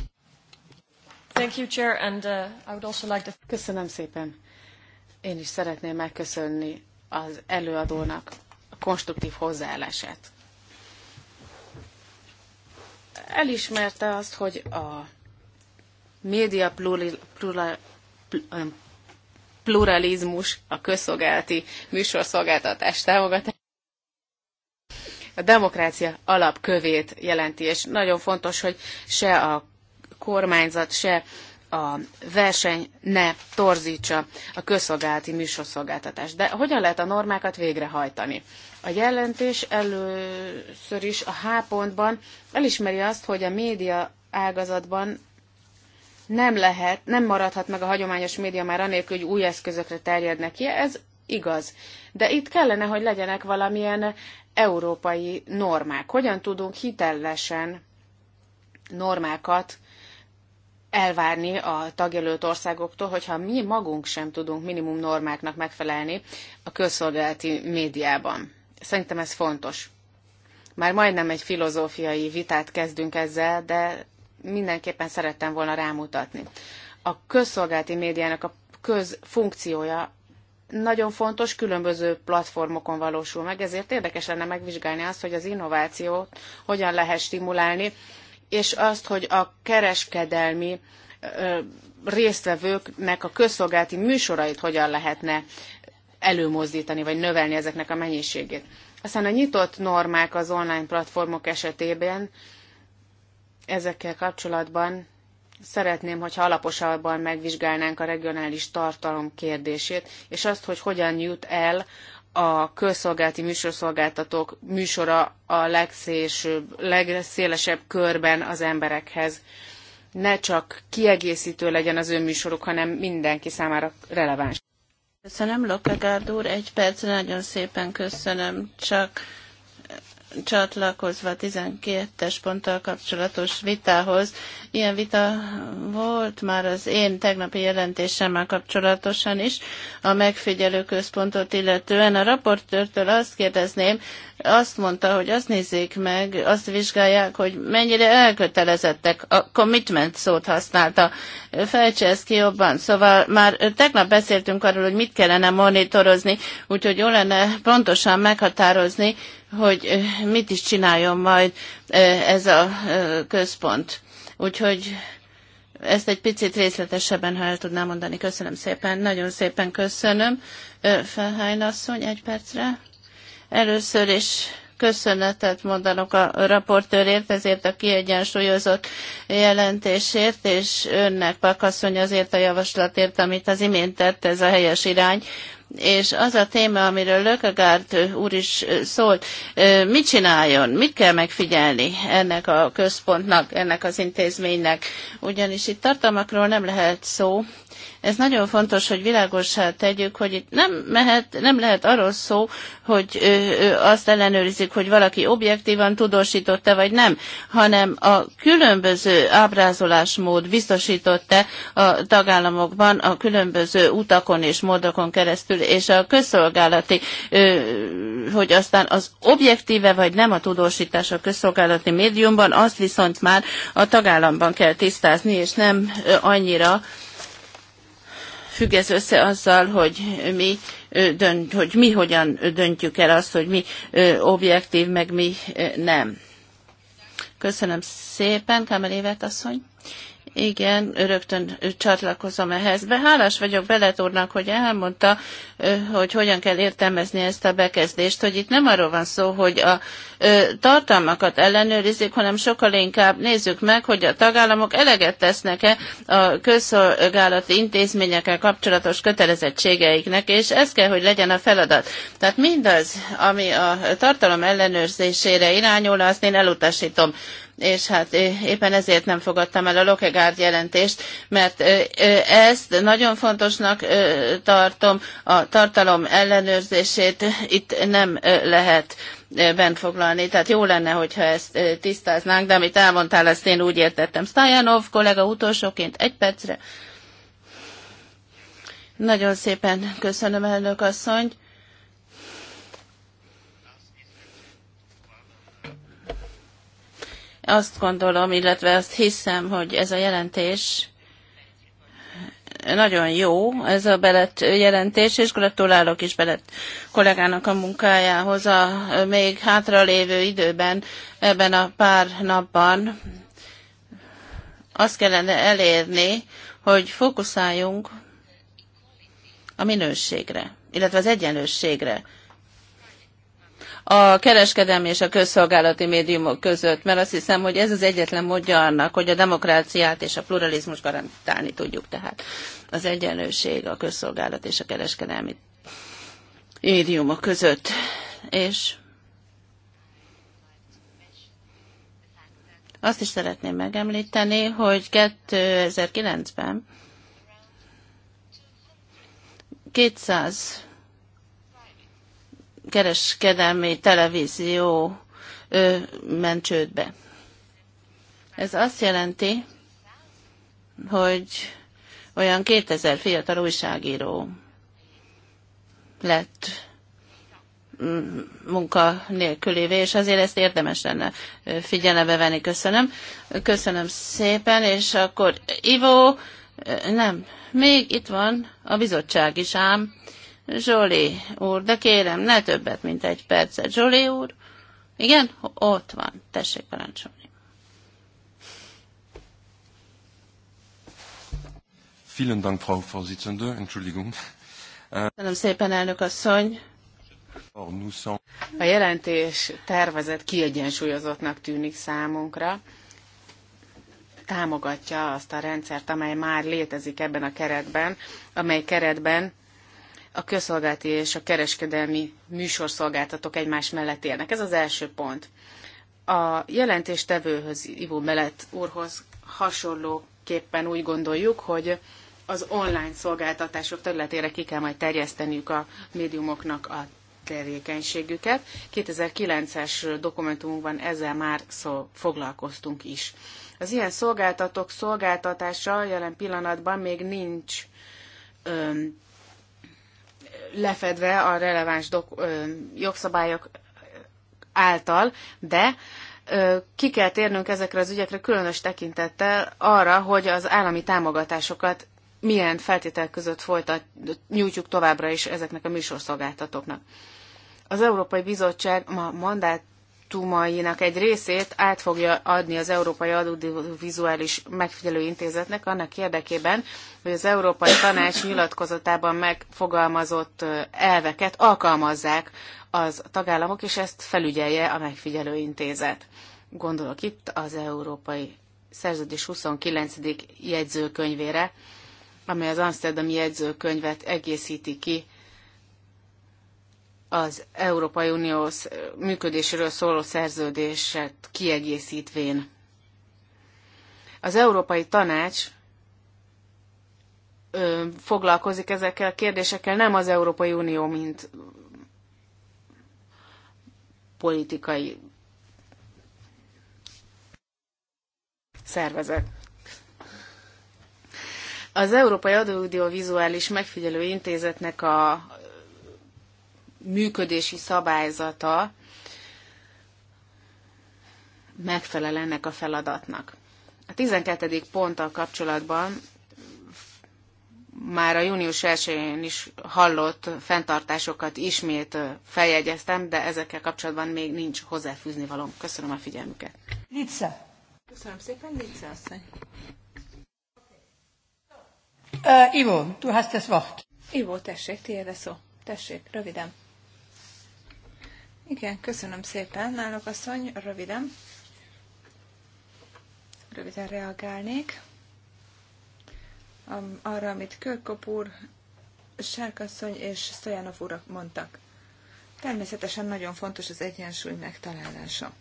[SPEAKER 2] Thank you, Chair, and uh, I would also like to...
[SPEAKER 3] Köszönöm szépen. Én is szeretném megköszönni az előadónak a konstruktív hozzáállását. Elismerte azt, hogy a média plural, plural, pluralizmus, a közszolgálati műsorszolgáltatás támogatása. a demokrácia alapkövét jelenti, és nagyon fontos, hogy se a kormányzat, se a verseny ne torzítsa a közszolgálati műsorszolgáltatást. De hogyan lehet a normákat végrehajtani? A jelentés először is a H pontban elismeri azt, hogy a média ágazatban nem lehet, nem maradhat meg a hagyományos média már anélkül, hogy új eszközökre terjednek ki, ez igaz. De itt kellene, hogy legyenek valamilyen európai normák. Hogyan tudunk hitelesen normákat elvárni a tagjelölt országoktól, hogyha mi magunk sem tudunk minimum normáknak megfelelni a közszolgálati médiában. Szerintem ez fontos. Már majdnem egy filozófiai vitát kezdünk ezzel, de mindenképpen szerettem volna rámutatni. A közszolgálati médiának a közfunkciója nagyon fontos, különböző platformokon valósul meg, ezért érdekes lenne megvizsgálni azt, hogy az innovációt hogyan lehet stimulálni, és azt, hogy a kereskedelmi résztvevőknek a közszolgálati műsorait hogyan lehetne előmozdítani, vagy növelni ezeknek a mennyiségét. Aztán a nyitott normák az online platformok esetében ezekkel kapcsolatban szeretném, hogyha alaposabban megvizsgálnánk a regionális tartalom kérdését, és azt, hogy hogyan jut el a közszolgálati műsorszolgáltatók műsora a legszélsőbb, legszélesebb körben az emberekhez. Ne csak kiegészítő legyen az ő műsoruk, hanem mindenki
[SPEAKER 1] számára releváns. Köszönöm, Lokegárd úr, egy perc, nagyon szépen köszönöm, csak csatlakozva 12-es ponttal kapcsolatos vitához. Ilyen vita volt már az én tegnapi jelentésemmel kapcsolatosan is, a megfigyelő központot illetően. A raportőrtől azt kérdezném, azt mondta, hogy azt nézzék meg, azt vizsgálják, hogy mennyire elkötelezettek. A commitment szót használta. Fejtse ezt ki jobban. Szóval már tegnap beszéltünk arról, hogy mit kellene monitorozni, úgyhogy jó lenne pontosan meghatározni, hogy eh, mit is csináljon majd eh, ez a eh, központ. Úgyhogy ezt egy picit részletesebben, ha el tudnám mondani. Köszönöm szépen, nagyon szépen köszönöm. Felhájn asszony, egy percre. Először is köszönetet mondanok a raportőrért, ezért a kiegyensúlyozott jelentésért, és önnek, Pakasszony, azért a javaslatért, amit az imént tett, ez a helyes irány és az a téma, amiről Lökegárt úr is szólt, mit csináljon, mit kell megfigyelni ennek a központnak, ennek az intézménynek, ugyanis itt tartalmakról nem lehet szó, ez nagyon fontos, hogy világossá tegyük, hogy itt nem, mehet, nem lehet arról szó, hogy azt ellenőrizik, hogy valaki objektívan tudósította vagy nem, hanem a különböző ábrázolásmód biztosította a tagállamokban a különböző utakon és módokon keresztül, és a közszolgálati, hogy aztán az objektíve vagy nem a tudósítás a közszolgálati médiumban, azt viszont már a tagállamban kell tisztázni, és nem annyira, függ ez össze azzal, hogy mi, dönt, hogy mi hogyan döntjük el azt, hogy mi objektív, meg mi nem. Köszönöm szépen, Kamerévet Évet asszony. Igen, rögtön csatlakozom ehhez. Be hálás vagyok Beletúrnak, hogy elmondta, hogy hogyan kell értelmezni ezt a bekezdést, hogy itt nem arról van szó, hogy a tartalmakat ellenőrizik, hanem sokkal inkább nézzük meg, hogy a tagállamok eleget tesznek-e a közszolgálati intézményekkel kapcsolatos kötelezettségeiknek, és ez kell, hogy legyen a feladat. Tehát mindaz, ami a tartalom ellenőrzésére irányul, azt én elutasítom és hát éppen ezért nem fogadtam el a Lokegárd jelentést, mert ezt nagyon fontosnak tartom, a tartalom ellenőrzését itt nem lehet bent foglalni. Tehát jó lenne, hogyha ezt tisztáznánk, de amit elmondtál, ezt én úgy értettem. Stajanov kollega utolsóként egy percre. Nagyon szépen köszönöm, elnök asszony. Azt gondolom, illetve azt hiszem, hogy ez a jelentés nagyon jó ez a Belet jelentés, és gratulálok is Belet kollégának a munkájához a még hátralévő időben, ebben a pár napban. Azt kellene elérni, hogy fókuszáljunk a minőségre, illetve az egyenlősségre a kereskedelmi és a közszolgálati médiumok között, mert azt hiszem, hogy ez az egyetlen módja annak, hogy a demokráciát és a pluralizmus garantálni tudjuk, tehát az egyenlőség a közszolgálat és a kereskedelmi médiumok között. És azt is szeretném megemlíteni, hogy 2009-ben 200 kereskedelmi televízió ment csődbe. Ez azt jelenti, hogy olyan 2000 fiatal újságíró lett mm, munka nélkülévé, és azért ezt érdemes lenne figyelembe venni. Köszönöm. Köszönöm szépen, és akkor Ivo, nem, még itt van a bizottság is ám. Zsoli úr, de kérem, ne többet, mint egy percet. Zsoli úr, igen, ott van, tessék parancsolni.
[SPEAKER 3] Vielen Dank, Frau Vorsitzende,
[SPEAKER 1] Entschuldigung. Köszönöm szépen, elnök asszony.
[SPEAKER 3] A jelentés tervezet kiegyensúlyozottnak tűnik számunkra. Támogatja azt a rendszert, amely már létezik ebben a keretben, amely keretben a közszolgálati és a kereskedelmi műsorszolgáltatók egymás mellett élnek. Ez az első pont. A jelentéstevőhöz, Ivo Mellett úrhoz hasonlóképpen úgy gondoljuk, hogy az online szolgáltatások területére ki kell majd terjeszteniük a médiumoknak a tevékenységüket. 2009-es dokumentumunkban ezzel már szó, foglalkoztunk is. Az ilyen szolgáltatók szolgáltatása jelen pillanatban még nincs öm, lefedve a releváns dok- jogszabályok által, de ki kell térnünk ezekre az ügyekre különös tekintettel arra, hogy az állami támogatásokat milyen feltétel között folytat, nyújtjuk továbbra is ezeknek a műsorszolgáltatóknak. Az Európai Bizottság ma mandát mandátumainak egy részét át fogja adni az Európai Audiovizuális Megfigyelő Intézetnek annak érdekében, hogy az Európai Tanács nyilatkozatában megfogalmazott elveket alkalmazzák az tagállamok, és ezt felügyelje a Megfigyelő Intézet. Gondolok itt az Európai Szerződés 29. jegyzőkönyvére, amely az Amsterdami jegyzőkönyvet egészíti ki az Európai Unió működéséről szóló szerződéset kiegészítvén. Az Európai Tanács ö, foglalkozik ezekkel a kérdésekkel, nem az Európai Unió, mint politikai szervezet. Az Európai Audiovizuális Megfigyelő Intézetnek a működési szabályzata megfelel ennek a feladatnak. A 12. ponttal kapcsolatban már a június 1-én is hallott fenntartásokat ismét feljegyeztem, de ezekkel kapcsolatban még nincs hozzáfűzni valom. Köszönöm a figyelmüket. Lice.
[SPEAKER 2] Köszönöm szépen, Lice asszony.
[SPEAKER 1] Uh, Ivo, du hast das Wort.
[SPEAKER 2] Ivo, tessék, tiéd a szó. Tessék, röviden. Igen, köszönöm szépen, Nálok asszony, röviden. Röviden reagálnék arra, amit Kölkop úr, Sárkasszony és Stojanov úrak mondtak. Természetesen nagyon fontos az egyensúly megtalálása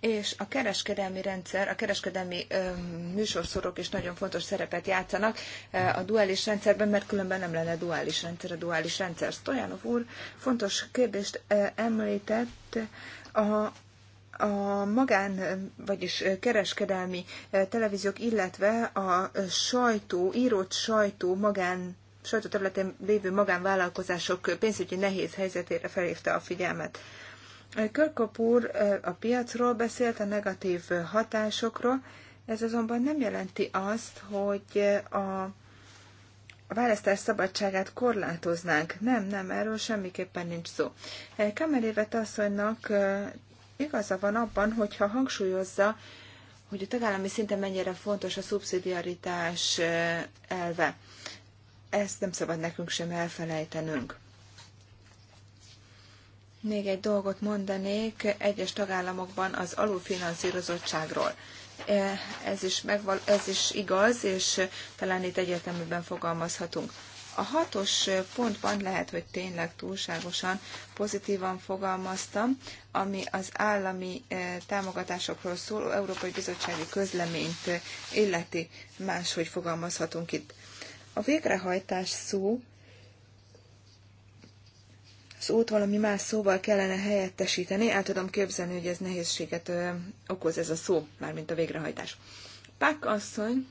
[SPEAKER 2] és a kereskedelmi rendszer, a kereskedelmi ö, műsorszorok is nagyon fontos szerepet játszanak a duális rendszerben, mert különben nem lenne duális rendszer, a duális rendszer. Stojanov úr fontos kérdést ö, említett a a magán, vagyis kereskedelmi televíziók, illetve a sajtó, írott sajtó magán területén lévő magánvállalkozások pénzügyi nehéz helyzetére felhívta a figyelmet. Körkop úr a piacról beszélt, a negatív hatásokról, ez azonban nem jelenti azt, hogy a a választás szabadságát korlátoznánk. Nem, nem, erről semmiképpen nincs szó. Kamerévet asszonynak igaza van abban, hogyha hangsúlyozza, hogy a tagállami szinten mennyire fontos a szubszidiaritás elve. Ezt nem szabad nekünk sem elfelejtenünk. Még egy dolgot mondanék egyes tagállamokban az alulfinanszírozottságról. E, ez is, megval- ez is igaz, és talán itt egyértelműben fogalmazhatunk. A hatos pontban lehet, hogy tényleg túlságosan pozitívan fogalmaztam, ami az állami e, támogatásokról szóló Európai Bizottsági Közleményt e, illeti, máshogy fogalmazhatunk itt. A végrehajtás szó szót valami más szóval kellene helyettesíteni. El tudom képzelni, hogy ez nehézséget okoz ez a szó, mármint a végrehajtás. Pák asszony,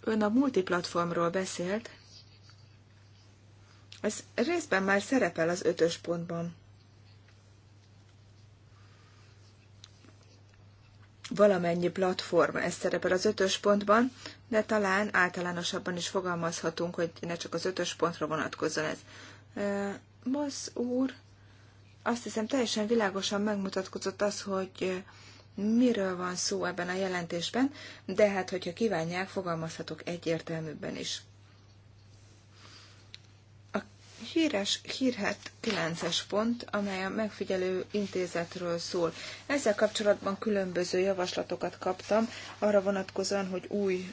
[SPEAKER 2] ön a multiplatformról beszélt. Ez részben már szerepel az ötös pontban. valamennyi platform, ez szerepel az ötös pontban, de talán általánosabban is fogalmazhatunk, hogy ne csak az ötös pontra vonatkozzon ez. Mosz úr, azt hiszem teljesen világosan megmutatkozott az, hogy miről van szó ebben a jelentésben, de hát, hogyha kívánják, fogalmazhatok egyértelműbben is. A híres, hírhet 9-es pont, amely a megfigyelő intézetről szól. Ezzel kapcsolatban különböző javaslatokat kaptam, arra vonatkozóan, hogy új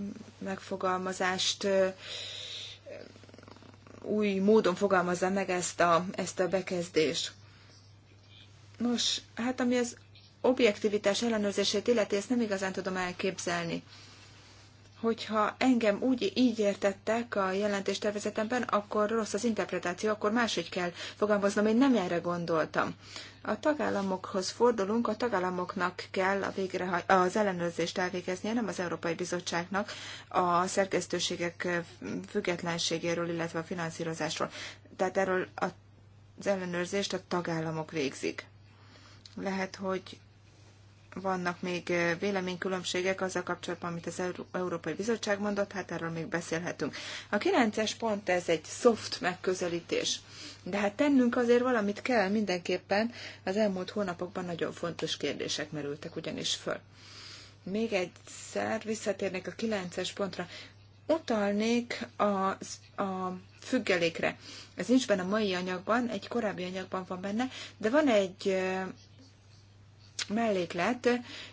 [SPEAKER 2] mm, megfogalmazást új módon fogalmazza meg ezt a, ezt a bekezdést. Nos, hát ami az objektivitás ellenőrzését illeti, ezt nem igazán tudom elképzelni. Hogyha engem úgy így értettek a jelentéstervezetemben, akkor rossz az interpretáció, akkor máshogy kell fogalmaznom, én nem erre gondoltam a tagállamokhoz fordulunk, a tagállamoknak kell a végre, az ellenőrzést elvégeznie, nem az Európai Bizottságnak a szerkesztőségek függetlenségéről, illetve a finanszírozásról. Tehát erről az ellenőrzést a tagállamok végzik. Lehet, hogy vannak még véleménykülönbségek azzal kapcsolatban, amit az Európai Bizottság mondott, hát erről még beszélhetünk. A 9-es pont ez egy soft megközelítés. De hát tennünk azért valamit kell mindenképpen, az elmúlt hónapokban nagyon fontos kérdések merültek ugyanis föl. Még egyszer visszatérnék a 9-es pontra. Utalnék a, a függelékre. Ez nincs benne a mai anyagban, egy korábbi anyagban van benne, de van egy melléklet,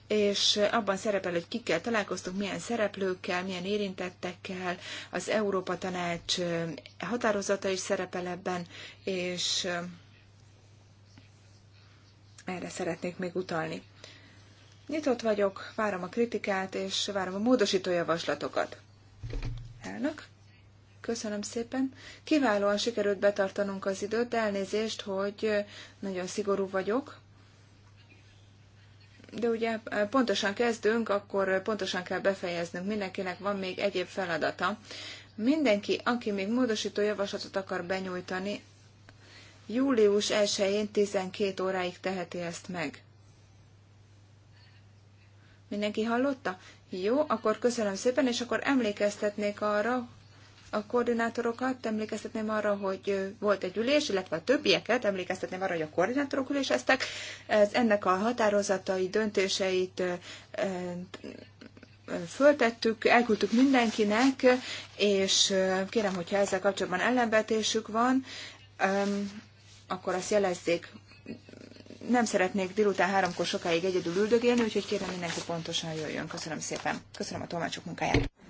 [SPEAKER 2] és abban szerepel, hogy kikkel találkoztunk, milyen szereplőkkel, milyen érintettekkel, az Európa Tanács eh, határozata is szerepel ebben, és eh, erre szeretnék még utalni. Nyitott vagyok, várom a kritikát, és várom a módosító javaslatokat. Elnök, köszönöm szépen. Kiválóan sikerült betartanunk az időt, elnézést, hogy eh, nagyon szigorú vagyok de ugye e, pontosan kezdünk, akkor pontosan kell befejeznünk. Mindenkinek van még egyéb feladata. Mindenki, aki még módosító javaslatot akar benyújtani, július 1-én 12 óráig teheti ezt meg. Mindenki hallotta? Jó, akkor köszönöm szépen, és akkor emlékeztetnék arra, a koordinátorokat, emlékeztetném arra, hogy volt egy ülés, illetve a többieket emlékeztetném arra, hogy a koordinátorok üléseztek. Ez ennek a határozatai, döntéseit föltettük, elküldtük mindenkinek, és kérem, hogyha ezzel kapcsolatban ellenvetésük van, akkor azt jelezzék. Nem szeretnék délután háromkor sokáig egyedül üldögélni, úgyhogy kérem mindenki pontosan jöjjön. Köszönöm szépen. Köszönöm a tolmácsok munkáját.